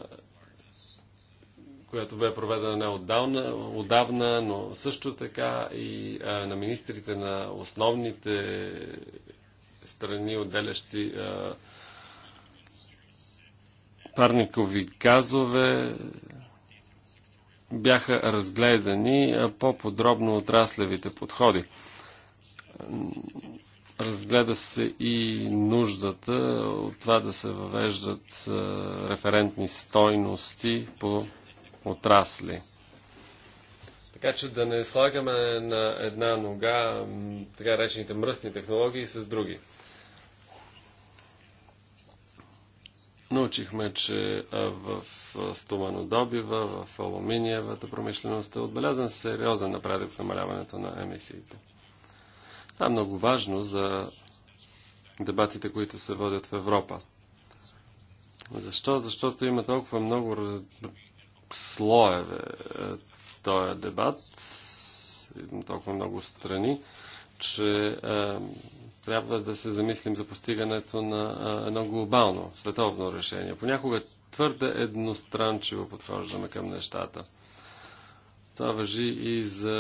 която бе проведена не отдавна, отдавна, но също така и а, на министрите на основните страни, отделящи а, парникови газове, бяха разгледани по-подробно отраслевите подходи. Разгледа се и нуждата от това да се въвеждат референтни стойности по отрасли. Така че да не слагаме на една нога така речените мръсни технологии с други. Научихме, че в стоманодобива, в алуминиевата промишленост е отбелязан сериозен напредък в намаляването на емисиите. Това е много важно за дебатите, които се водят в Европа. Защо? Защото има толкова много слоеве този дебат, толкова много страни, че е, трябва да се замислим за постигането на е, едно глобално, световно решение. Понякога твърде едностранчиво подхождаме към нещата. Това въжи и за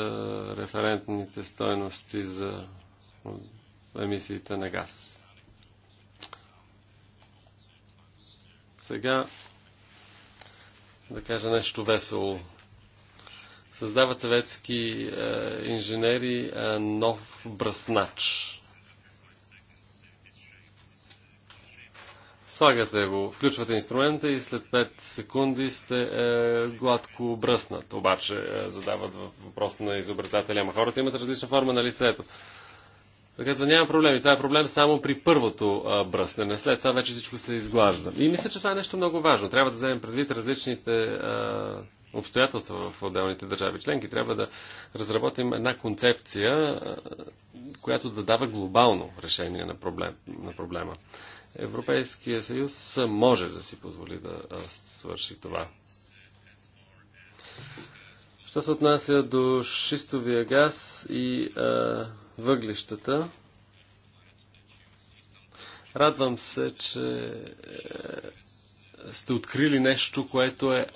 референтните стойности за емисиите на газ. Сега да кажа нещо весело. Създават съветски е, инженери е, нов бръснач. Слагате го, включвате инструмента и след 5 секунди сте е, гладко бръснат. Обаче е, задават въпрос на изобретателя. Ама хората имат различна форма на лицето. Казва, няма проблеми. Това е проблем само при първото а, бръснене. След това вече всичко се изглажда. И мисля, че това е нещо много важно. Трябва да вземем предвид различните а, обстоятелства в отделните държави членки. Трябва да разработим една концепция, а, която да дава глобално решение на, проблем, на проблема. Европейския съюз може да си позволи да а, свърши това. Що се отнася до шистовия газ и а, въглищата. Радвам се, че е, сте открили нещо, което е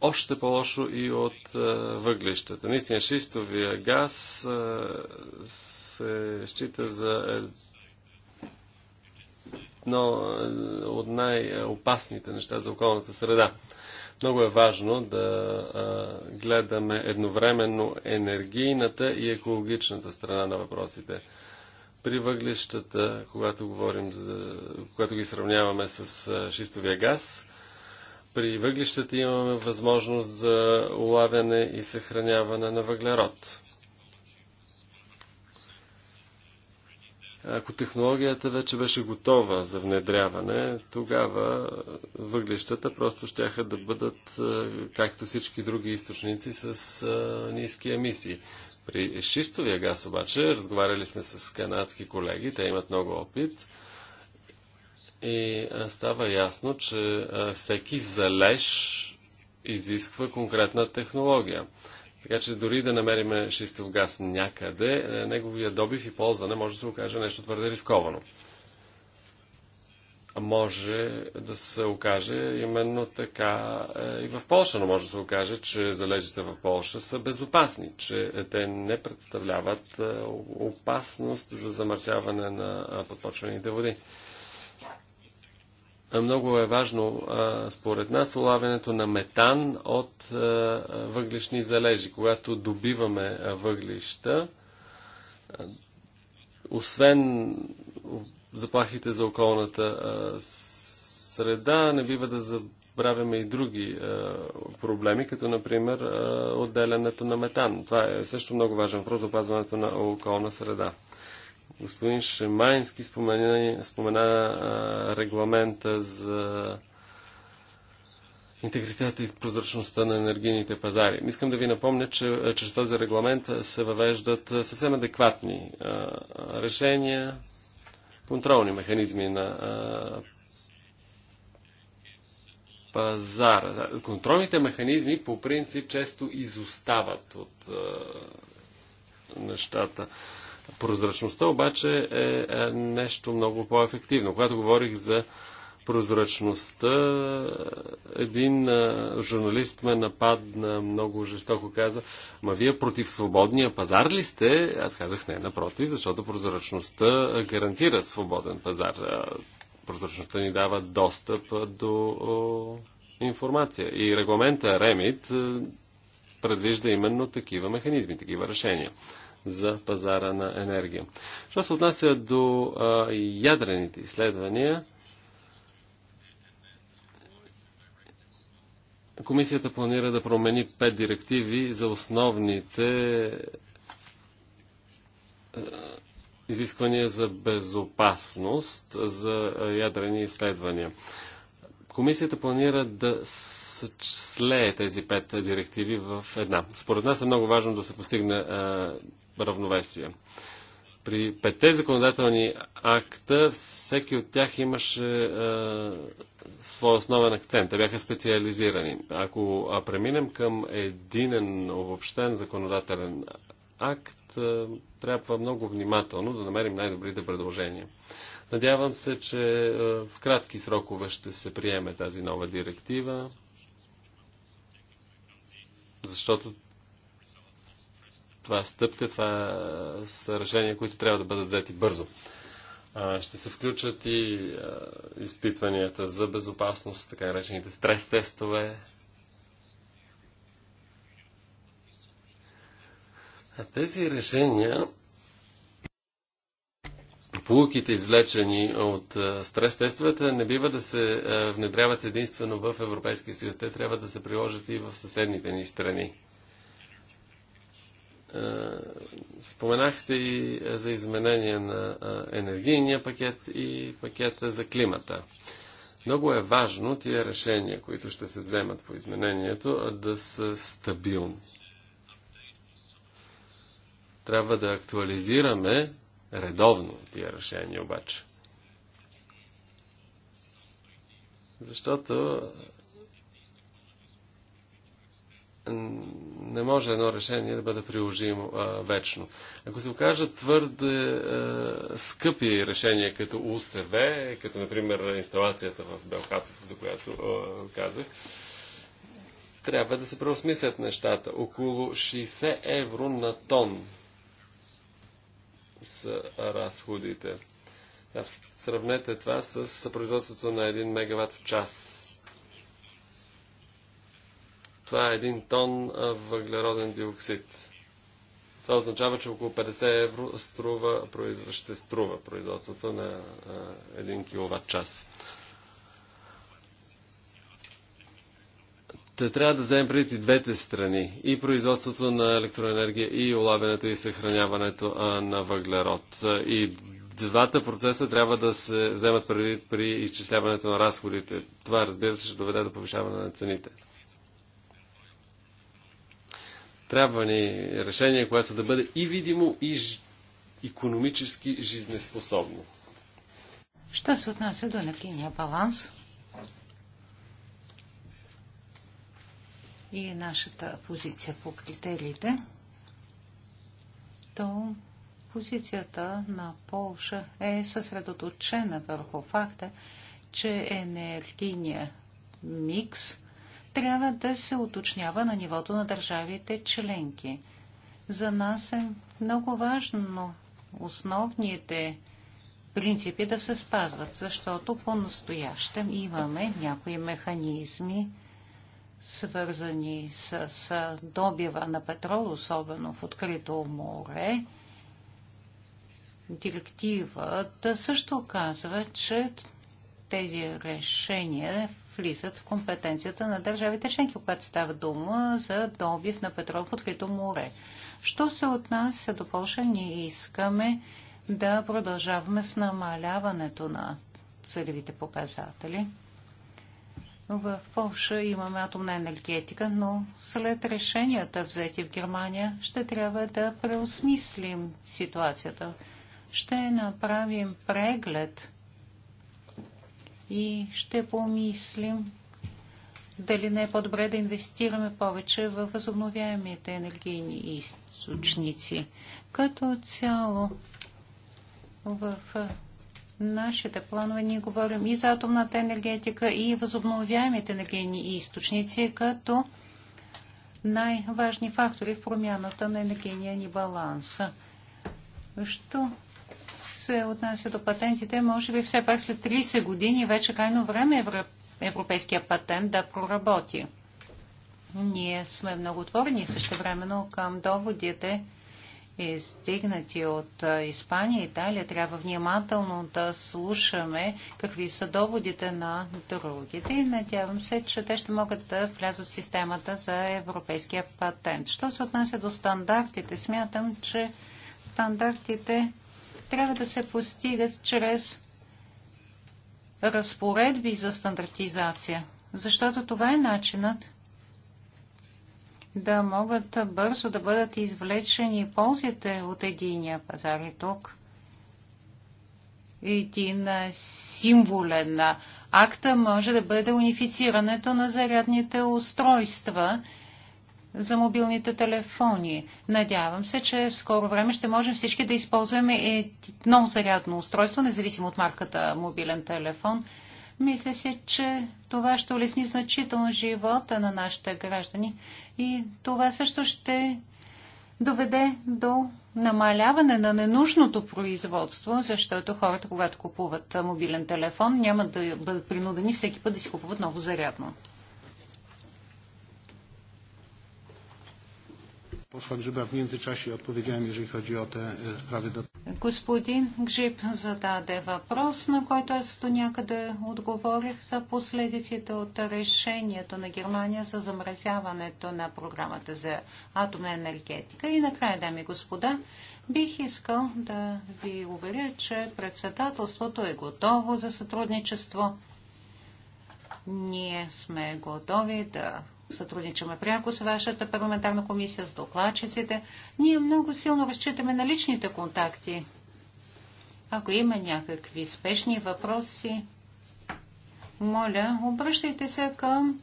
още по-лошо и от е, въглищата. Наистина, шистовия газ е, се счита за едно от най-опасните неща за околната среда. Много е важно да гледаме едновременно енергийната и екологичната страна на въпросите. При въглищата, когато, говорим за, когато ги сравняваме с шистовия газ, при въглищата имаме възможност за улавяне и съхраняване на въглерод. Ако технологията вече беше готова за внедряване, тогава въглищата просто щяха да бъдат, е, както всички други източници, с е, ниски емисии. При шистовия газ обаче, разговаряли сме с канадски колеги, те имат много опит и е, става ясно, че всеки залеж изисква конкретна технология. Така че дори да намерим шистов газ някъде, е, неговия добив и ползване може да се окаже нещо твърде рисковано. Може да се окаже именно така е, и в Польша, но може да се окаже, че залежите в Польша са безопасни, че те не представляват е, опасност за замърсяване на подпочвените води много е важно, според нас, улавянето на метан от въглишни залежи. Когато добиваме въглища, освен заплахите за околната среда, не бива да забравяме и други проблеми, като например отделянето на метан. Това е също много важен въпрос за опазването на околна среда. Господин Шемайнски спомена, спомена а, регламента за интегритета и прозрачността на енергийните пазари. Искам да ви напомня, че чрез този регламент се въвеждат съвсем адекватни а, решения, контролни механизми на а, пазара. Контролните механизми по принцип често изостават от а, нещата. Прозрачността обаче е, е нещо много по-ефективно. Когато говорих за прозрачността, един е, журналист ме нападна много жестоко, каза, ма вие против свободния пазар ли сте? Аз казах не, напротив, защото прозрачността гарантира свободен пазар. Е, прозрачността ни дава достъп до информация. И регламента Ремит предвижда именно такива механизми, такива решения за пазара на енергия. Що се отнася до а, ядрените изследвания, Комисията планира да промени пет директиви за основните изисквания за безопасност за ядрени изследвания. Комисията планира да слее тези пет директиви в една. Според нас е много важно да се постигне равновесие. При пете законодателни акта, всеки от тях имаше а, е, свой основен акцент. Те бяха специализирани. Ако преминем към единен обобщен законодателен акт, а, е, трябва много внимателно да намерим най-добрите предложения. Надявам се, че е, в кратки срокове ще се приеме тази нова директива, защото това е стъпка, това са решения, които трябва да бъдат взети бързо. Ще се включат и изпитванията за безопасност, така наречените стрес тестове. А тези решения, полуките излечени от стрес тестовете, не бива да се внедряват единствено в Европейския съюз. Те трябва да се приложат и в съседните ни страни. Е, споменахте и е, за изменение на е, енергийния пакет и пакета за климата. Много е важно тия решения, които ще се вземат по изменението, да са стабилни. Трябва да актуализираме редовно тия решения обаче. Защото не може едно решение да бъде приложимо а, вечно. Ако се окажат твърде а, е, скъпи решения като УСВ, като например инсталацията в Белхатов, за която а, е, казах, трябва да се преосмислят нещата. Около 60 евро на тон са разходите. Сравнете това с производството на 1 мегаватт в час това е един тон въглероден диоксид. Това означава, че около 50 евро струва, ще струва производството на 1 кВт час. Те трябва да вземем преди и двете страни. И производството на електроенергия, и улавянето, и съхраняването на въглерод. И двата процеса трябва да се вземат преди при изчисляването на разходите. Това, разбира се, ще доведе до повишаване на цените. Трябва ни решение, което да бъде и видимо, и ж... економически жизнеспособно. Що се отнася до енергийния баланс и нашата позиция по критериите, то позицията на Полша е съсредоточена върху факта, че енергийния микс – трябва да се уточнява на нивото на държавите членки. За нас е много важно основните принципи да се спазват, защото по-настоящем имаме някои механизми, свързани с, с добива на петрол, особено в открито море. Директивата също казва, че тези решения влизат в компетенцията на държавите членки, когато става дума за добив на петрол в открито море. Що се от нас до Польша, ние искаме да продължаваме с намаляването на целевите показатели. В Польша имаме атомна енергетика, но след решенията взети в Германия ще трябва да преосмислим ситуацията. Ще направим преглед и ще помислим дали не е по-добре да инвестираме повече в възобновяемите енергийни източници. Като цяло в нашите планове ние говорим и за атомната енергетика, и възобновяемите енергийни източници, като най-важни фактори в промяната на енергийния ни баланс. Що се отнася до патентите, може би все пак след 30 години вече крайно време е европейския патент да проработи. Ние сме много отворени същевременно към доводите, издигнати от Испания и Италия. Трябва внимателно да слушаме какви са доводите на другите и надявам се, че те ще могат да влязат в системата за европейския патент. Що се отнася до стандартите, смятам, че стандартите трябва да се постигат чрез разпоредби за стандартизация, защото това е начинът да могат бързо да бъдат извлечени ползите от единия пазар и тук. Един символен акта може да бъде унифицирането на зарядните устройства – за мобилните телефони. Надявам се, че в скоро време ще можем всички да използваме едно зарядно устройство, независимо от марката мобилен телефон. Мисля се, че това ще улесни значително живота на нашите граждани и това също ще доведе до намаляване на ненужното производство, защото хората, когато купуват мобилен телефон, няма да бъдат принудени всеки път да си купуват ново зарядно. Grzyba w międzyczasie odpowiedziałem, jeżeli chodzi o te e, sprawy. Do... Господин Гжип зададе въпрос, на който аз до някъде отговорих за последиците от решението на Германия за замразяването на програмата за атомна енергетика. И накрая, дами и господа, бих искал да ви уверя, че председателството е готово за сътрудничество. Ние сме готови да сътрудничаме пряко с вашата парламентарна комисия, с докладчиците. Ние много силно разчитаме на личните контакти. Ако има някакви спешни въпроси, моля, обръщайте се към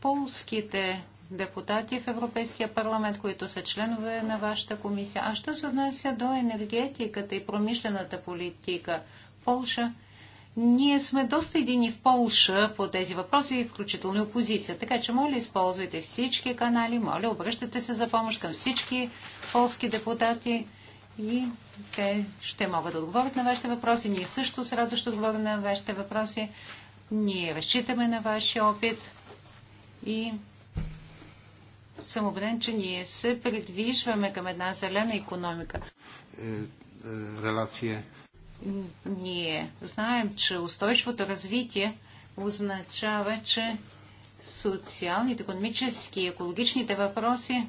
полските депутати в Европейския парламент, които са членове на вашата комисия. А що се отнася до енергетиката и промишлената политика? Полша ние сме доста едини в Полша по тези въпроси, включително и опозиция. Така че, моля, използвайте всички канали, моля, обръщате се за помощ към всички полски депутати и те ще могат да отговорят на вашите въпроси. Ние също с радост ще отговорим на вашите въпроси. Ние разчитаме на вашия опит и съм убеден, че ние се придвижваме към една зелена економика. Е, е, релация ние знаем, че устойчивото развитие означава, че социалните, економически и екологичните въпроси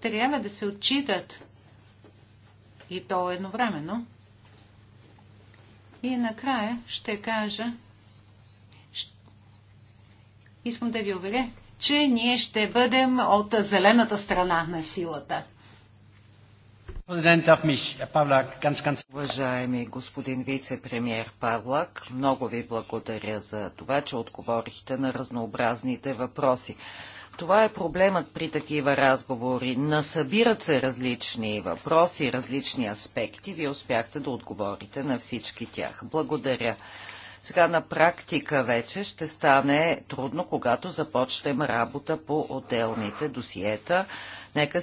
трябва да се отчитат и то едновременно. И накрая ще кажа, искам да ви уверя, че ние ще бъдем от зелената страна на силата. Е, Уважаеми господин вице-премьер Павлак, много ви благодаря за това, че отговорихте на разнообразните въпроси. Това е проблемът при такива разговори. Насъбират се различни въпроси, различни аспекти. Вие успяхте да отговорите на всички тях. Благодаря. Сега на практика вече ще стане трудно, когато започнем работа по отделните досиета. Нека си